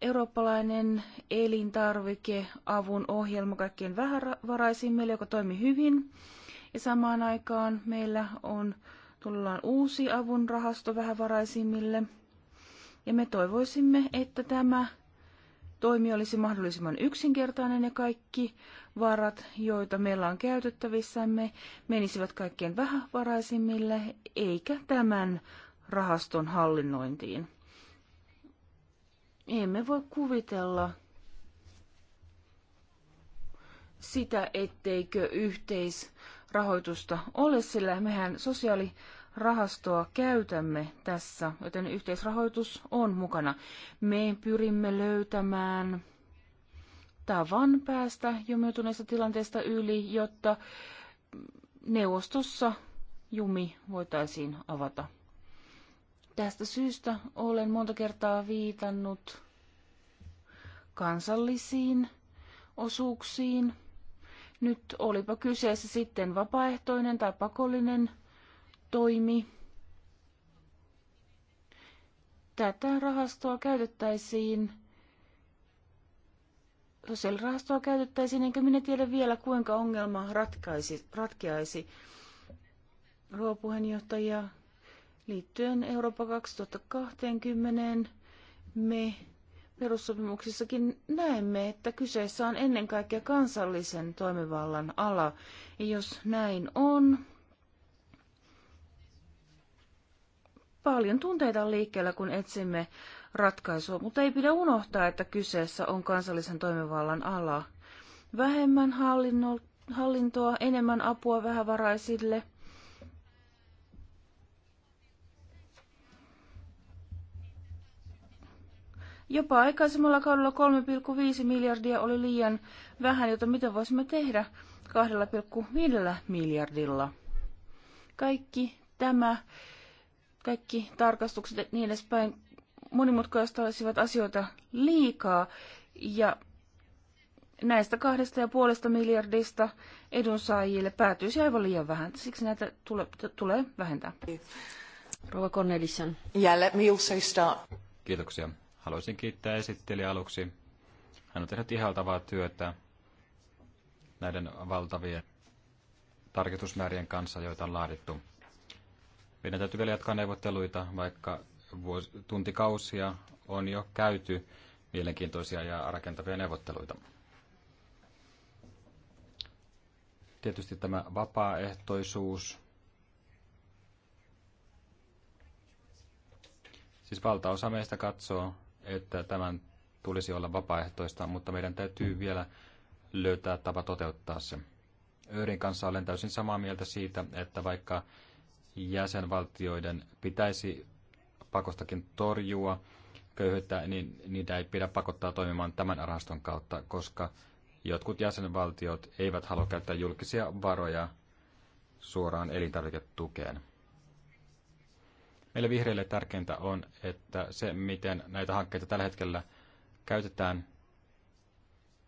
eurooppalainen elintarvikeavun ohjelma kaikkien vähävaraisimmille, joka toimi hyvin. Ja samaan aikaan meillä on tullaan uusi avun rahasto vähävaraisimmille. Ja me toivoisimme, että tämä toimi olisi mahdollisimman yksinkertainen ja kaikki varat, joita meillä on käytettävissämme, menisivät kaikkien vähävaraisimmille eikä tämän rahaston hallinnointiin. Emme voi kuvitella sitä, etteikö yhteisrahoitusta ole, sillä mehän sosiaali- rahastoa käytämme tässä, joten yhteisrahoitus on mukana. Me pyrimme löytämään tavan päästä jumiutuneesta tilanteesta yli, jotta neuvostossa jumi voitaisiin avata. Tästä syystä olen monta kertaa viitannut kansallisiin osuuksiin. Nyt olipa kyseessä sitten vapaaehtoinen tai pakollinen toimi. Tätä rahastoa käytettäisiin, sosiaalirahastoa käytettäisiin, enkä minä tiedä vielä kuinka ongelma ratkaisi, ratkeaisi. ruopuheenjohtajia liittyen Eurooppa 2020 me perussopimuksissakin näemme, että kyseessä on ennen kaikkea kansallisen toimivallan ala. Ja jos näin on, paljon tunteita on liikkeellä, kun etsimme ratkaisua, mutta ei pidä unohtaa, että kyseessä on kansallisen toimivallan ala. Vähemmän hallinno, hallintoa, enemmän apua vähävaraisille. Jopa aikaisemmalla kaudella 3,5 miljardia oli liian vähän, joten mitä voisimme tehdä 2,5 miljardilla? Kaikki tämä kaikki tarkastukset ja niin edespäin monimutkaistaisivat asioita liikaa. Ja näistä kahdesta ja puolesta miljardista edunsaajille päätyisi aivan liian vähän. Siksi näitä tule, tulee vähentää. Rova Cornelissen. me also start. Kiitoksia. Haluaisin kiittää esittelijä aluksi. Hän on tehnyt ihaltavaa työtä näiden valtavien tarkoitusmäärien kanssa, joita on laadittu. Meidän täytyy vielä jatkaa neuvotteluita, vaikka vuos, tuntikausia on jo käyty mielenkiintoisia ja rakentavia neuvotteluita. Tietysti tämä vapaaehtoisuus, Siis valtaosa meistä katsoo, että tämän tulisi olla vapaaehtoista, mutta meidän täytyy vielä löytää tapa toteuttaa se. Öörin kanssa olen täysin samaa mieltä siitä, että vaikka jäsenvaltioiden pitäisi pakostakin torjua köyhyyttä, niin niitä ei pidä pakottaa toimimaan tämän rahaston kautta, koska jotkut jäsenvaltiot eivät halua käyttää julkisia varoja suoraan elintarviketukeen. Meille vihreille tärkeintä on, että se, miten näitä hankkeita tällä hetkellä käytetään,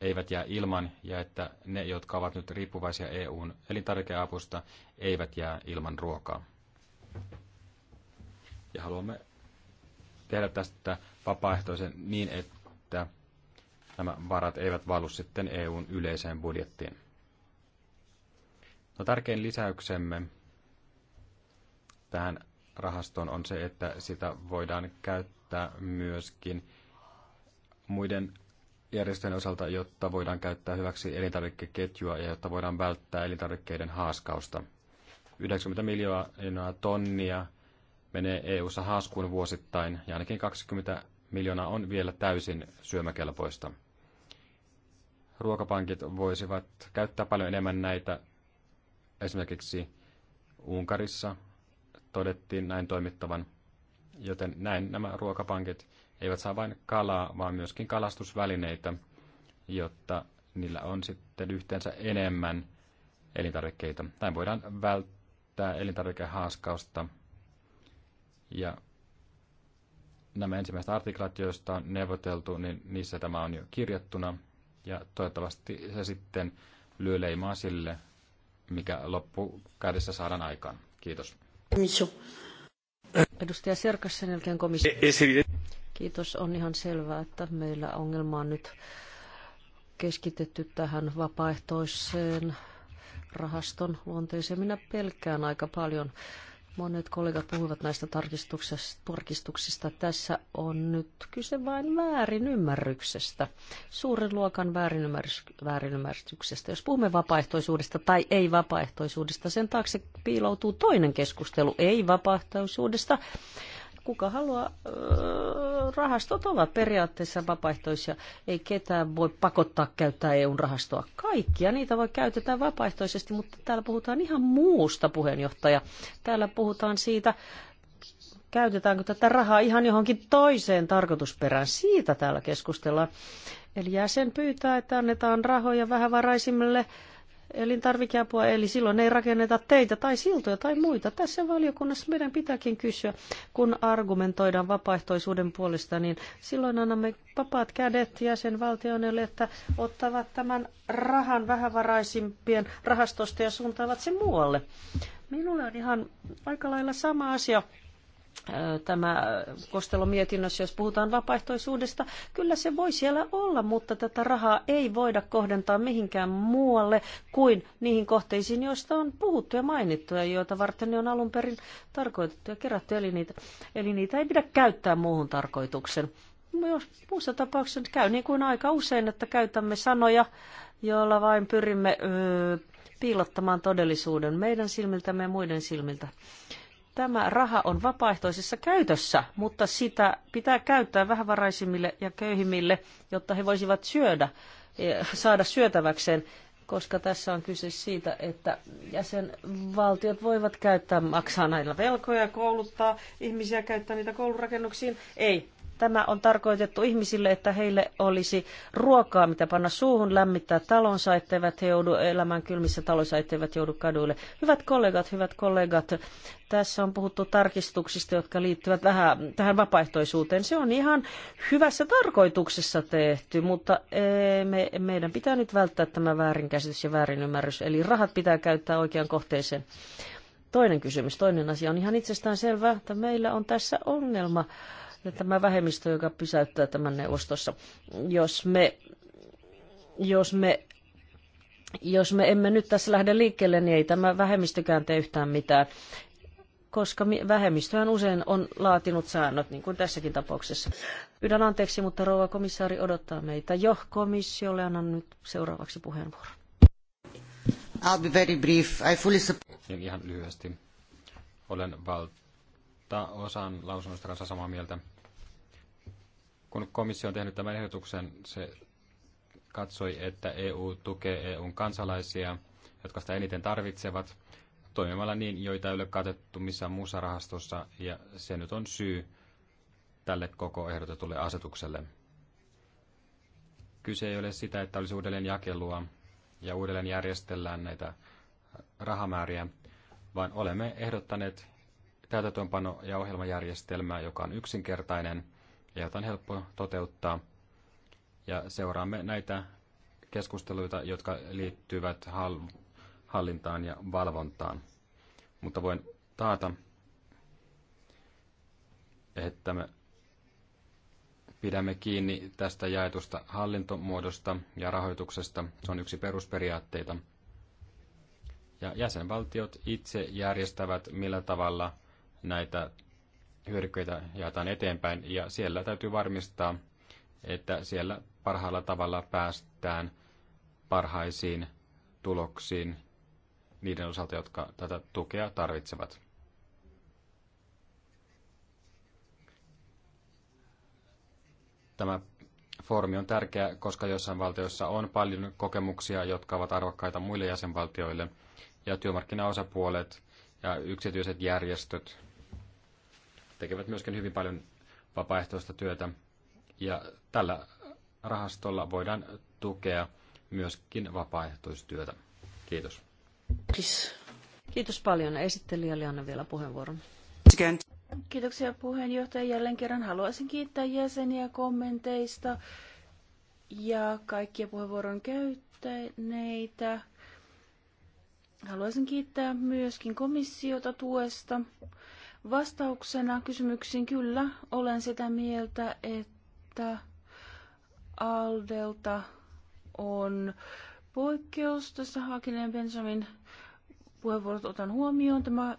eivät jää ilman ja että ne, jotka ovat nyt riippuvaisia EUn elintarvikeapusta, eivät jää ilman ruokaa. Ja haluamme tehdä tästä vapaaehtoisen niin, että nämä varat eivät valu sitten EUn yleiseen budjettiin. No, tärkein lisäyksemme tähän rahastoon on se, että sitä voidaan käyttää myöskin muiden järjestöjen osalta, jotta voidaan käyttää hyväksi elintarvikkeketjua ja jotta voidaan välttää elintarvikkeiden haaskausta. 90 miljoonaa tonnia menee EU-ssa haaskuun vuosittain ja ainakin 20 miljoonaa on vielä täysin syömäkelpoista. Ruokapankit voisivat käyttää paljon enemmän näitä. Esimerkiksi Unkarissa todettiin näin toimittavan, joten näin nämä ruokapankit eivät saa vain kalaa, vaan myöskin kalastusvälineitä, jotta niillä on sitten yhteensä enemmän elintarvikkeita. Näin voidaan välttää estää elintarvikehaaskausta. Ja nämä ensimmäiset artiklat, joista on neuvoteltu, niin niissä tämä on jo kirjattuna. Ja toivottavasti se sitten lyö leimaa sille, mikä loppukädessä saadaan aikaan. Kiitos. Edustaja Serkas sen jälkeen komissio. E- Kiitos. On ihan selvää, että meillä ongelma on nyt keskitetty tähän vapaaehtoiseen rahaston luonteeseen. Minä pelkään aika paljon. Monet kollegat puhuivat näistä tarkistuksista. Tässä on nyt kyse vain väärinymmärryksestä, suuren luokan väärinymmärryksestä. Jos puhumme vapaaehtoisuudesta tai ei-vapaaehtoisuudesta, sen taakse piiloutuu toinen keskustelu ei-vapaaehtoisuudesta, kuka haluaa, öö, rahastot ovat periaatteessa vapaaehtoisia. Ei ketään voi pakottaa käyttää eu rahastoa. Kaikkia niitä voi käytetä vapaaehtoisesti, mutta täällä puhutaan ihan muusta puheenjohtaja. Täällä puhutaan siitä, käytetäänkö tätä rahaa ihan johonkin toiseen tarkoitusperään. Siitä täällä keskustellaan. Eli jäsen pyytää, että annetaan rahoja vähävaraisimmille elintarvikeapua, eli silloin ei rakenneta teitä tai siltoja tai muita. Tässä valiokunnassa meidän pitääkin kysyä, kun argumentoidaan vapaaehtoisuuden puolesta, niin silloin annamme vapaat kädet jäsenvaltioille, että ottavat tämän rahan vähävaraisimpien rahastosta ja suuntaavat sen muualle. Minulle on ihan aika lailla sama asia tämä Kostelon mietinnössä, jos puhutaan vapaaehtoisuudesta, kyllä se voi siellä olla, mutta tätä rahaa ei voida kohdentaa mihinkään muualle kuin niihin kohteisiin, joista on puhuttu ja mainittu ja joita varten ne on alun perin tarkoitettu ja kerätty, eli niitä, eli niitä ei pidä käyttää muuhun tarkoituksen. No, jos muussa tapauksessa käy niin kuin aika usein, että käytämme sanoja, joilla vain pyrimme öö, piilottamaan todellisuuden meidän silmiltämme ja muiden silmiltä. Tämä raha on vapaaehtoisessa käytössä, mutta sitä pitää käyttää vähävaraisimmille ja köyhimmille, jotta he voisivat syödä, e, saada syötäväkseen koska tässä on kyse siitä, että jäsenvaltiot voivat käyttää, maksaa näillä velkoja, kouluttaa ihmisiä, käyttää niitä koulurakennuksiin. Ei, Tämä on tarkoitettu ihmisille, että heille olisi ruokaa, mitä panna suuhun, lämmittää talonsa, etteivät he joudu elämään kylmissä taloissa, etteivät joudu kaduille. Hyvät kollegat, hyvät kollegat, tässä on puhuttu tarkistuksista, jotka liittyvät vähän tähän vapaaehtoisuuteen. Se on ihan hyvässä tarkoituksessa tehty, mutta eh, me, meidän pitää nyt välttää tämä väärinkäsitys ja väärinymmärrys. Eli rahat pitää käyttää oikean kohteeseen. Toinen kysymys, toinen asia on ihan itsestään selvää, että meillä on tässä ongelma ja tämä vähemmistö, joka pysäyttää tämän neuvostossa. Jos me, jos me jos me emme nyt tässä lähde liikkeelle, niin ei tämä vähemmistökään tee yhtään mitään, koska vähemmistöhän usein on laatinut säännöt, niin kuin tässäkin tapauksessa. Pyydän anteeksi, mutta rouva komissaari odottaa meitä jo komissiolle. Annan nyt seuraavaksi puheenvuoron. I'll be very brief. I fully support... Ihan lyhyesti. Olen valtaosan lausunnosta kanssa samaa mieltä. Kun komissio on tehnyt tämän ehdotuksen, se katsoi, että EU tukee EUn kansalaisia, jotka sitä eniten tarvitsevat, toimimalla niin, joita ei ole katettu missään muussa rahastossa, ja se nyt on syy tälle koko ehdotetulle asetukselle. Kyse ei ole sitä, että olisi uudelleen jakelua ja uudelleen järjestellään näitä rahamääriä, vaan olemme ehdottaneet täytäntöönpano- ja ohjelmajärjestelmää, joka on yksinkertainen – ja jotain helppoa toteuttaa. Ja seuraamme näitä keskusteluita, jotka liittyvät hallintaan ja valvontaan. Mutta voin taata, että me pidämme kiinni tästä jaetusta hallintomuodosta ja rahoituksesta. Se on yksi perusperiaatteita. Ja jäsenvaltiot itse järjestävät, millä tavalla näitä hyödykkeitä jaetaan eteenpäin ja siellä täytyy varmistaa, että siellä parhaalla tavalla päästään parhaisiin tuloksiin niiden osalta, jotka tätä tukea tarvitsevat. Tämä foorumi on tärkeä, koska jossain valtioissa on paljon kokemuksia, jotka ovat arvokkaita muille jäsenvaltioille, ja työmarkkinaosapuolet ja yksityiset järjestöt tekevät myöskin hyvin paljon vapaaehtoista työtä. Ja tällä rahastolla voidaan tukea myöskin vapaaehtoistyötä. Kiitos. Kiitos, Kiitos paljon. Esittelijälle annan vielä puheenvuoron. Kiitoksia puheenjohtaja. Jälleen kerran haluaisin kiittää jäseniä kommenteista ja kaikkia puheenvuoron käyttäneitä. Haluaisin kiittää myöskin komissiota tuesta. Vastauksena kysymyksiin kyllä olen sitä mieltä, että Aldelta on poikkeus. Tässä Hakinen ja Benjamin puheenvuorot otan huomioon. Tämä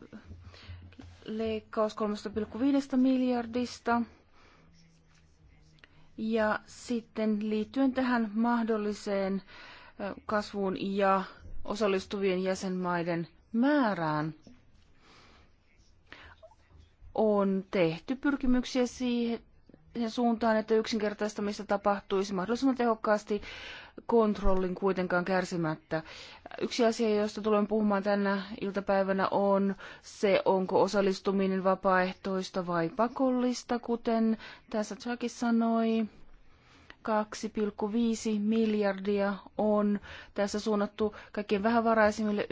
leikkaus 3,5 miljardista. Ja sitten liittyen tähän mahdolliseen kasvuun ja osallistuvien jäsenmaiden määrään on tehty pyrkimyksiä siihen suuntaan, että yksinkertaistamista tapahtuisi mahdollisimman tehokkaasti kontrollin kuitenkaan kärsimättä. Yksi asia, josta tulen puhumaan tänä iltapäivänä on se, onko osallistuminen vapaaehtoista vai pakollista, kuten tässä Jackie sanoi. 2,5 miljardia on tässä suunnattu kaikkein vähävaraisimmille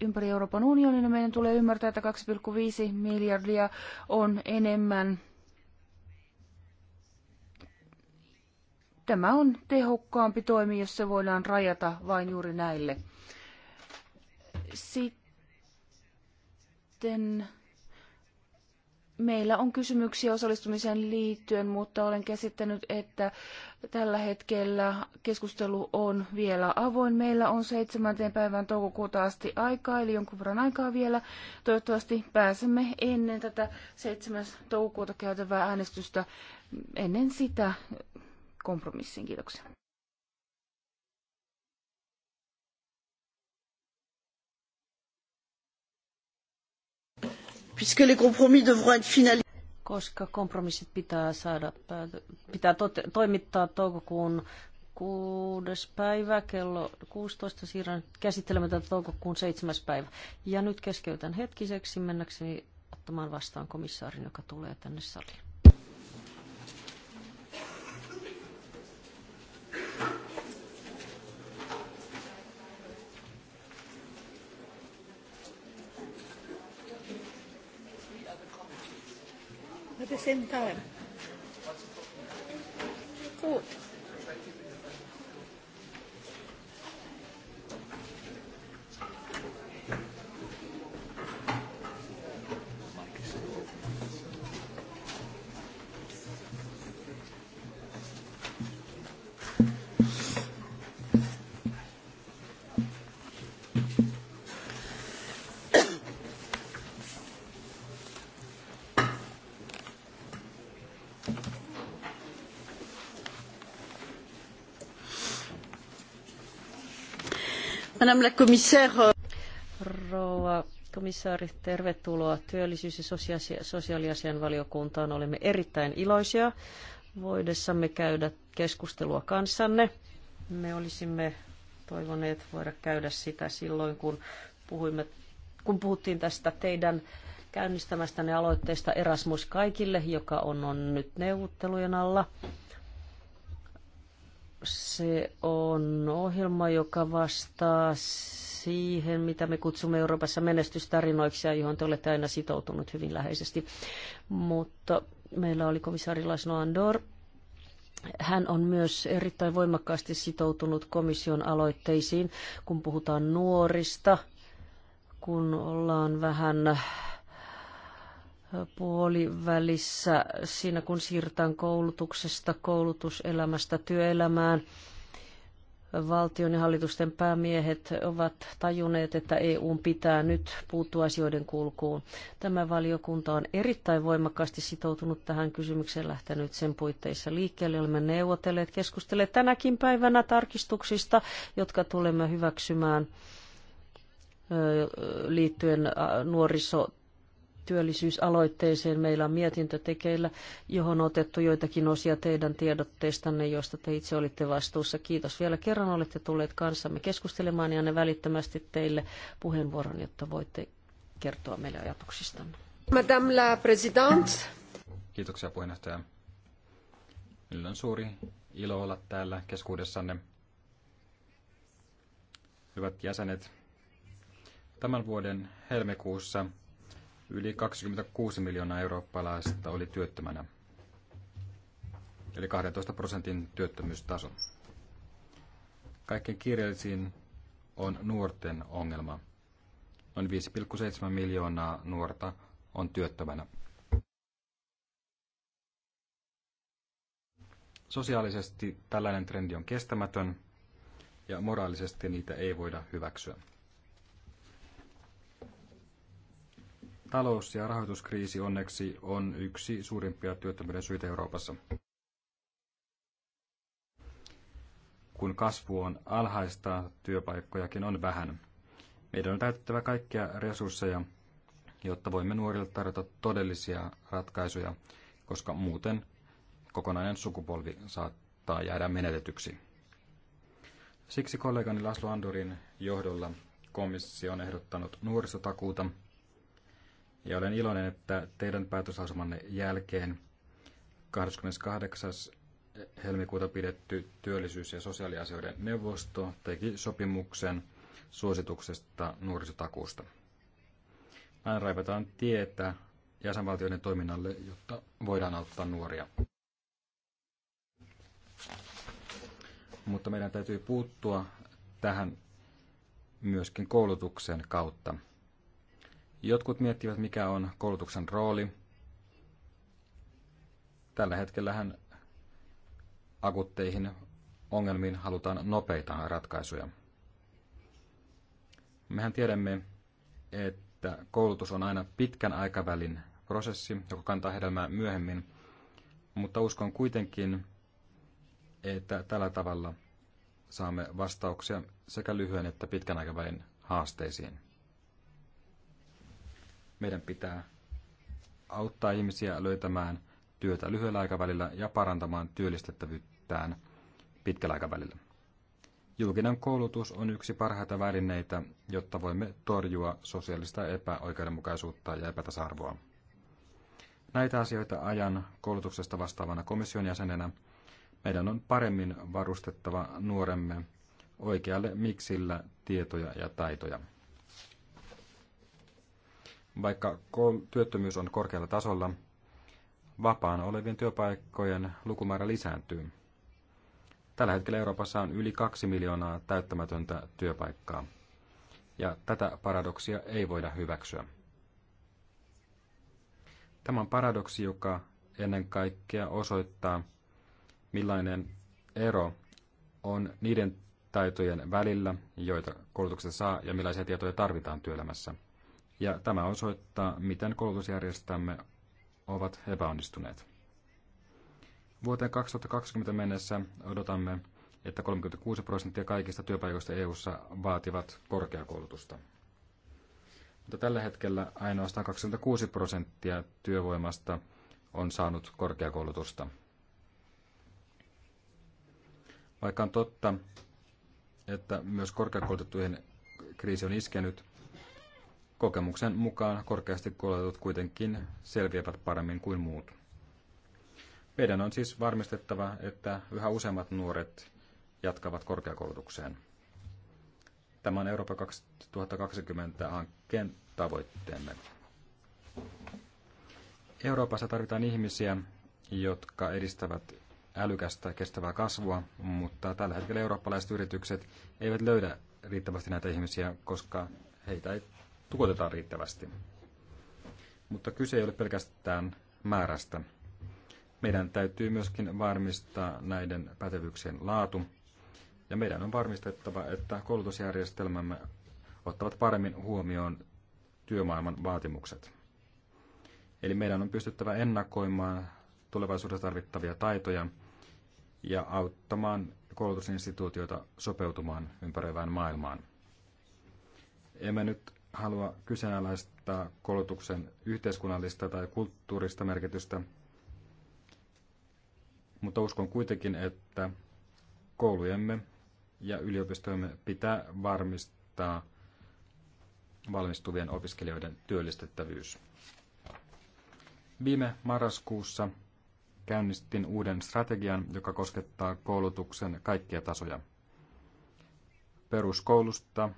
ympäri Euroopan unionin. Ja niin meidän tulee ymmärtää, että 2,5 miljardia on enemmän. Tämä on tehokkaampi toimi, jos se voidaan rajata vain juuri näille. Sitten Meillä on kysymyksiä osallistumiseen liittyen, mutta olen käsittänyt, että tällä hetkellä keskustelu on vielä avoin. Meillä on 7. päivään toukokuuta asti aikaa, eli jonkun verran aikaa vielä. Toivottavasti pääsemme ennen tätä 7. toukokuuta käytävää äänestystä, ennen sitä kompromissiin. Kiitoksia. puisque les compromis devront être finalisés. Koska kompromissit pitää saada pitää tote- toimittaa toukokuun kuudes päivä kello 16 siirrän käsittelemme tätä toukokuun seitsemäs päivä. Ja nyt keskeytän hetkiseksi mennäkseni ottamaan vastaan komissaarin, joka tulee tänne saliin. at the same time. Good. Madame la commissaire. Euh, Rouva komissaari, tervetuloa työllisyys- ja sosiaaliasian valiokuntaan. Olemme erittäin iloisia voidessamme käydä keskustelua kanssanne. Me olisimme toivoneet voida käydä sitä silloin, kun, puhuimme, kun puhuttiin tästä teidän käynnistämästänne aloitteesta Erasmus kaikille, joka on, on nyt neuvottelujen alla. Se on ohjelma, joka vastaa siihen, mitä me kutsumme Euroopassa menestystarinoiksi ja johon te olette aina sitoutunut hyvin läheisesti. Mutta meillä oli komissaari Lasno Andor, hän on myös erittäin voimakkaasti sitoutunut komission aloitteisiin, kun puhutaan nuorista, kun ollaan vähän puolivälissä siinä, kun siirrytään koulutuksesta, koulutuselämästä työelämään. Valtion ja hallitusten päämiehet ovat tajuneet, että EU pitää nyt puuttua asioiden kulkuun. Tämä valiokunta on erittäin voimakkaasti sitoutunut tähän kysymykseen, lähtenyt sen puitteissa liikkeelle. Olemme neuvotelleet, keskustelleet tänäkin päivänä tarkistuksista, jotka tulemme hyväksymään liittyen nuoriso työllisyysaloitteeseen. Meillä on mietintö tekeillä, johon on otettu joitakin osia teidän tiedotteistanne, joista te itse olitte vastuussa. Kiitos vielä kerran, olette tulleet kanssamme keskustelemaan ja ne välittömästi teille puheenvuoron, jotta voitte kertoa meille ajatuksistanne. Madame la Présidente. Kiitoksia puheenjohtaja. Meillä on suuri ilo olla täällä keskuudessanne. Hyvät jäsenet, tämän vuoden helmikuussa Yli 26 miljoonaa eurooppalaista oli työttömänä, eli 12 prosentin työttömyystaso. Kaikkein kiireellisin on nuorten ongelma. Noin 5,7 miljoonaa nuorta on työttömänä. Sosiaalisesti tällainen trendi on kestämätön ja moraalisesti niitä ei voida hyväksyä. talous- ja rahoituskriisi onneksi on yksi suurimpia työttömyyden syitä Euroopassa. Kun kasvu on alhaista, työpaikkojakin on vähän. Meidän on täytettävä kaikkia resursseja, jotta voimme nuorille tarjota todellisia ratkaisuja, koska muuten kokonainen sukupolvi saattaa jäädä menetetyksi. Siksi kollegani Laslo Andorin johdolla komissio on ehdottanut nuorisotakuuta – ja olen iloinen, että teidän päätösasemanne jälkeen 28. helmikuuta pidetty työllisyys- ja sosiaaliasioiden neuvosto teki sopimuksen suosituksesta nuorisotakuusta. Näin raivataan tietä jäsenvaltioiden toiminnalle, jotta voidaan auttaa nuoria. Mutta meidän täytyy puuttua tähän myöskin koulutuksen kautta. Jotkut miettivät, mikä on koulutuksen rooli. Tällä hetkellähän akutteihin ongelmiin halutaan nopeita ratkaisuja. Mehän tiedämme, että koulutus on aina pitkän aikavälin prosessi, joka kantaa hedelmää myöhemmin, mutta uskon kuitenkin, että tällä tavalla saamme vastauksia sekä lyhyen että pitkän aikavälin haasteisiin. Meidän pitää auttaa ihmisiä löytämään työtä lyhyellä aikavälillä ja parantamaan työllistettävyyttään pitkällä aikavälillä. Julkinen koulutus on yksi parhaita välineitä, jotta voimme torjua sosiaalista epäoikeudenmukaisuutta ja epätasa-arvoa. Näitä asioita ajan koulutuksesta vastaavana komission jäsenenä meidän on paremmin varustettava nuoremme oikealle miksillä tietoja ja taitoja. Vaikka työttömyys on korkealla tasolla, vapaan olevien työpaikkojen lukumäärä lisääntyy. Tällä hetkellä Euroopassa on yli kaksi miljoonaa täyttämätöntä työpaikkaa, ja tätä paradoksia ei voida hyväksyä. Tämä on paradoksi, joka ennen kaikkea osoittaa, millainen ero on niiden taitojen välillä, joita koulutuksessa saa ja millaisia tietoja tarvitaan työelämässä – ja tämä osoittaa, miten koulutusjärjestämme ovat epäonnistuneet. Vuoteen 2020 mennessä odotamme, että 36 prosenttia kaikista työpaikoista EU:ssa vaativat korkeakoulutusta. Mutta tällä hetkellä ainoastaan 26 prosenttia työvoimasta on saanut korkeakoulutusta. Vaikka on totta, että myös korkeakoulutettujen kriisi on iskenyt, Kokemuksen mukaan korkeasti koulutetut kuitenkin selviävät paremmin kuin muut. Meidän on siis varmistettava, että yhä useammat nuoret jatkavat korkeakoulutukseen. Tämä on Eurooppa 2020-hankkeen tavoitteemme. Euroopassa tarvitaan ihmisiä, jotka edistävät älykästä kestävää kasvua, mutta tällä hetkellä eurooppalaiset yritykset eivät löydä riittävästi näitä ihmisiä, koska heitä ei tukotetaan riittävästi. Mutta kyse ei ole pelkästään määrästä. Meidän täytyy myöskin varmistaa näiden pätevyyksien laatu, ja meidän on varmistettava, että koulutusjärjestelmämme ottavat paremmin huomioon työmaailman vaatimukset. Eli meidän on pystyttävä ennakoimaan tulevaisuudessa tarvittavia taitoja ja auttamaan koulutusinstituutioita sopeutumaan ympäröivään maailmaan. Emme nyt halua kyseenalaistaa koulutuksen yhteiskunnallista tai kulttuurista merkitystä, mutta uskon kuitenkin, että koulujemme ja yliopistojemme pitää varmistaa valmistuvien opiskelijoiden työllistettävyys. Viime marraskuussa käynnistin uuden strategian, joka koskettaa koulutuksen kaikkia tasoja. Peruskoulusta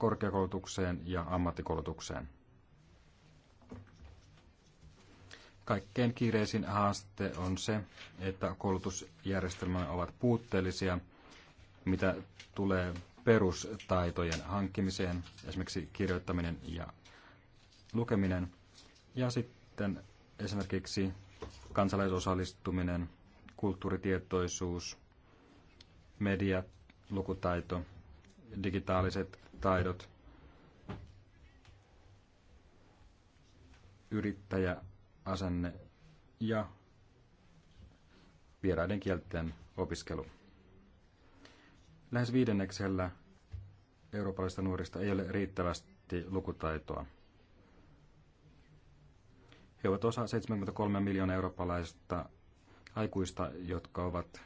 korkeakoulutukseen ja ammattikoulutukseen. Kaikkein kiireisin haaste on se, että koulutusjärjestelmämme ovat puutteellisia, mitä tulee perustaitojen hankkimiseen, esimerkiksi kirjoittaminen ja lukeminen. Ja sitten esimerkiksi kansalaisosallistuminen, kulttuuritietoisuus, media, lukutaito, digitaaliset taidot. yrittäjäasenne ja vieraiden kielten opiskelu. Lähes viidenneksellä eurooppalaisista nuorista ei ole riittävästi lukutaitoa. He ovat osa 73 miljoonaa eurooppalaista aikuista, jotka ovat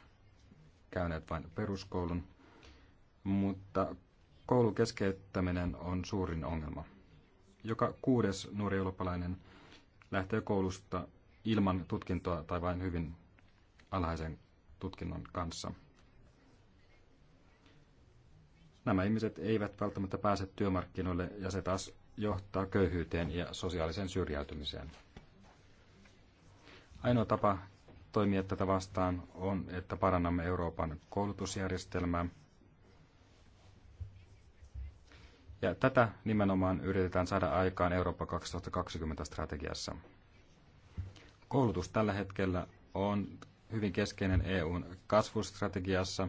käyneet vain peruskoulun, mutta Koulukeskeyttäminen on suurin ongelma. Joka kuudes nuori eurooppalainen lähtee koulusta ilman tutkintoa tai vain hyvin alhaisen tutkinnon kanssa. Nämä ihmiset eivät välttämättä pääse työmarkkinoille ja se taas johtaa köyhyyteen ja sosiaaliseen syrjäytymiseen. Ainoa tapa toimia tätä vastaan on, että parannamme Euroopan koulutusjärjestelmää – Ja tätä nimenomaan yritetään saada aikaan Eurooppa 2020-strategiassa. Koulutus tällä hetkellä on hyvin keskeinen EUn kasvustrategiassa,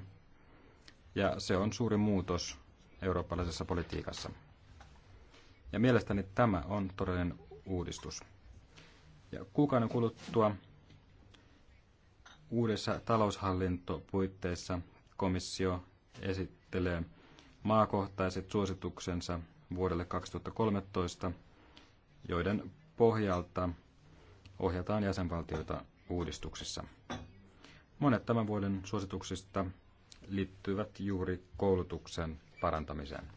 ja se on suuri muutos eurooppalaisessa politiikassa. Ja mielestäni tämä on todellinen uudistus. Ja kuukauden kuluttua uudessa taloushallintopuitteissa komissio esittelee maakohtaiset suosituksensa vuodelle 2013, joiden pohjalta ohjataan jäsenvaltioita uudistuksissa. Monet tämän vuoden suosituksista liittyvät juuri koulutuksen parantamiseen.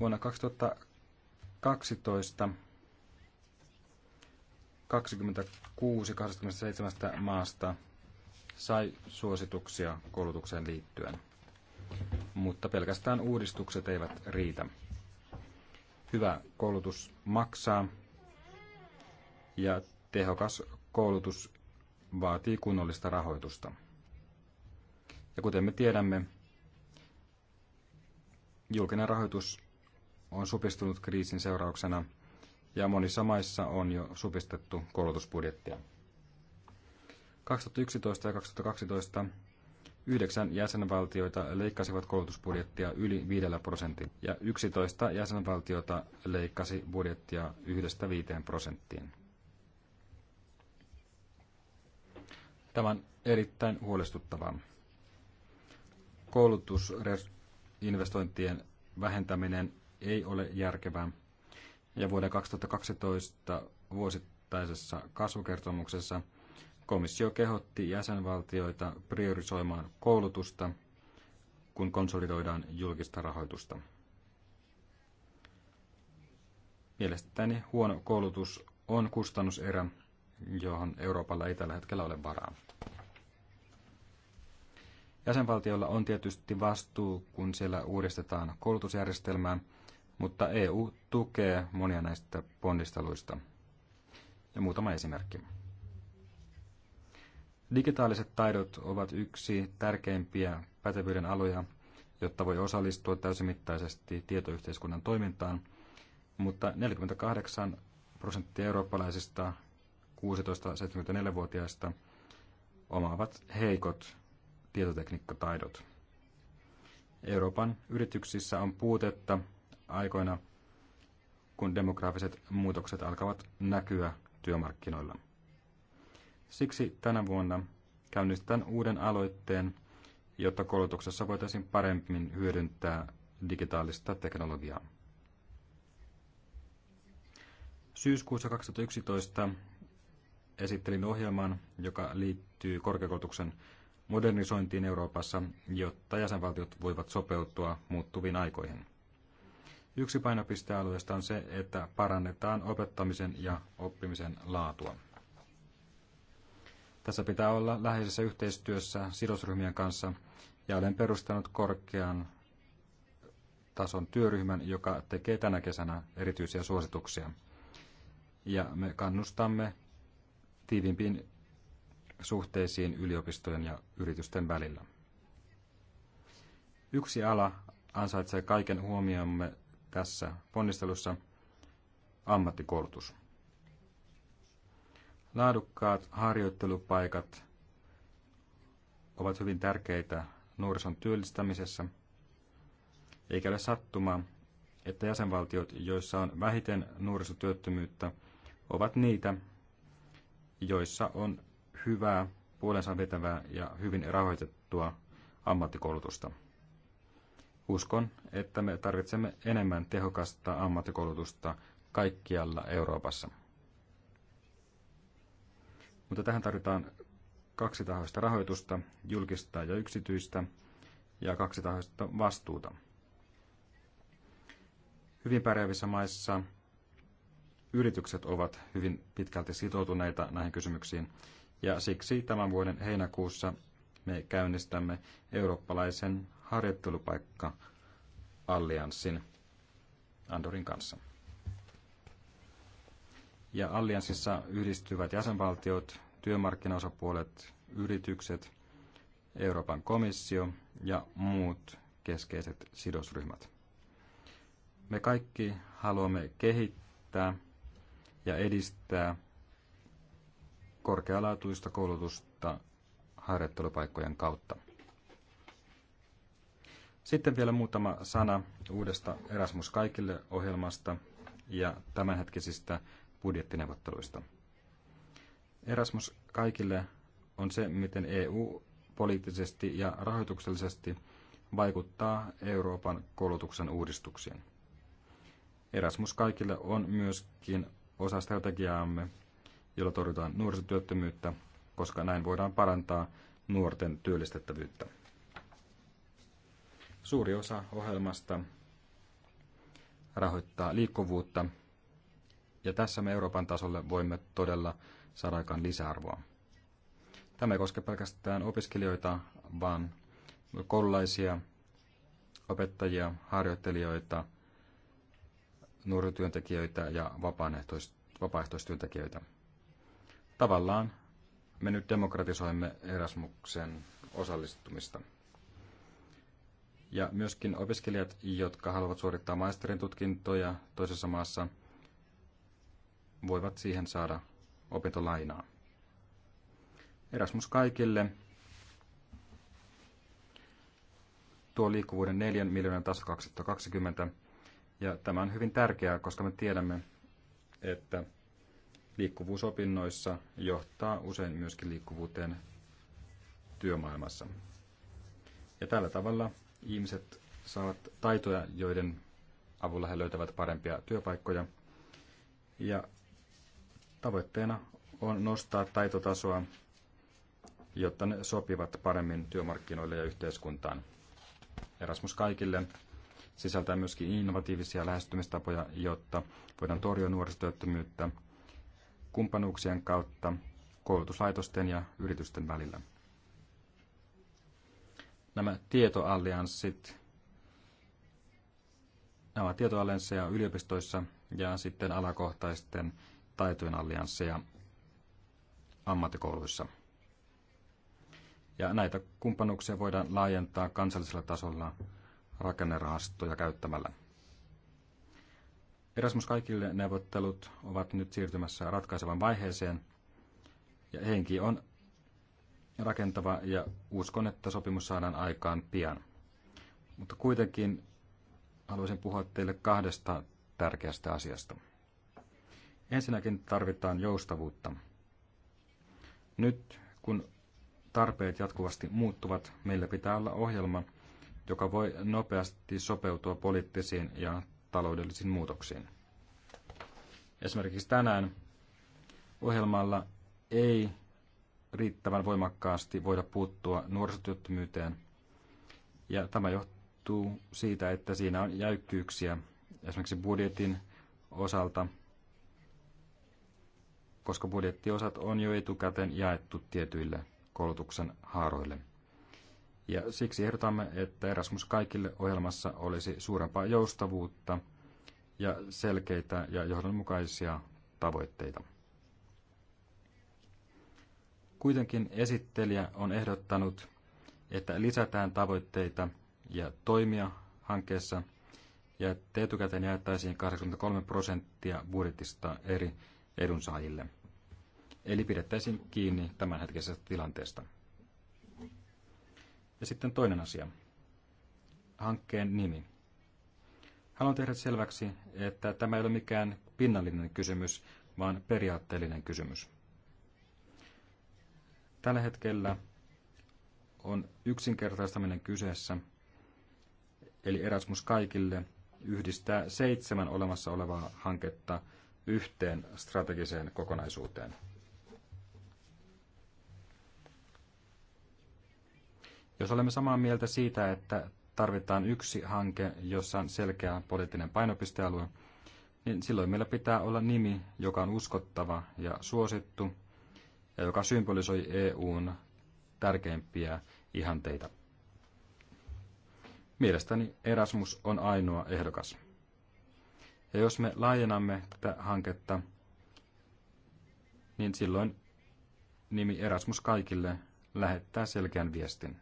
Vuonna 2012 26 27 maasta sai suosituksia koulutukseen liittyen mutta pelkästään uudistukset eivät riitä. Hyvä koulutus maksaa ja tehokas koulutus vaatii kunnollista rahoitusta. Ja kuten me tiedämme, julkinen rahoitus on supistunut kriisin seurauksena ja monissa maissa on jo supistettu koulutusbudjettia. 2011 ja 2012 Yhdeksän jäsenvaltioita leikkasivat koulutusbudjettia yli viidellä prosentilla ja 11 jäsenvaltiota leikkasi budjettia yhdestä viiteen prosenttiin. Tämä on erittäin huolestuttavaa. Koulutusinvestointien vähentäminen ei ole järkevää ja vuoden 2012 vuosittaisessa kasvukertomuksessa – Komissio kehotti jäsenvaltioita priorisoimaan koulutusta, kun konsolidoidaan julkista rahoitusta. Mielestäni huono koulutus on kustannuserä, johon Euroopalla ei tällä hetkellä ole varaa. Jäsenvaltioilla on tietysti vastuu, kun siellä uudistetaan koulutusjärjestelmää, mutta EU tukee monia näistä ponnisteluista. Ja muutama esimerkki. Digitaaliset taidot ovat yksi tärkeimpiä pätevyyden aloja, jotta voi osallistua täysimittaisesti tietoyhteiskunnan toimintaan, mutta 48 prosenttia eurooppalaisista 16-74-vuotiaista omaavat heikot tietotekniikkataidot. Euroopan yrityksissä on puutetta aikoina, kun demograafiset muutokset alkavat näkyä työmarkkinoilla. Siksi tänä vuonna käynnistetään uuden aloitteen, jotta koulutuksessa voitaisiin paremmin hyödyntää digitaalista teknologiaa. Syyskuussa 2011 esittelin ohjelman, joka liittyy korkeakoulutuksen modernisointiin Euroopassa, jotta jäsenvaltiot voivat sopeutua muuttuviin aikoihin. Yksi painopistealueesta on se, että parannetaan opettamisen ja oppimisen laatua. Tässä pitää olla läheisessä yhteistyössä sidosryhmien kanssa ja olen perustanut korkean tason työryhmän, joka tekee tänä kesänä erityisiä suosituksia. Ja me kannustamme tiivimpiin suhteisiin yliopistojen ja yritysten välillä. Yksi ala ansaitsee kaiken huomiomme tässä ponnistelussa, ammattikoulutus. Laadukkaat harjoittelupaikat ovat hyvin tärkeitä nuorison työllistämisessä, eikä ole sattumaa, että jäsenvaltiot, joissa on vähiten nuorisotyöttömyyttä, ovat niitä, joissa on hyvää, puolensa vetävää ja hyvin rahoitettua ammattikoulutusta. Uskon, että me tarvitsemme enemmän tehokasta ammattikoulutusta kaikkialla Euroopassa. Mutta tähän tarvitaan kaksitahoista rahoitusta, julkista ja yksityistä, ja kaksitahoista vastuuta. Hyvin pärjäävissä maissa yritykset ovat hyvin pitkälti sitoutuneita näihin kysymyksiin, ja siksi tämän vuoden heinäkuussa me käynnistämme eurooppalaisen harjoittelupaikka-allianssin Andorin kanssa. Ja allianssissa yhdistyvät jäsenvaltiot, työmarkkinaosapuolet, yritykset, Euroopan komissio ja muut keskeiset sidosryhmät. Me kaikki haluamme kehittää ja edistää korkealaatuista koulutusta harjoittelupaikkojen kautta. Sitten vielä muutama sana uudesta Erasmus kaikille ohjelmasta ja tämänhetkisistä budjettineuvotteluista. Erasmus kaikille on se, miten EU poliittisesti ja rahoituksellisesti vaikuttaa Euroopan koulutuksen uudistuksiin. Erasmus kaikille on myöskin osa strategiaamme, jolla torjutaan nuorisotyöttömyyttä, koska näin voidaan parantaa nuorten työllistettävyyttä. Suuri osa ohjelmasta rahoittaa liikkuvuutta, ja tässä me Euroopan tasolle voimme todella saada aikaan lisäarvoa. Tämä ei koske pelkästään opiskelijoita, vaan koululaisia, opettajia, harjoittelijoita, nuorityöntekijöitä ja vapaaehtoistyöntekijöitä. Tavallaan me nyt demokratisoimme Erasmuksen osallistumista. Ja myöskin opiskelijat, jotka haluavat suorittaa maisterin tutkintoja toisessa maassa – voivat siihen saada opintolainaa. Erasmus kaikille tuo liikkuvuuden 4 miljoonan taso 2020. Ja tämä on hyvin tärkeää, koska me tiedämme, että liikkuvuusopinnoissa johtaa usein myöskin liikkuvuuteen työmaailmassa. Ja tällä tavalla ihmiset saavat taitoja, joiden avulla he löytävät parempia työpaikkoja. Ja Tavoitteena on nostaa taitotasoa, jotta ne sopivat paremmin työmarkkinoille ja yhteiskuntaan. Erasmus kaikille sisältää myöskin innovatiivisia lähestymistapoja, jotta voidaan torjua nuorisotyöttömyyttä kumppanuuksien kautta koulutuslaitosten ja yritysten välillä. Nämä tietoallianssit nämä ovat yliopistoissa ja sitten alakohtaisten taitojen alliansseja ammattikouluissa. Ja näitä kumppanuuksia voidaan laajentaa kansallisella tasolla rakennerahastoja käyttämällä. Erasmus kaikille neuvottelut ovat nyt siirtymässä ratkaisevan vaiheeseen, ja henki on rakentava ja uskon, että sopimus saadaan aikaan pian. Mutta kuitenkin haluaisin puhua teille kahdesta tärkeästä asiasta. Ensinnäkin tarvitaan joustavuutta. Nyt kun tarpeet jatkuvasti muuttuvat, meillä pitää olla ohjelma, joka voi nopeasti sopeutua poliittisiin ja taloudellisiin muutoksiin. Esimerkiksi tänään ohjelmalla ei riittävän voimakkaasti voida puuttua nuorisotyöttömyyteen, ja tämä johtuu siitä, että siinä on jäykkyyksiä esimerkiksi budjetin osalta – koska budjettiosat on jo etukäteen jaettu tietyille koulutuksen haaroille. Ja siksi ehdotamme, että Erasmus kaikille ohjelmassa olisi suurempaa joustavuutta ja selkeitä ja johdonmukaisia tavoitteita. Kuitenkin esittelijä on ehdottanut, että lisätään tavoitteita ja toimia hankkeessa ja että etukäteen jaettaisiin 83 prosenttia budjetista eri edunsaajille. Eli pidettäisiin kiinni tämänhetkisestä tilanteesta. Ja sitten toinen asia. Hankkeen nimi. Haluan tehdä selväksi, että tämä ei ole mikään pinnallinen kysymys, vaan periaatteellinen kysymys. Tällä hetkellä on yksinkertaistaminen kyseessä, eli Erasmus kaikille yhdistää seitsemän olemassa olevaa hanketta yhteen strategiseen kokonaisuuteen. Jos olemme samaa mieltä siitä, että tarvitaan yksi hanke, jossa on selkeä poliittinen painopistealue, niin silloin meillä pitää olla nimi, joka on uskottava ja suosittu ja joka symbolisoi EUn tärkeimpiä ihanteita. Mielestäni Erasmus on ainoa ehdokas. Ja jos me laajennamme tätä hanketta, niin silloin nimi Erasmus kaikille lähettää selkeän viestin.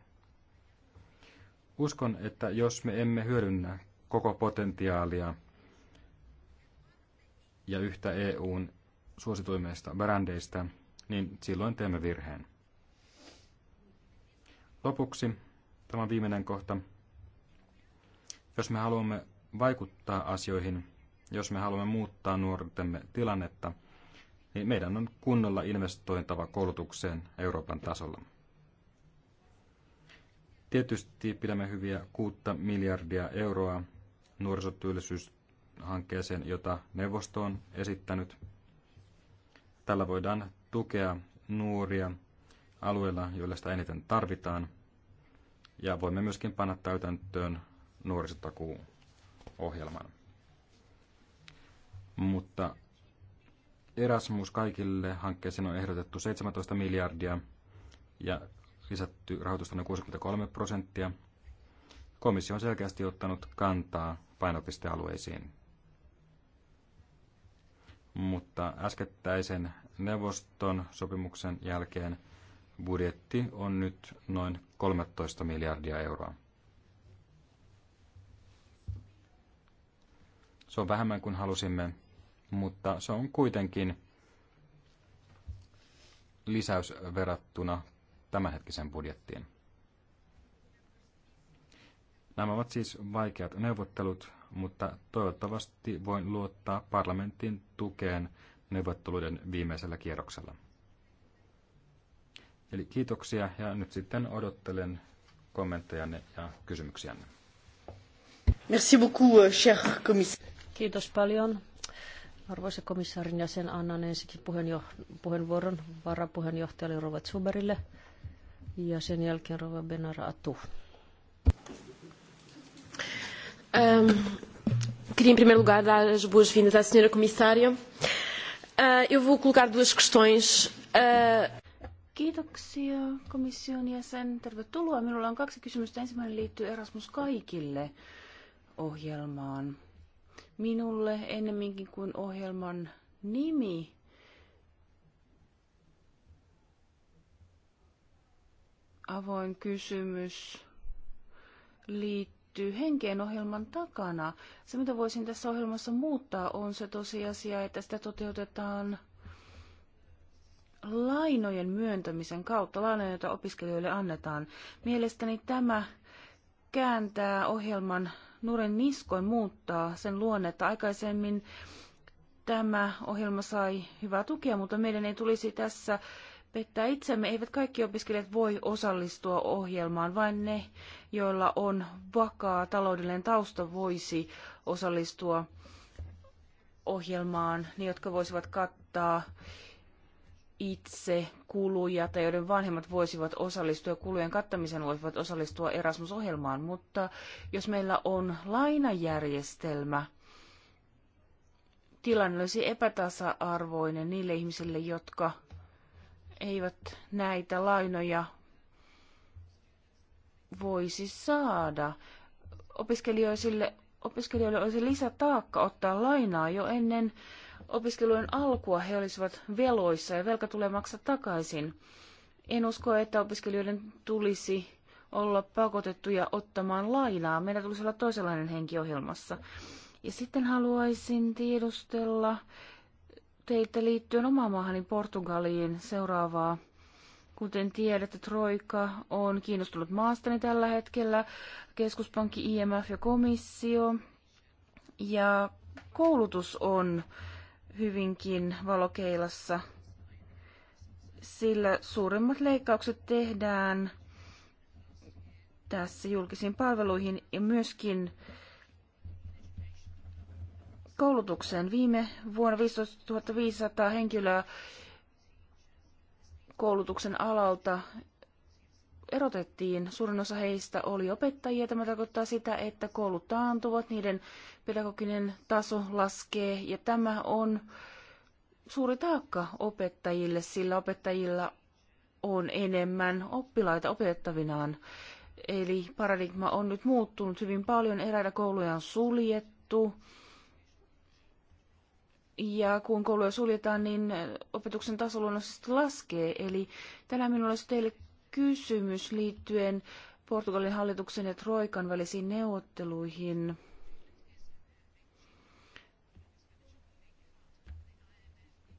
Uskon, että jos me emme hyödynnä koko potentiaalia ja yhtä EUn suosituimmista brändeistä, niin silloin teemme virheen. Lopuksi tämä viimeinen kohta. Jos me haluamme vaikuttaa asioihin, jos me haluamme muuttaa nuortemme tilannetta, niin meidän on kunnolla investointava koulutukseen Euroopan tasolla. Tietysti pidämme hyviä kuutta miljardia euroa nuorisotyöllisyyshankkeeseen, jota neuvosto on esittänyt. Tällä voidaan tukea nuoria alueilla, joilla sitä eniten tarvitaan. Ja voimme myöskin panna täytäntöön nuorisotakuun ohjelman Mutta Erasmus kaikille hankkeeseen on ehdotettu 17 miljardia ja lisätty rahoitusta noin 63 prosenttia. Komissio on selkeästi ottanut kantaa painopistealueisiin. Mutta äskettäisen neuvoston sopimuksen jälkeen budjetti on nyt noin 13 miljardia euroa. Se on vähemmän kuin halusimme, mutta se on kuitenkin lisäys verrattuna tämänhetkiseen budjettiin. Nämä ovat siis vaikeat neuvottelut, mutta toivottavasti voin luottaa parlamentin tukeen neuvotteluiden viimeisellä kierroksella. Eli kiitoksia ja nyt sitten odottelen kommenttejanne ja kysymyksiänne. Merci beaucoup, euh, cher Kiitos paljon. Arvoisa komissaarin jäsen, annan ensikin puheenjo- puheenvuoron varapuheenjohtajalle Robert Zuberille ja sen jälkeen Rova Benaratu. Um, queria em primeiro lugar dar as boas-vindas à senhora comissária. Uh, eu vou colocar duas questões. Uh... Kiitoksia komission jäsen. Tervetuloa. Minulla on kaksi kysymystä. Ensimmäinen liittyy Erasmus kaikille ohjelmaan. Minulle ennemminkin kuin ohjelman nimi avoin kysymys liittyy henkeen ohjelman takana. Se, mitä voisin tässä ohjelmassa muuttaa, on se tosiasia, että sitä toteutetaan lainojen myöntämisen kautta, lainoja, joita opiskelijoille annetaan. Mielestäni tämä kääntää ohjelman nuren niskoin, muuttaa sen luonnetta. Aikaisemmin tämä ohjelma sai hyvää tukea, mutta meidän ei tulisi tässä pettää itsemme. Eivät kaikki opiskelijat voi osallistua ohjelmaan, vain ne, joilla on vakaa taloudellinen tausta, voisi osallistua ohjelmaan, ne, jotka voisivat kattaa itse kuluja tai joiden vanhemmat voisivat osallistua kulujen kattamiseen, voisivat osallistua Erasmus-ohjelmaan, mutta jos meillä on lainajärjestelmä, tilanne olisi epätasa-arvoinen niille ihmisille, jotka eivät näitä lainoja voisi saada. Opiskelijoille, opiskelijoille olisi lisätaakka ottaa lainaa jo ennen opiskelujen alkua. He olisivat veloissa ja velka tulee maksaa takaisin. En usko, että opiskelijoiden tulisi olla pakotettuja ottamaan lainaa. Meillä tulisi olla toisenlainen henki ohjelmassa. Ja sitten haluaisin tiedustella teiltä liittyen omaan maahani Portugaliin seuraavaa. Kuten tiedätte, Troika on kiinnostunut maastani tällä hetkellä, keskuspankki, IMF ja komissio. Ja koulutus on hyvinkin valokeilassa, sillä suurimmat leikkaukset tehdään tässä julkisiin palveluihin ja myöskin koulutukseen. Viime vuonna 15 500 henkilöä koulutuksen alalta erotettiin. Suurin osa heistä oli opettajia. Tämä tarkoittaa sitä, että koulut taantuvat, niiden pedagoginen taso laskee ja tämä on suuri taakka opettajille, sillä opettajilla on enemmän oppilaita opettavinaan. Eli paradigma on nyt muuttunut hyvin paljon. Eräitä kouluja on suljettu, ja kun kouluja suljetaan, niin opetuksen taso luonnollisesti laskee. Eli tänään minulla olisi teille kysymys liittyen Portugalin hallituksen ja Troikan välisiin neuvotteluihin.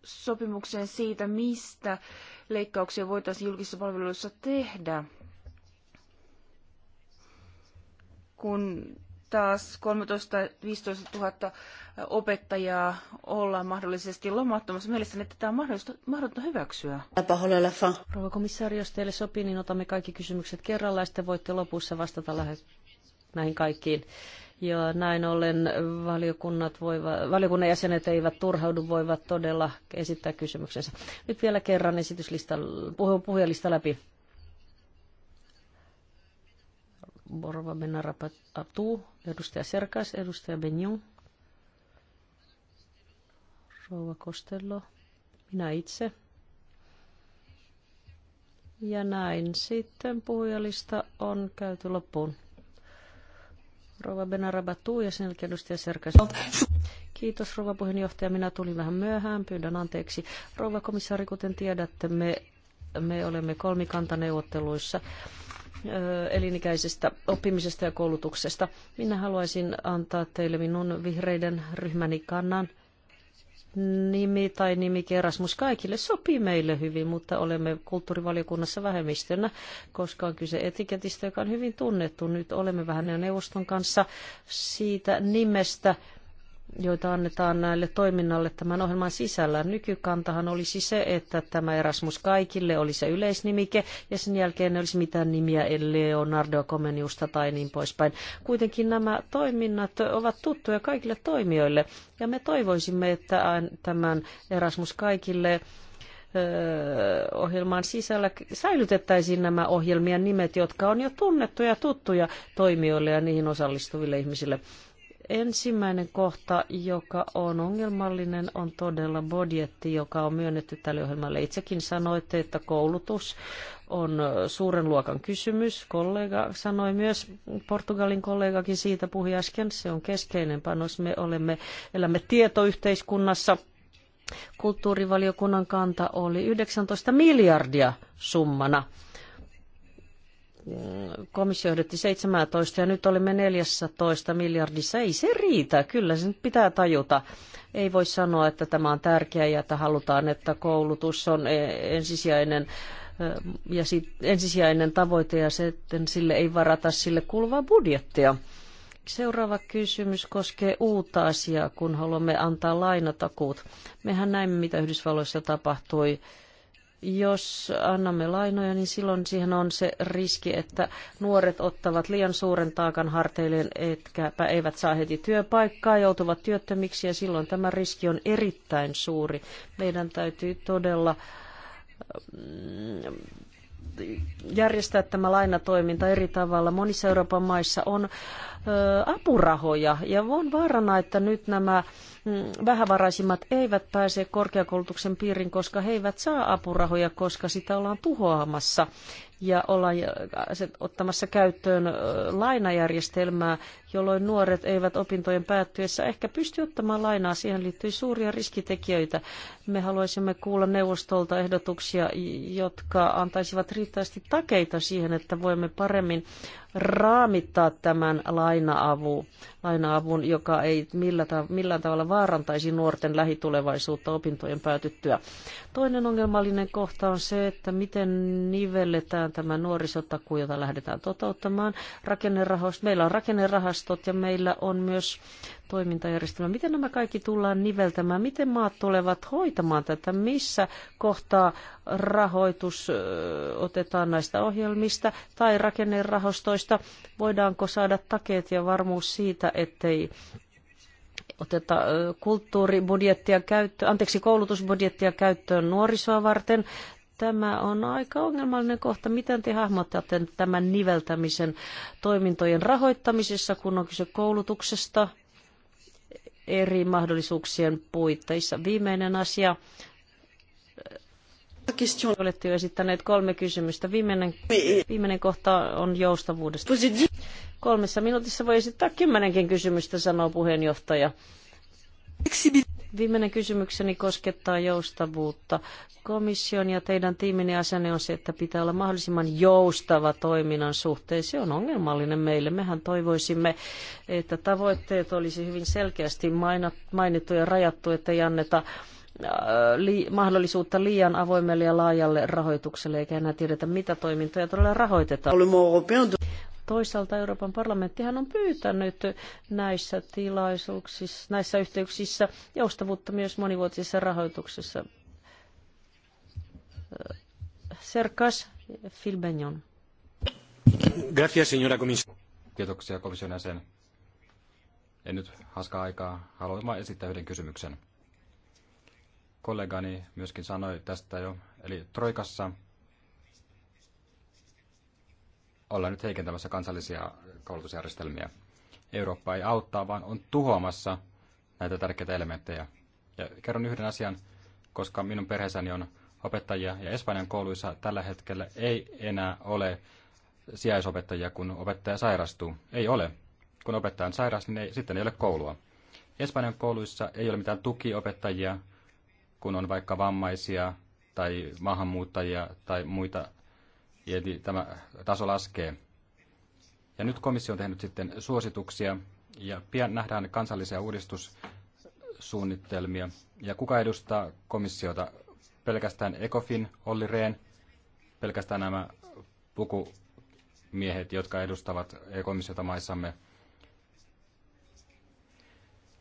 sopimukseen siitä, mistä leikkauksia voitaisiin julkisissa palveluissa tehdä, kun taas 13-15 000 opettajaa olla mahdollisesti lomauttamassa. Mielestäni tätä on mahdollista, mahdollista hyväksyä. Rouva komissaari, jos teille sopii, niin otamme kaikki kysymykset kerralla ja sitten voitte lopussa vastata lähes näihin kaikkiin. Ja näin ollen valiokunnat voivat, valiokunnan jäsenet eivät turhaudu, voivat todella esittää kysymyksensä. Nyt vielä kerran esityslistan, puhujalista läpi. Borova Benarapatu, edustaja Serkas, edustaja Benjon, rouva Kostello, minä itse. Ja näin sitten puhujalista on käyty loppuun. Rouva Benarabatu ja sen jälkeen edustaja Serkas. Kiitos rouva puheenjohtaja, minä tulin vähän myöhään, pyydän anteeksi. Rouva komissaari, kuten tiedätte, me, me olemme kolmikantaneuvotteluissa elinikäisestä oppimisesta ja koulutuksesta. Minä haluaisin antaa teille minun vihreiden ryhmäni kannan nimi tai nimi Erasmus kaikille sopii meille hyvin, mutta olemme kulttuurivaliokunnassa vähemmistönä, koska on kyse etiketistä, joka on hyvin tunnettu. Nyt olemme vähän neuvoston kanssa siitä nimestä, joita annetaan näille toiminnalle tämän ohjelman sisällä. Nykykantahan olisi se, että tämä Erasmus kaikille oli se yleisnimike ja sen jälkeen ei olisi mitään nimiä Leonardo Comeniusta tai niin poispäin. Kuitenkin nämä toiminnat ovat tuttuja kaikille toimijoille ja me toivoisimme, että tämän Erasmus kaikille ohjelman sisällä säilytettäisiin nämä ohjelmien nimet, jotka on jo tunnettuja ja tuttuja toimijoille ja niihin osallistuville ihmisille. Ensimmäinen kohta, joka on ongelmallinen, on todella budjetti, joka on myönnetty tälle ohjelmalle. Itsekin sanoitte, että koulutus on suuren luokan kysymys. Kollega sanoi myös, Portugalin kollegakin siitä puhui äsken, se on keskeinen panos. Me olemme, elämme tietoyhteiskunnassa. Kulttuurivaliokunnan kanta oli 19 miljardia summana komissio ehdotti 17 ja nyt olemme 14 miljardissa. Ei se riitä, kyllä se nyt pitää tajuta. Ei voi sanoa, että tämä on tärkeää ja että halutaan, että koulutus on eh, ensisijainen eh, ja sit, ensisijainen tavoite ja sitten sille ei varata sille kuuluvaa budjettia. Seuraava kysymys koskee uutta asiaa, kun haluamme antaa lainatakuut. Mehän näimme, mitä Yhdysvalloissa tapahtui jos annamme lainoja, niin silloin siihen on se riski, että nuoret ottavat liian suuren taakan harteilleen, etkäpä eivät saa heti työpaikkaa, joutuvat työttömiksi ja silloin tämä riski on erittäin suuri. Meidän täytyy todella mm, järjestää tämä lainatoiminta eri tavalla. Monissa Euroopan maissa on apurahoja ja on vaarana, että nyt nämä Mm, vähävaraisimmat eivät pääse korkeakoulutuksen piiriin, koska he eivät saa apurahoja, koska sitä ollaan tuhoamassa ja ollaan äh, ottamassa käyttöön lainajärjestelmää, jolloin nuoret eivät opintojen päättyessä ehkä pysty ottamaan lainaa. Siihen liittyy suuria riskitekijöitä. Me haluaisimme kuulla neuvostolta ehdotuksia, jotka antaisivat riittävästi takeita siihen, että voimme paremmin raamittaa tämän laina-avun, laina-avun joka ei millään tavalla vaarantaisi nuorten lähitulevaisuutta opintojen päätyttyä. Toinen ongelmallinen kohta on se, että miten nivelletään tämä nuorisotakuu, jota lähdetään toteuttamaan. Rakennerahoista. Meillä on rakennerahasto virastot ja meillä on myös toimintajärjestelmä. Miten nämä kaikki tullaan niveltämään? Miten maat tulevat hoitamaan tätä? Missä kohtaa rahoitus otetaan näistä ohjelmista tai rakennerahastoista? Voidaanko saada takeet ja varmuus siitä, ettei oteta kulttuuribudjettia käyttöön, anteeksi, koulutusbudjettia käyttöön nuorisoa varten Tämä on aika ongelmallinen kohta. Miten te hahmotatte tämän niveltämisen toimintojen rahoittamisessa, kun on kyse koulutuksesta eri mahdollisuuksien puitteissa? Viimeinen asia. Olette jo esittäneet kolme kysymystä. Viimeinen, viimeinen kohta on joustavuudesta. Kolmessa minuutissa voi esittää kymmenenkin kysymystä, sanoo puheenjohtaja. Viimeinen kysymykseni koskettaa joustavuutta. Komission ja teidän tiimin asenne on se, että pitää olla mahdollisimman joustava toiminnan suhteen. Se on ongelmallinen meille. Mehän toivoisimme, että tavoitteet olisi hyvin selkeästi mainittu ja rajattu, että ei anneta äh, mahdollisuutta liian avoimelle ja laajalle rahoitukselle, eikä enää tiedetä, mitä toimintoja todella rahoitetaan. Toisaalta Euroopan parlamenttihan on pyytänyt näissä tilaisuuksissa, näissä yhteyksissä joustavuutta myös monivuotisessa rahoituksessa. Serkas Filbenjon. Gracias, señora Kiitoksia komission jäsen. En nyt haskaa aikaa. Haluan vain esittää yhden kysymyksen. Kollegani myöskin sanoi tästä jo. Eli Troikassa ollaan nyt heikentämässä kansallisia koulutusjärjestelmiä. Eurooppa ei auttaa, vaan on tuhoamassa näitä tärkeitä elementtejä. Ja kerron yhden asian, koska minun perheessäni on opettajia ja Espanjan kouluissa tällä hetkellä ei enää ole sijaisopettajia, kun opettaja sairastuu. Ei ole. Kun opettaja on sairas, niin ei, sitten ei ole koulua. Espanjan kouluissa ei ole mitään tukiopettajia, kun on vaikka vammaisia tai maahanmuuttajia tai muita eli niin tämä taso laskee. Ja nyt komissio on tehnyt sitten suosituksia, ja pian nähdään kansallisia uudistussuunnitelmia. Ja kuka edustaa komissiota? Pelkästään ECOFIN, Olli Rehn, pelkästään nämä pukumiehet, jotka edustavat komissiota maissamme.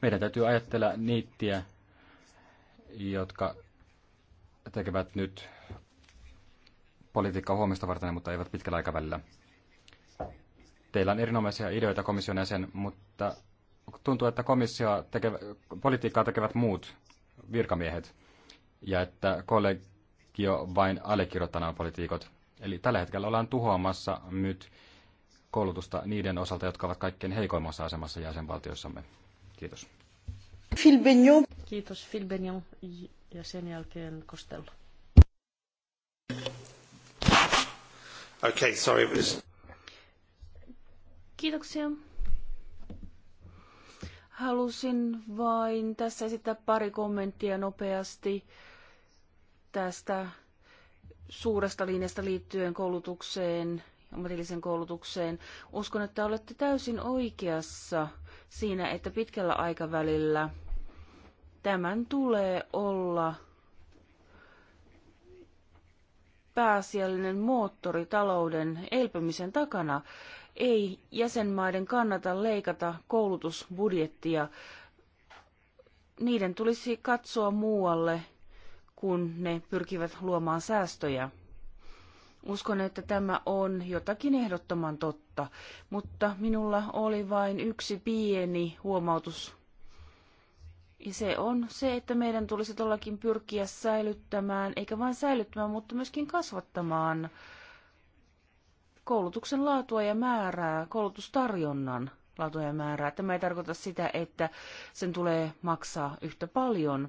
Meidän täytyy ajatella niittiä, jotka tekevät nyt politiikkaa huomista varten, mutta eivät pitkällä aikavälillä. Teillä on erinomaisia ideoita komission jäsen, mutta tuntuu, että komissio tekevät, politiikkaa tekevät muut virkamiehet ja että kollegio vain allekirjoittaa politiikot. Eli tällä hetkellä ollaan tuhoamassa nyt koulutusta niiden osalta, jotka ovat kaikkein heikoimmassa asemassa jäsenvaltioissamme. Kiitos. Kiitos Phil ja sen jälkeen Costello. Okay, sorry. Kiitoksia. Halusin vain tässä esittää pari kommenttia nopeasti tästä suuresta linjasta liittyen koulutukseen, ammatilliseen koulutukseen. Uskon, että olette täysin oikeassa siinä, että pitkällä aikavälillä tämän tulee olla pääasiallinen moottori talouden elpymisen takana. Ei jäsenmaiden kannata leikata koulutusbudjettia. Niiden tulisi katsoa muualle, kun ne pyrkivät luomaan säästöjä. Uskon, että tämä on jotakin ehdottoman totta, mutta minulla oli vain yksi pieni huomautus ja se on se, että meidän tulisi todellakin pyrkiä säilyttämään, eikä vain säilyttämään, mutta myöskin kasvattamaan koulutuksen laatua ja määrää, koulutustarjonnan laatua ja määrää. Tämä ei tarkoita sitä, että sen tulee maksaa yhtä paljon.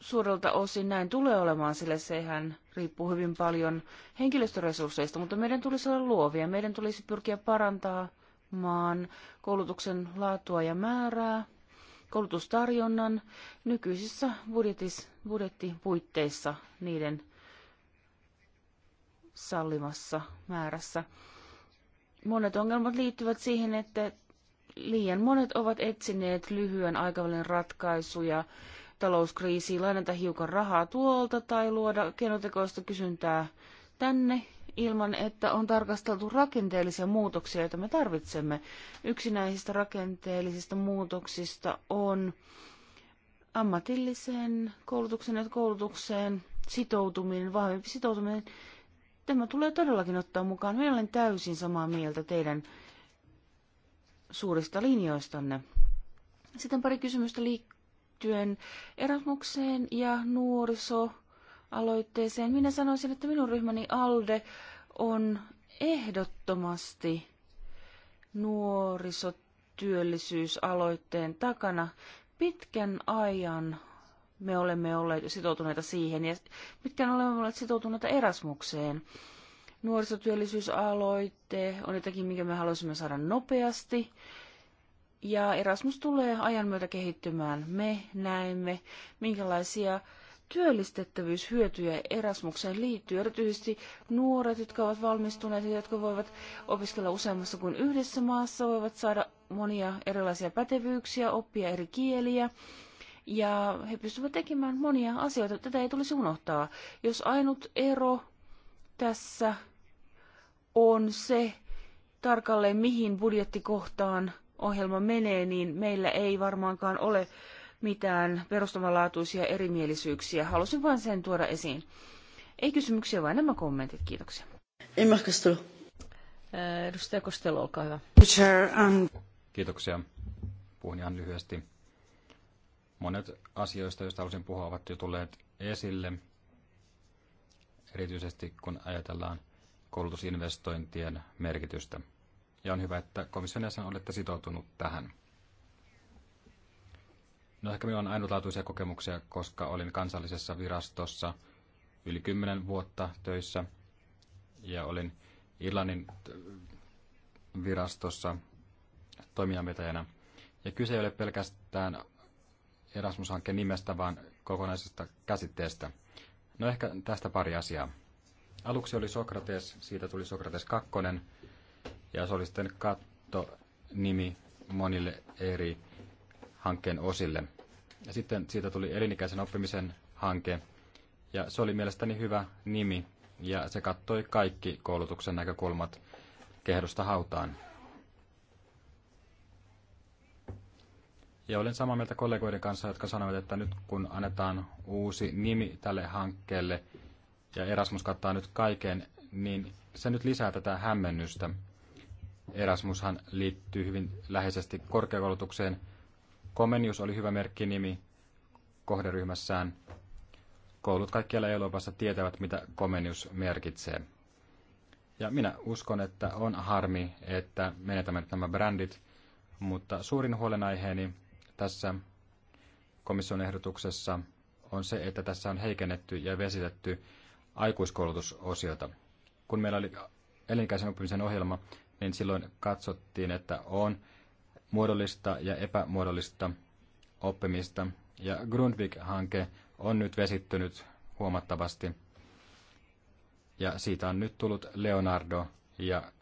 Suurelta osin näin tulee olemaan, sillä sehän riippuu hyvin paljon henkilöstöresursseista, mutta meidän tulisi olla luovia. Meidän tulisi pyrkiä parantamaan koulutuksen laatua ja määrää koulutustarjonnan nykyisissä budjetis, budjettipuitteissa niiden sallimassa määrässä. Monet ongelmat liittyvät siihen, että liian monet ovat etsineet lyhyen aikavälin ratkaisuja talouskriisiin, lainata hiukan rahaa tuolta tai luoda kenotekoista kysyntää tänne ilman, että on tarkasteltu rakenteellisia muutoksia, joita me tarvitsemme. Yksi näistä rakenteellisista muutoksista on ammatilliseen koulutuksen ja koulutukseen sitoutuminen, vahvempi sitoutuminen. Tämä tulee todellakin ottaa mukaan. Minä olen täysin samaa mieltä teidän suurista linjoistanne. Sitten pari kysymystä liittyen Erasmukseen ja nuoriso aloitteeseen. Minä sanoisin, että minun ryhmäni ALDE on ehdottomasti nuorisotyöllisyysaloitteen takana. Pitkän ajan me olemme olleet sitoutuneita siihen ja pitkän olemme olleet sitoutuneita Erasmukseen. Nuorisotyöllisyysaloitte on jotakin, minkä me haluaisimme saada nopeasti. Ja Erasmus tulee ajan myötä kehittymään. Me näemme, minkälaisia työllistettävyyshyötyjä Erasmukseen liittyy, erityisesti nuoret, jotka ovat valmistuneet ja jotka voivat opiskella useammassa kuin yhdessä maassa, voivat saada monia erilaisia pätevyyksiä, oppia eri kieliä ja he pystyvät tekemään monia asioita. Tätä ei tulisi unohtaa. Jos ainut ero tässä on se tarkalleen, mihin budjettikohtaan ohjelma menee, niin meillä ei varmaankaan ole mitään perustavanlaatuisia erimielisyyksiä. Halusin vain sen tuoda esiin. Ei kysymyksiä, vaan nämä kommentit. Kiitoksia. Emma äh, Edustaja Costello, olkaa hyvä. Um, Kiitoksia. Puhun ihan lyhyesti. Monet asioista, joista halusin puhua, ovat jo tulleet esille, erityisesti kun ajatellaan koulutusinvestointien merkitystä. Ja on hyvä, että komission jäsen olette sitoutunut tähän. No ehkä minulla on ainutlaatuisia kokemuksia, koska olin kansallisessa virastossa yli kymmenen vuotta töissä ja olin Irlannin virastossa toimijanvetäjänä. Ja kyse ei ole pelkästään Erasmus-hankkeen nimestä, vaan kokonaisesta käsitteestä. No ehkä tästä pari asiaa. Aluksi oli Sokrates, siitä tuli Sokrates 2, ja se oli sitten katto nimi monille eri hankkeen osille. Ja sitten siitä tuli elinikäisen oppimisen hanke. Ja se oli mielestäni hyvä nimi ja se kattoi kaikki koulutuksen näkökulmat kehdosta hautaan. Ja olen samaa mieltä kollegoiden kanssa, jotka sanovat, että nyt kun annetaan uusi nimi tälle hankkeelle ja Erasmus kattaa nyt kaiken, niin se nyt lisää tätä hämmennystä. Erasmushan liittyy hyvin läheisesti korkeakoulutukseen, Komenius oli hyvä nimi kohderyhmässään. Koulut kaikkialla Euroopassa tietävät, mitä Komenius merkitsee. Ja minä uskon, että on harmi, että menetämme nämä brändit, mutta suurin huolenaiheeni tässä komission ehdotuksessa on se, että tässä on heikennetty ja vesitetty aikuiskoulutusosiota. Kun meillä oli elinkäisen oppimisen ohjelma, niin silloin katsottiin, että on muodollista ja epämuodollista oppimista, ja Grundvik-hanke on nyt vesittynyt huomattavasti, ja siitä on nyt tullut Leonardo, ja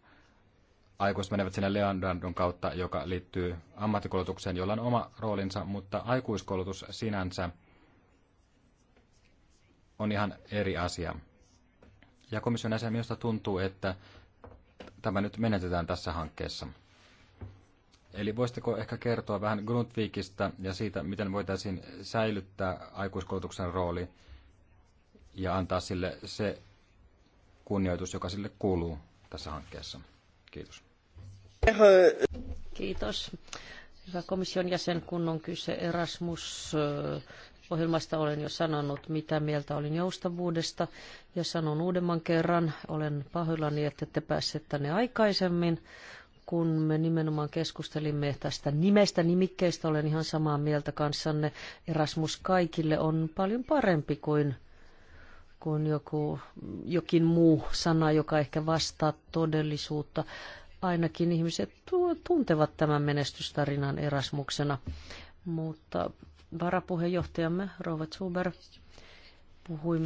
aikuiset menevät sinne Leonardon kautta, joka liittyy ammattikoulutukseen, jolla on oma roolinsa, mutta aikuiskoulutus sinänsä on ihan eri asia. Ja komission jäsen minusta tuntuu, että tämä nyt menetetään tässä hankkeessa. Eli voisitteko ehkä kertoa vähän Grundtvigistä ja siitä, miten voitaisiin säilyttää aikuiskoulutuksen rooli ja antaa sille se kunnioitus, joka sille kuuluu tässä hankkeessa. Kiitos. Kiitos. Hyvä komission jäsen, kun on kyse Erasmus ohjelmasta olen jo sanonut, mitä mieltä olin joustavuudesta ja sanon uudemman kerran, olen pahoillani, että te pääsette tänne aikaisemmin, kun me nimenomaan keskustelimme tästä nimestä, nimikkeistä, olen ihan samaa mieltä kanssanne. Erasmus kaikille on paljon parempi kuin, kuin joku, jokin muu sana, joka ehkä vastaa todellisuutta. Ainakin ihmiset tuntevat tämän menestystarinan Erasmuksena. Mutta varapuheenjohtajamme Rova Zuber puhui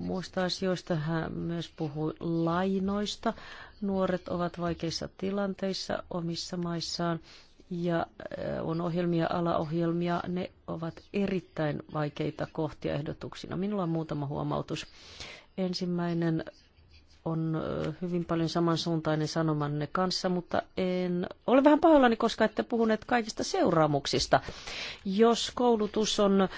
muista asioista, hän myös puhui lainoista. Nuoret ovat vaikeissa tilanteissa omissa maissaan ja eh, on ohjelmia, alaohjelmia, ne ovat erittäin vaikeita kohtia ehdotuksina. Minulla on muutama huomautus. Ensimmäinen on eh, hyvin paljon samansuuntainen sanomanne kanssa, mutta en ole vähän pahoillani, koska ette puhuneet kaikista seuraamuksista. Jos koulutus on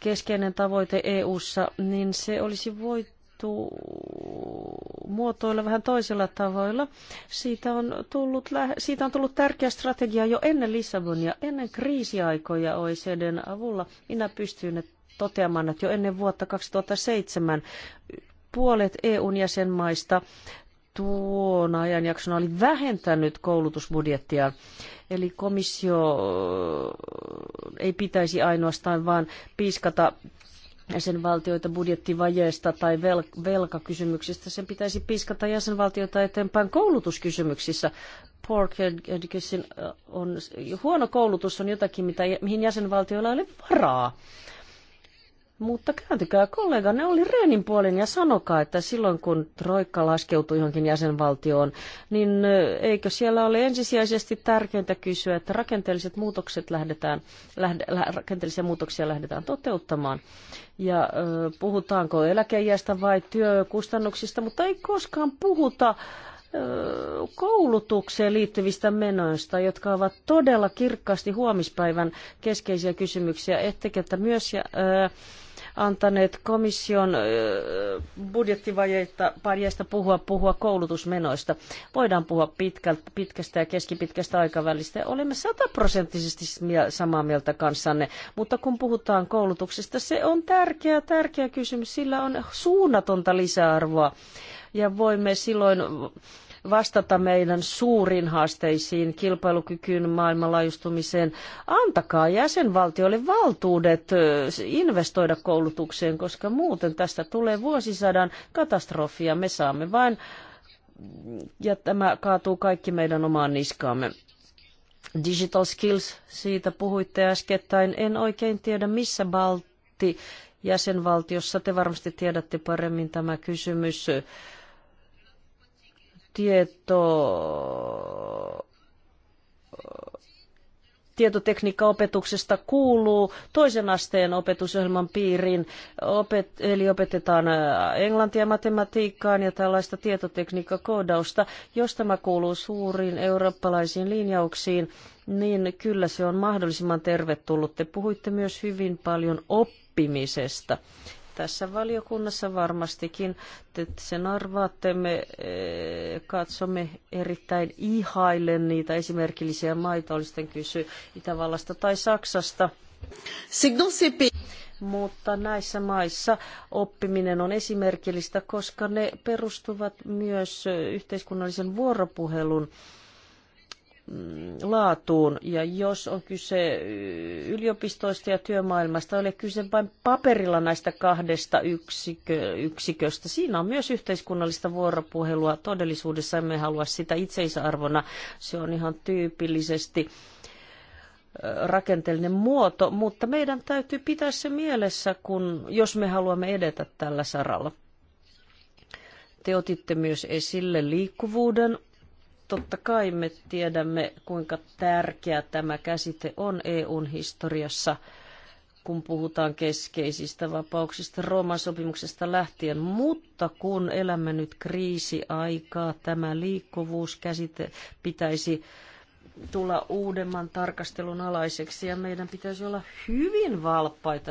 keskeinen tavoite EU:ssa, niin se olisi voitu muotoilla vähän toisella tavoilla. Siitä on tullut, siitä on tullut tärkeä strategia jo ennen Lissabonia, ennen kriisiaikoja OECDn avulla. Minä pystyin toteamaan, että jo ennen vuotta 2007 puolet EUn jäsenmaista tuon ajanjaksona oli vähentänyt koulutusbudjettia, Eli komissio ei pitäisi ainoastaan vain piiskata jäsenvaltioita budjettivajeesta tai velkakysymyksistä. Sen pitäisi piiskata jäsenvaltioita eteenpäin koulutuskysymyksissä. Pork education on, huono koulutus on jotakin, mitä, mihin jäsenvaltioilla ei ole varaa. Mutta kääntykää kollega, ne oli Reenin puolen ja sanokaa, että silloin kun Troikka laskeutui johonkin jäsenvaltioon, niin eikö siellä ole ensisijaisesti tärkeintä kysyä, että rakenteelliset muutokset lähdetään, lähde, rakenteellisia muutoksia lähdetään toteuttamaan. Ja ö, puhutaanko eläkeijästä vai työkustannuksista, mutta ei koskaan puhuta koulutukseen liittyvistä menoista, jotka ovat todella kirkkaasti huomispäivän keskeisiä kysymyksiä, ettekä että myös ja, ää, antaneet komission budjettivajeista puhua, puhua koulutusmenoista. Voidaan puhua pitkästä ja keskipitkästä aikavälistä. Olemme sataprosenttisesti samaa mieltä kanssanne, mutta kun puhutaan koulutuksesta, se on tärkeä, tärkeä kysymys. Sillä on suunnatonta lisäarvoa ja voimme silloin vastata meidän suurin haasteisiin, kilpailukykyyn, maailmanlaajustumiseen. Antakaa jäsenvaltioille valtuudet investoida koulutukseen, koska muuten tästä tulee vuosisadan katastrofia. Me saamme vain, ja tämä kaatuu kaikki meidän omaan niskaamme. Digital skills, siitä puhuitte äskettäin. En oikein tiedä, missä Balti jäsenvaltiossa, te varmasti tiedätte paremmin tämä kysymys tieto tietotekniikkaopetuksesta kuuluu toisen asteen opetusohjelman piiriin, opet- eli opetetaan englantia, matematiikkaan ja tällaista tietotekniikkakoodausta. Jos tämä kuuluu suuriin eurooppalaisiin linjauksiin, niin kyllä se on mahdollisimman tervetullut. Te puhuitte myös hyvin paljon oppimisesta tässä valiokunnassa varmastikin, että sen arvaatte, me eh, katsomme erittäin ihailen niitä esimerkillisiä maita, oli sitten kysy Itävallasta tai Saksasta. Mutta näissä maissa oppiminen on esimerkillistä, koska ne perustuvat myös eh, yhteiskunnallisen vuoropuhelun Mm, laatuun. Ja jos on kyse yliopistoista ja työmaailmasta, ole kyse vain paperilla näistä kahdesta yksikö, yksiköstä. Siinä on myös yhteiskunnallista vuoropuhelua. Todellisuudessa emme halua sitä itseisarvona. Se on ihan tyypillisesti rakenteellinen muoto, mutta meidän täytyy pitää se mielessä, kun, jos me haluamme edetä tällä saralla. Te otitte myös esille liikkuvuuden Totta kai me tiedämme, kuinka tärkeä tämä käsite on EUn historiassa, kun puhutaan keskeisistä vapauksista Rooman sopimuksesta lähtien. Mutta kun elämme nyt kriisiaikaa, tämä liikkuvuuskäsite pitäisi tulla uudemman tarkastelun alaiseksi ja meidän pitäisi olla hyvin valppaita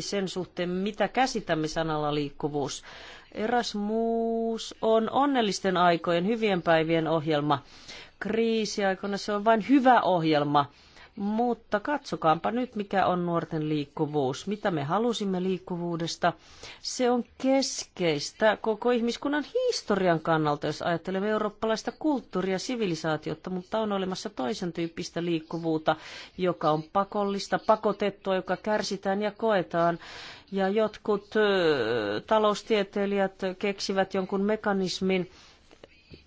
sen suhteen, mitä käsitämme sanalla liikkuvuus. Erasmus on onnellisten aikojen, hyvien päivien ohjelma. Kriisiaikoina se on vain hyvä ohjelma mutta katsokaanpa nyt, mikä on nuorten liikkuvuus, mitä me halusimme liikkuvuudesta. Se on keskeistä koko ihmiskunnan historian kannalta, jos ajattelemme eurooppalaista kulttuuria ja sivilisaatiota, mutta on olemassa toisen tyyppistä liikkuvuutta, joka on pakollista, pakotettua, joka kärsitään ja koetaan. Ja jotkut taloustieteilijät keksivät jonkun mekanismin,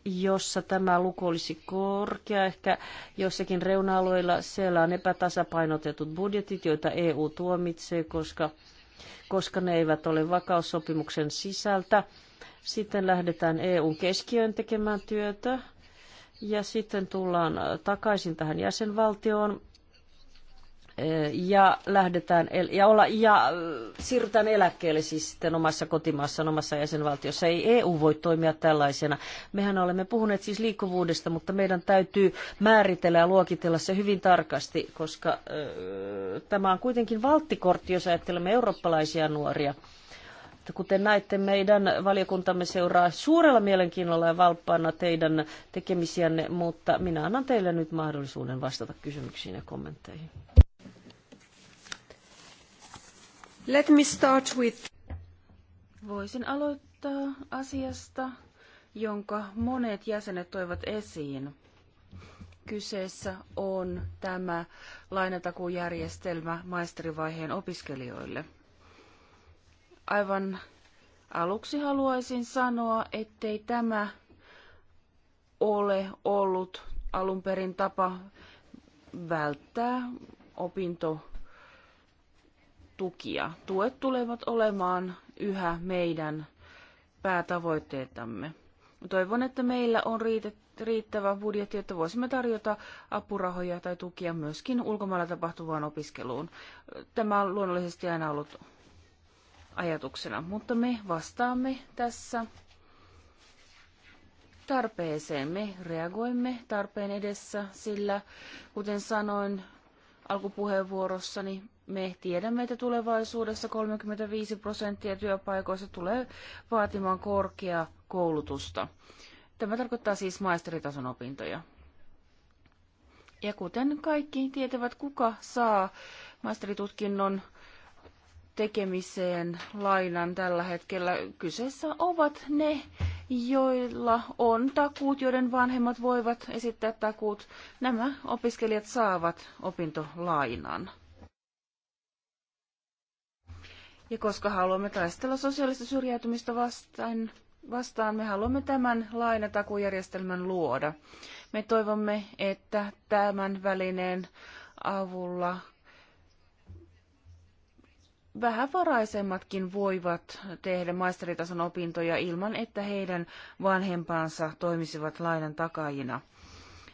jossa tämä luku olisi korkea. Ehkä jossakin reuna-alueilla siellä on epätasapainotetut budjetit, joita EU tuomitsee, koska, koska ne eivät ole vakaussopimuksen sisältä. Sitten lähdetään EUn keskiöön tekemään työtä ja sitten tullaan takaisin tähän jäsenvaltioon ja lähdetään ja, olla, ja siirrytään eläkkeelle siis sitten omassa kotimaassa, omassa jäsenvaltiossa. Ei EU voi toimia tällaisena. Mehän olemme puhuneet siis liikkuvuudesta, mutta meidän täytyy määritellä ja luokitella se hyvin tarkasti, koska tämä on kuitenkin valttikortti, jos ajattelemme eurooppalaisia nuoria. Kuten näitte, meidän valiokuntamme seuraa suurella mielenkiinnolla ja valppaana teidän tekemisiänne, mutta minä annan teille nyt mahdollisuuden vastata kysymyksiin ja kommentteihin. Let me start with... Voisin aloittaa asiasta, jonka monet jäsenet toivat esiin. Kyseessä on tämä lainatakujärjestelmä maisterivaiheen opiskelijoille. Aivan aluksi haluaisin sanoa, ettei tämä ole ollut alun perin tapa välttää opinto tukia. Tuet tulevat olemaan yhä meidän päätavoitteetamme. Toivon, että meillä on riittävä budjetti, että voisimme tarjota apurahoja tai tukia myöskin ulkomailla tapahtuvaan opiskeluun. Tämä on luonnollisesti aina ollut ajatuksena, mutta me vastaamme tässä tarpeeseen. Me reagoimme tarpeen edessä, sillä kuten sanoin alkupuheenvuorossani, me tiedämme, että tulevaisuudessa 35 prosenttia työpaikoista tulee vaatimaan korkeaa koulutusta. Tämä tarkoittaa siis maisteritason opintoja. Ja kuten kaikki tietävät, kuka saa maisteritutkinnon tekemiseen lainan tällä hetkellä. Kyseessä ovat ne, joilla on takuut, joiden vanhemmat voivat esittää takuut. Nämä opiskelijat saavat opintolainan. Ja koska haluamme taistella sosiaalista syrjäytymistä vastaan, vastaan me haluamme tämän lainatakujärjestelmän luoda. Me toivomme, että tämän välineen avulla varaisemmatkin voivat tehdä maisteritason opintoja ilman, että heidän vanhempansa toimisivat lainan takajina.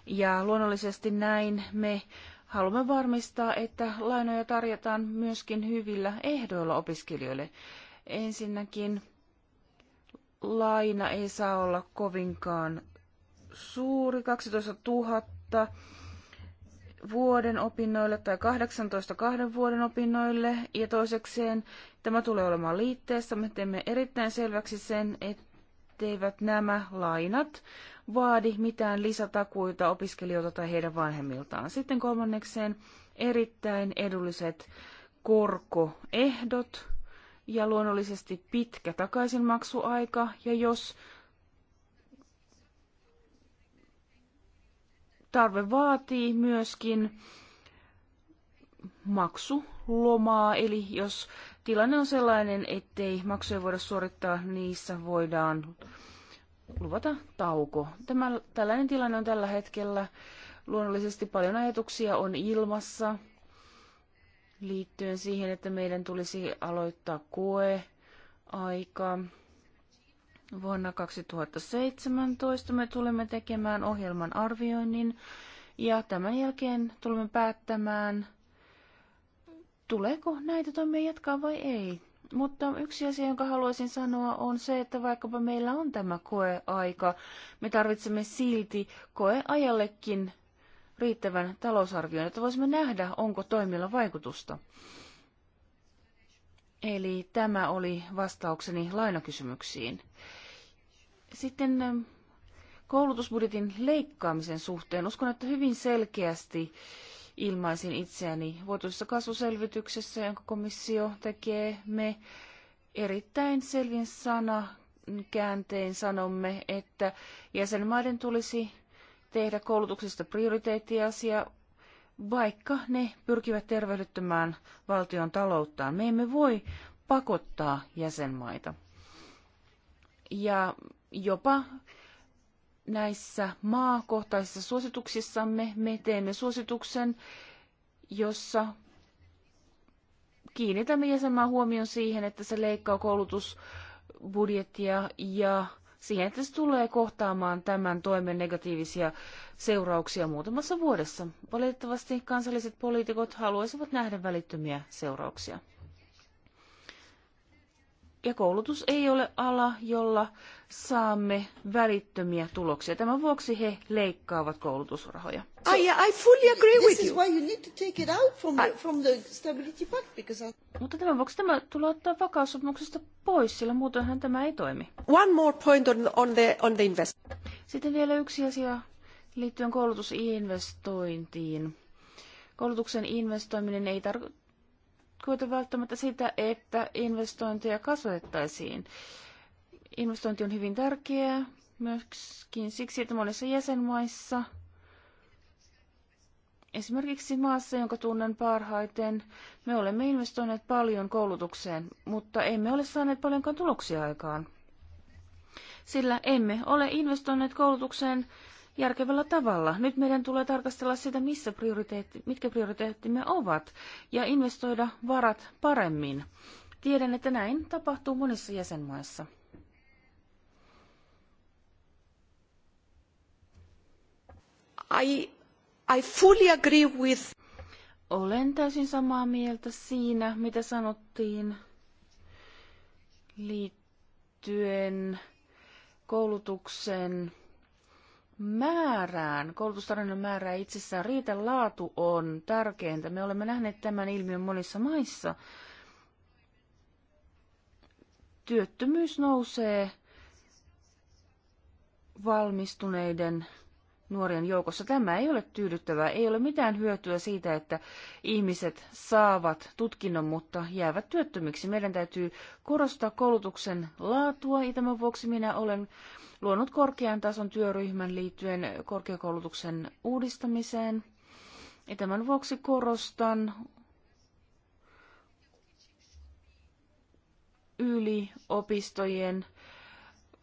Ja luonnollisesti näin me haluamme varmistaa, että lainoja tarjotaan myöskin hyvillä ehdoilla opiskelijoille. Ensinnäkin laina ei saa olla kovinkaan suuri, 12 000 vuoden opinnoille tai 18 kahden vuoden opinnoille. Ja toisekseen tämä tulee olemaan liitteessä. Me teemme erittäin selväksi sen, etteivät nämä lainat vaadi mitään lisätakuita opiskelijoilta tai heidän vanhemmiltaan. Sitten kolmannekseen erittäin edulliset korkoehdot ja luonnollisesti pitkä takaisinmaksuaika. Ja jos tarve vaatii myöskin maksulomaa, eli jos tilanne on sellainen, ettei maksuja voida suorittaa, niissä voidaan luvata tauko. Tämä, tällainen tilanne on tällä hetkellä. Luonnollisesti paljon ajatuksia on ilmassa liittyen siihen, että meidän tulisi aloittaa koeaika Vuonna 2017 me tulemme tekemään ohjelman arvioinnin ja tämän jälkeen tulemme päättämään, tuleeko näitä toimia jatkaa vai ei. Mutta yksi asia, jonka haluaisin sanoa, on se, että vaikkapa meillä on tämä koeaika, me tarvitsemme silti koeajallekin riittävän talousarvion, että voisimme nähdä, onko toimilla vaikutusta. Eli tämä oli vastaukseni lainakysymyksiin. Sitten ähm, koulutusbudjetin leikkaamisen suhteen uskon, että hyvin selkeästi ilmaisin itseäni vuotuisessa kasvuselvityksessä, jonka komissio tekee. Me erittäin selvin sana kääntein sanomme, että jäsenmaiden tulisi tehdä koulutuksesta prioriteettiasia, vaikka ne pyrkivät tervehdyttämään valtion talouttaan. Me emme voi pakottaa jäsenmaita. Ja jopa näissä maakohtaisissa suosituksissamme me teemme suosituksen, jossa kiinnitämme jäsenmaan huomion siihen, että se leikkaa koulutusbudjettia ja siihen, että se tulee kohtaamaan tämän toimen negatiivisia seurauksia muutamassa vuodessa. Valitettavasti kansalliset poliitikot haluaisivat nähdä välittömiä seurauksia ja koulutus ei ole ala, jolla saamme välittömiä tuloksia. Tämän vuoksi he leikkaavat koulutusrahoja. I fully agree with you. Mutta tämän vuoksi tämä tulee ottaa vakaussopimuksesta pois, sillä muutenhan tämä ei toimi. One more point on, on the, on the investment. Sitten vielä yksi asia liittyen koulutusinvestointiin. Koulutuksen investoiminen ei tarkoita kuitenkaan välttämättä sitä, että investointeja kasvatettaisiin. Investointi on hyvin tärkeää myöskin siksi, että monissa jäsenmaissa, esimerkiksi maassa, jonka tunnen parhaiten, me olemme investoineet paljon koulutukseen, mutta emme ole saaneet paljonkaan tuloksia aikaan. Sillä emme ole investoineet koulutukseen järkevällä tavalla. Nyt meidän tulee tarkastella sitä, missä prioriteetti, mitkä prioriteettimme ovat, ja investoida varat paremmin. Tiedän, että näin tapahtuu monissa jäsenmaissa. I, I fully agree with... Olen täysin samaa mieltä siinä, mitä sanottiin liittyen koulutuksen määrään, koulutustarjonnan määrään itsessään riitä laatu on tärkeintä. Me olemme nähneet tämän ilmiön monissa maissa. Työttömyys nousee valmistuneiden nuorien joukossa. Tämä ei ole tyydyttävää. Ei ole mitään hyötyä siitä, että ihmiset saavat tutkinnon, mutta jäävät työttömiksi. Meidän täytyy korostaa koulutuksen laatua ja tämän vuoksi minä olen luonut korkean tason työryhmän liittyen korkeakoulutuksen uudistamiseen. Ja tämän vuoksi korostan yliopistojen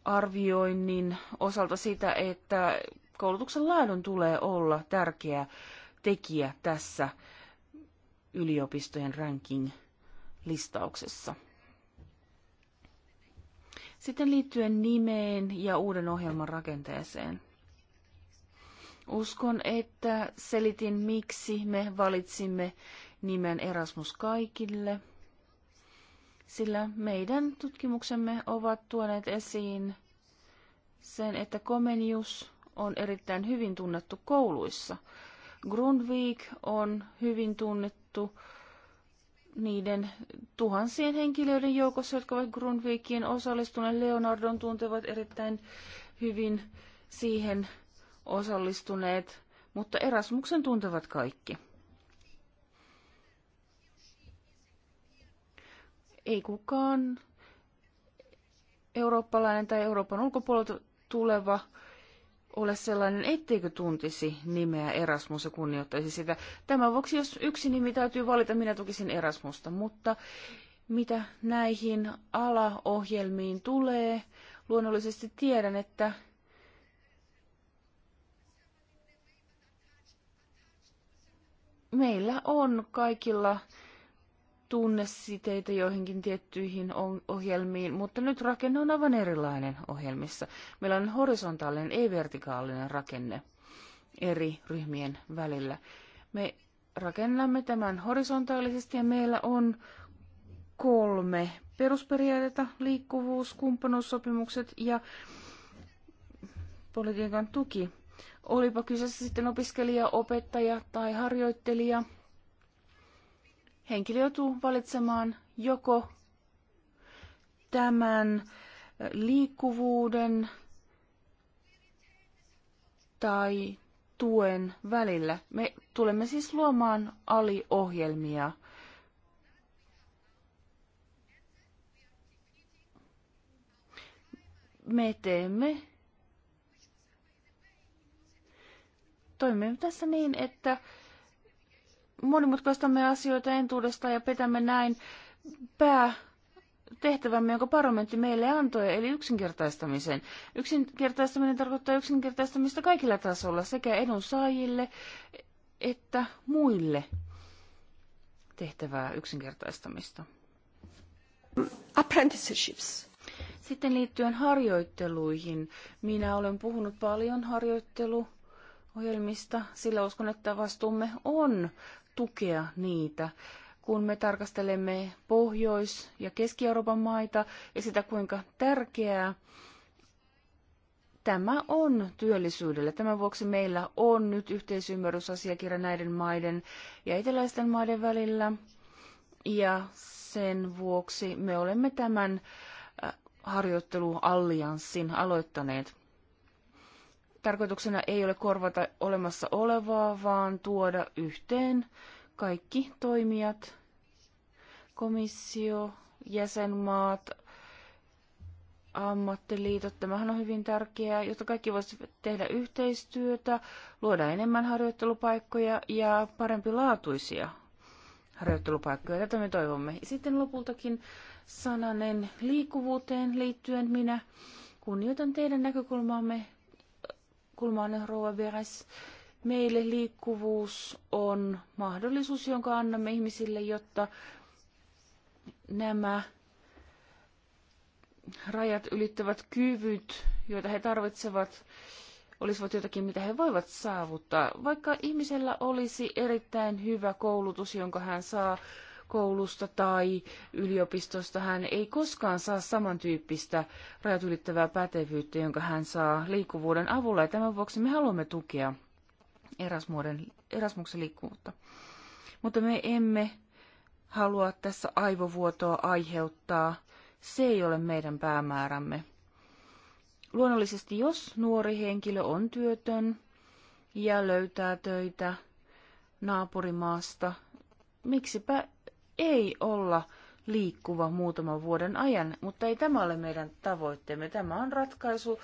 arvioinnin osalta sitä, että koulutuksen laadun tulee olla tärkeä tekijä tässä yliopistojen ranking-listauksessa. Sitten liittyen nimeen ja uuden ohjelman rakenteeseen. Uskon, että selitin, miksi me valitsimme nimen Erasmus kaikille, sillä meidän tutkimuksemme ovat tuoneet esiin sen, että Komenius on erittäin hyvin tunnettu kouluissa. Grundvik on hyvin tunnettu niiden tuhansien henkilöiden joukossa, jotka ovat Grundvikiin osallistuneet. Leonardon tuntevat erittäin hyvin siihen osallistuneet, mutta Erasmuksen tuntevat kaikki. Ei kukaan eurooppalainen tai Euroopan ulkopuolelta tuleva ole sellainen, etteikö tuntisi nimeä Erasmus ja kunnioittaisi sitä. Tämän vuoksi, jos yksi nimi täytyy valita, minä tukisin Erasmusta, mutta mitä näihin alaohjelmiin tulee, luonnollisesti tiedän, että meillä on kaikilla tunnesiteitä joihinkin tiettyihin ohjelmiin, mutta nyt rakenne on aivan erilainen ohjelmissa. Meillä on horisontaalinen, ei vertikaalinen rakenne eri ryhmien välillä. Me rakennamme tämän horisontaalisesti ja meillä on kolme perusperiaatetta, liikkuvuus, kumppanuussopimukset ja politiikan tuki. Olipa kyseessä sitten opiskelija, opettaja tai harjoittelija – henkilö joutuu valitsemaan joko tämän liikkuvuuden tai tuen välillä. Me tulemme siis luomaan aliohjelmia. Me teemme toimimme tässä niin, että monimutkaistamme asioita entuudesta ja petämme näin pää tehtävämme, jonka parlamentti meille antoi, eli yksinkertaistamisen. Yksinkertaistaminen tarkoittaa yksinkertaistamista kaikilla tasolla, sekä edunsaajille että muille tehtävää yksinkertaistamista. Apprenticeships. Sitten liittyen harjoitteluihin. Minä olen puhunut paljon harjoitteluohjelmista, sillä uskon, että vastuumme on tukea niitä. Kun me tarkastelemme Pohjois- ja Keski-Euroopan maita ja sitä, kuinka tärkeää tämä on työllisyydelle. Tämän vuoksi meillä on nyt yhteisymmärrysasiakirja näiden maiden ja eteläisten maiden välillä. Ja sen vuoksi me olemme tämän äh, harjoitteluallianssin aloittaneet. Tarkoituksena ei ole korvata olemassa olevaa, vaan tuoda yhteen kaikki toimijat, komissio, jäsenmaat, ammattiliitot. Tämähän on hyvin tärkeää, jotta kaikki voisivat tehdä yhteistyötä, luoda enemmän harjoittelupaikkoja ja parempi laatuisia harjoittelupaikkoja. Tätä me toivomme. Sitten lopultakin sananen liikkuvuuteen liittyen minä kunnioitan teidän näkökulmaamme kulmaan rouva Veres. Meille liikkuvuus on mahdollisuus, jonka annamme ihmisille, jotta nämä rajat ylittävät kyvyt, joita he tarvitsevat, olisivat jotakin, mitä he voivat saavuttaa. Vaikka ihmisellä olisi erittäin hyvä koulutus, jonka hän saa koulusta tai yliopistosta. Hän ei koskaan saa samantyyppistä rajat ylittävää pätevyyttä, jonka hän saa liikkuvuuden avulla. Ja tämän vuoksi me haluamme tukea Erasmuksen liikkuvuutta. Mutta me emme halua tässä aivovuotoa aiheuttaa. Se ei ole meidän päämäärämme. Luonnollisesti, jos nuori henkilö on työtön ja löytää töitä naapurimaasta, miksipä ei olla liikkuva muutaman vuoden ajan, mutta ei tämä ole meidän tavoitteemme. Tämä on ratkaisu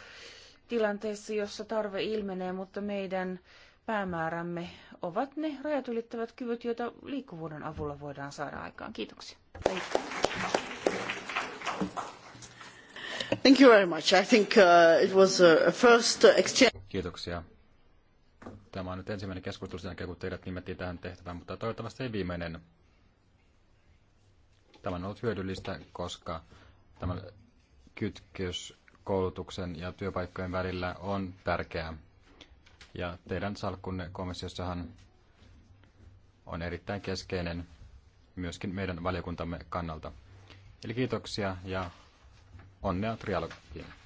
tilanteessa, jossa tarve ilmenee, mutta meidän päämäärämme ovat ne rajat ylittävät kyvyt, joita liikkuvuuden avulla voidaan saada aikaan. Kiitoksia. Thank you very much. I think uh, it was a first exchange. Kiitoksia. Tämä on nyt ensimmäinen keskustelu sen jälkeen, kun teidät nimettiin tähän tehtävään, mutta toivottavasti ei viimeinen Tämä on ollut hyödyllistä, koska tämä kytkös koulutuksen ja työpaikkojen välillä on tärkeää. Ja teidän salkkunne komissiossahan on erittäin keskeinen myöskin meidän valiokuntamme kannalta. Eli kiitoksia ja onnea trialogiin.